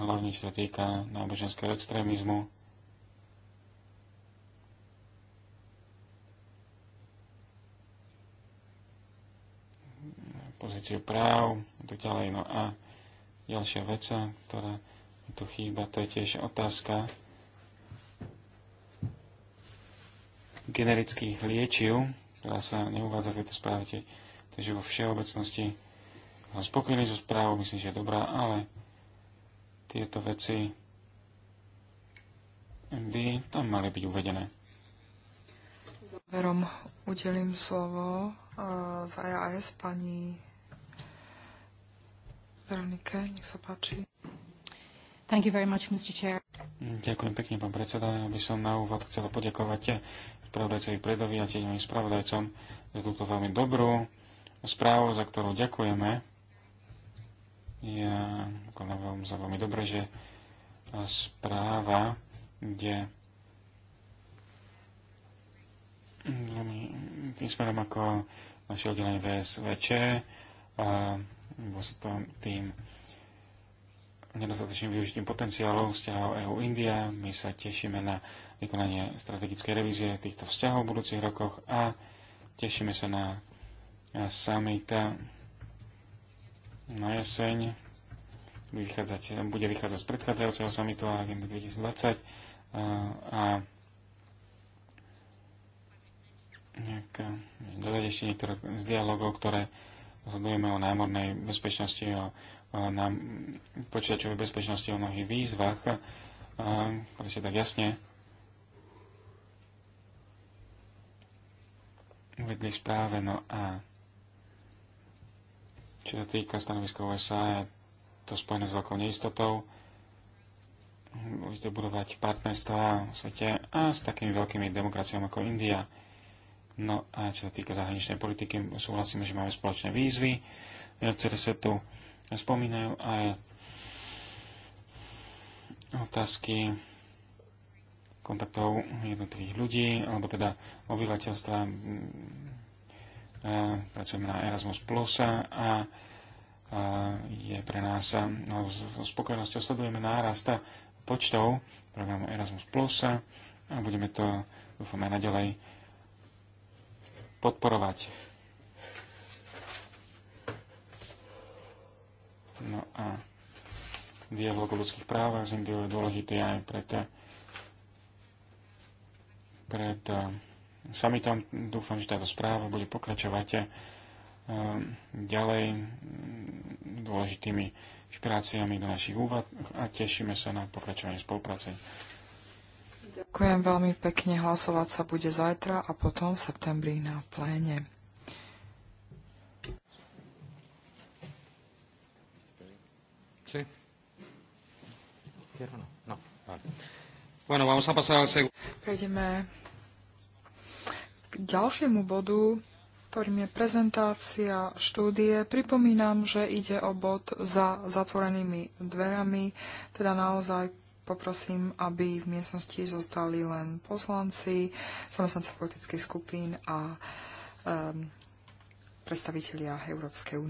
hlavne čo sa týka náboženského extrémizmu. pozíciu práv a tak ďalej. No a ďalšia veca, ktorá tu chýba, to je tiež otázka generických liečiv, ktorá sa neuvádza v tejto správe, takže vo všeobecnosti som spokojný so správou, myslím, že je dobrá, ale tieto veci by tam mali byť uvedené. Záverom udelím slovo z IAS pani Veronike, nech sa páči. Thank you very much, Mr. Chair. Ďakujem pekne, pán predseda. Ja by som na úvod chcela poďakovať spravodajca Predovi predaviateľom i spravodajcom za túto veľmi dobrú správu, za ktorú ďakujeme. Ja konávam za veľmi dobre, že správa, kde tým smerom ako naše oddelenie VSVČ, bol sa to tým nedostatočným využitím potenciálov vzťahov EU-India. My sa tešíme na vykonanie strategickej revízie týchto vzťahov v budúcich rokoch a tešíme sa na summit na jeseň. Bude vychádzať, bude vychádzať z predchádzajúceho summitu a agendy 2020 a, a eh, dodať ešte niektoré z dialogov, ktoré rozhodujeme o námornej bezpečnosti, o, o nám, počítačovej bezpečnosti, o mnohých výzvach, ktoré si tak jasne uvedli správe. No a čo sa týka stanoviska USA, je to spojené s veľkou neistotou. Budete budovať partnerstva v svete a s takými veľkými demokraciami ako India. No a čo sa týka zahraničnej politiky, súhlasíme, že máme spoločné výzvy, ktoré sa tu spomínajú aj otázky kontaktov jednotlivých ľudí, alebo teda obyvateľstva. Mm, pracujeme na Erasmus Plus a je pre nás, no, s spokojnosťou sledujeme nárast počtov programu Erasmus Plus a budeme to, dúfame, naďalej podporovať. No a dialog o ľudských právach z Indiou je dôležitý aj pre pred eh, summitom. Dúfam, že táto správa bude pokračovať eh, ďalej mm, dôležitými špiráciami do našich úvah a tešíme sa na pokračovanie spolupráce. Ďakujem veľmi pekne. Hlasovať sa bude zajtra a potom v septembri na pléne. Sí. No. no. Vale. Bueno, vamos a pasar al segundo. K ďalšiemu bodu, ktorým je prezentácia štúdie, pripomínam, že ide o bod za zatvorenými dverami, teda naozaj poprosím, aby v miestnosti zostali len poslanci, zamestnanci politických skupín a um, predstavitelia Európskej únie.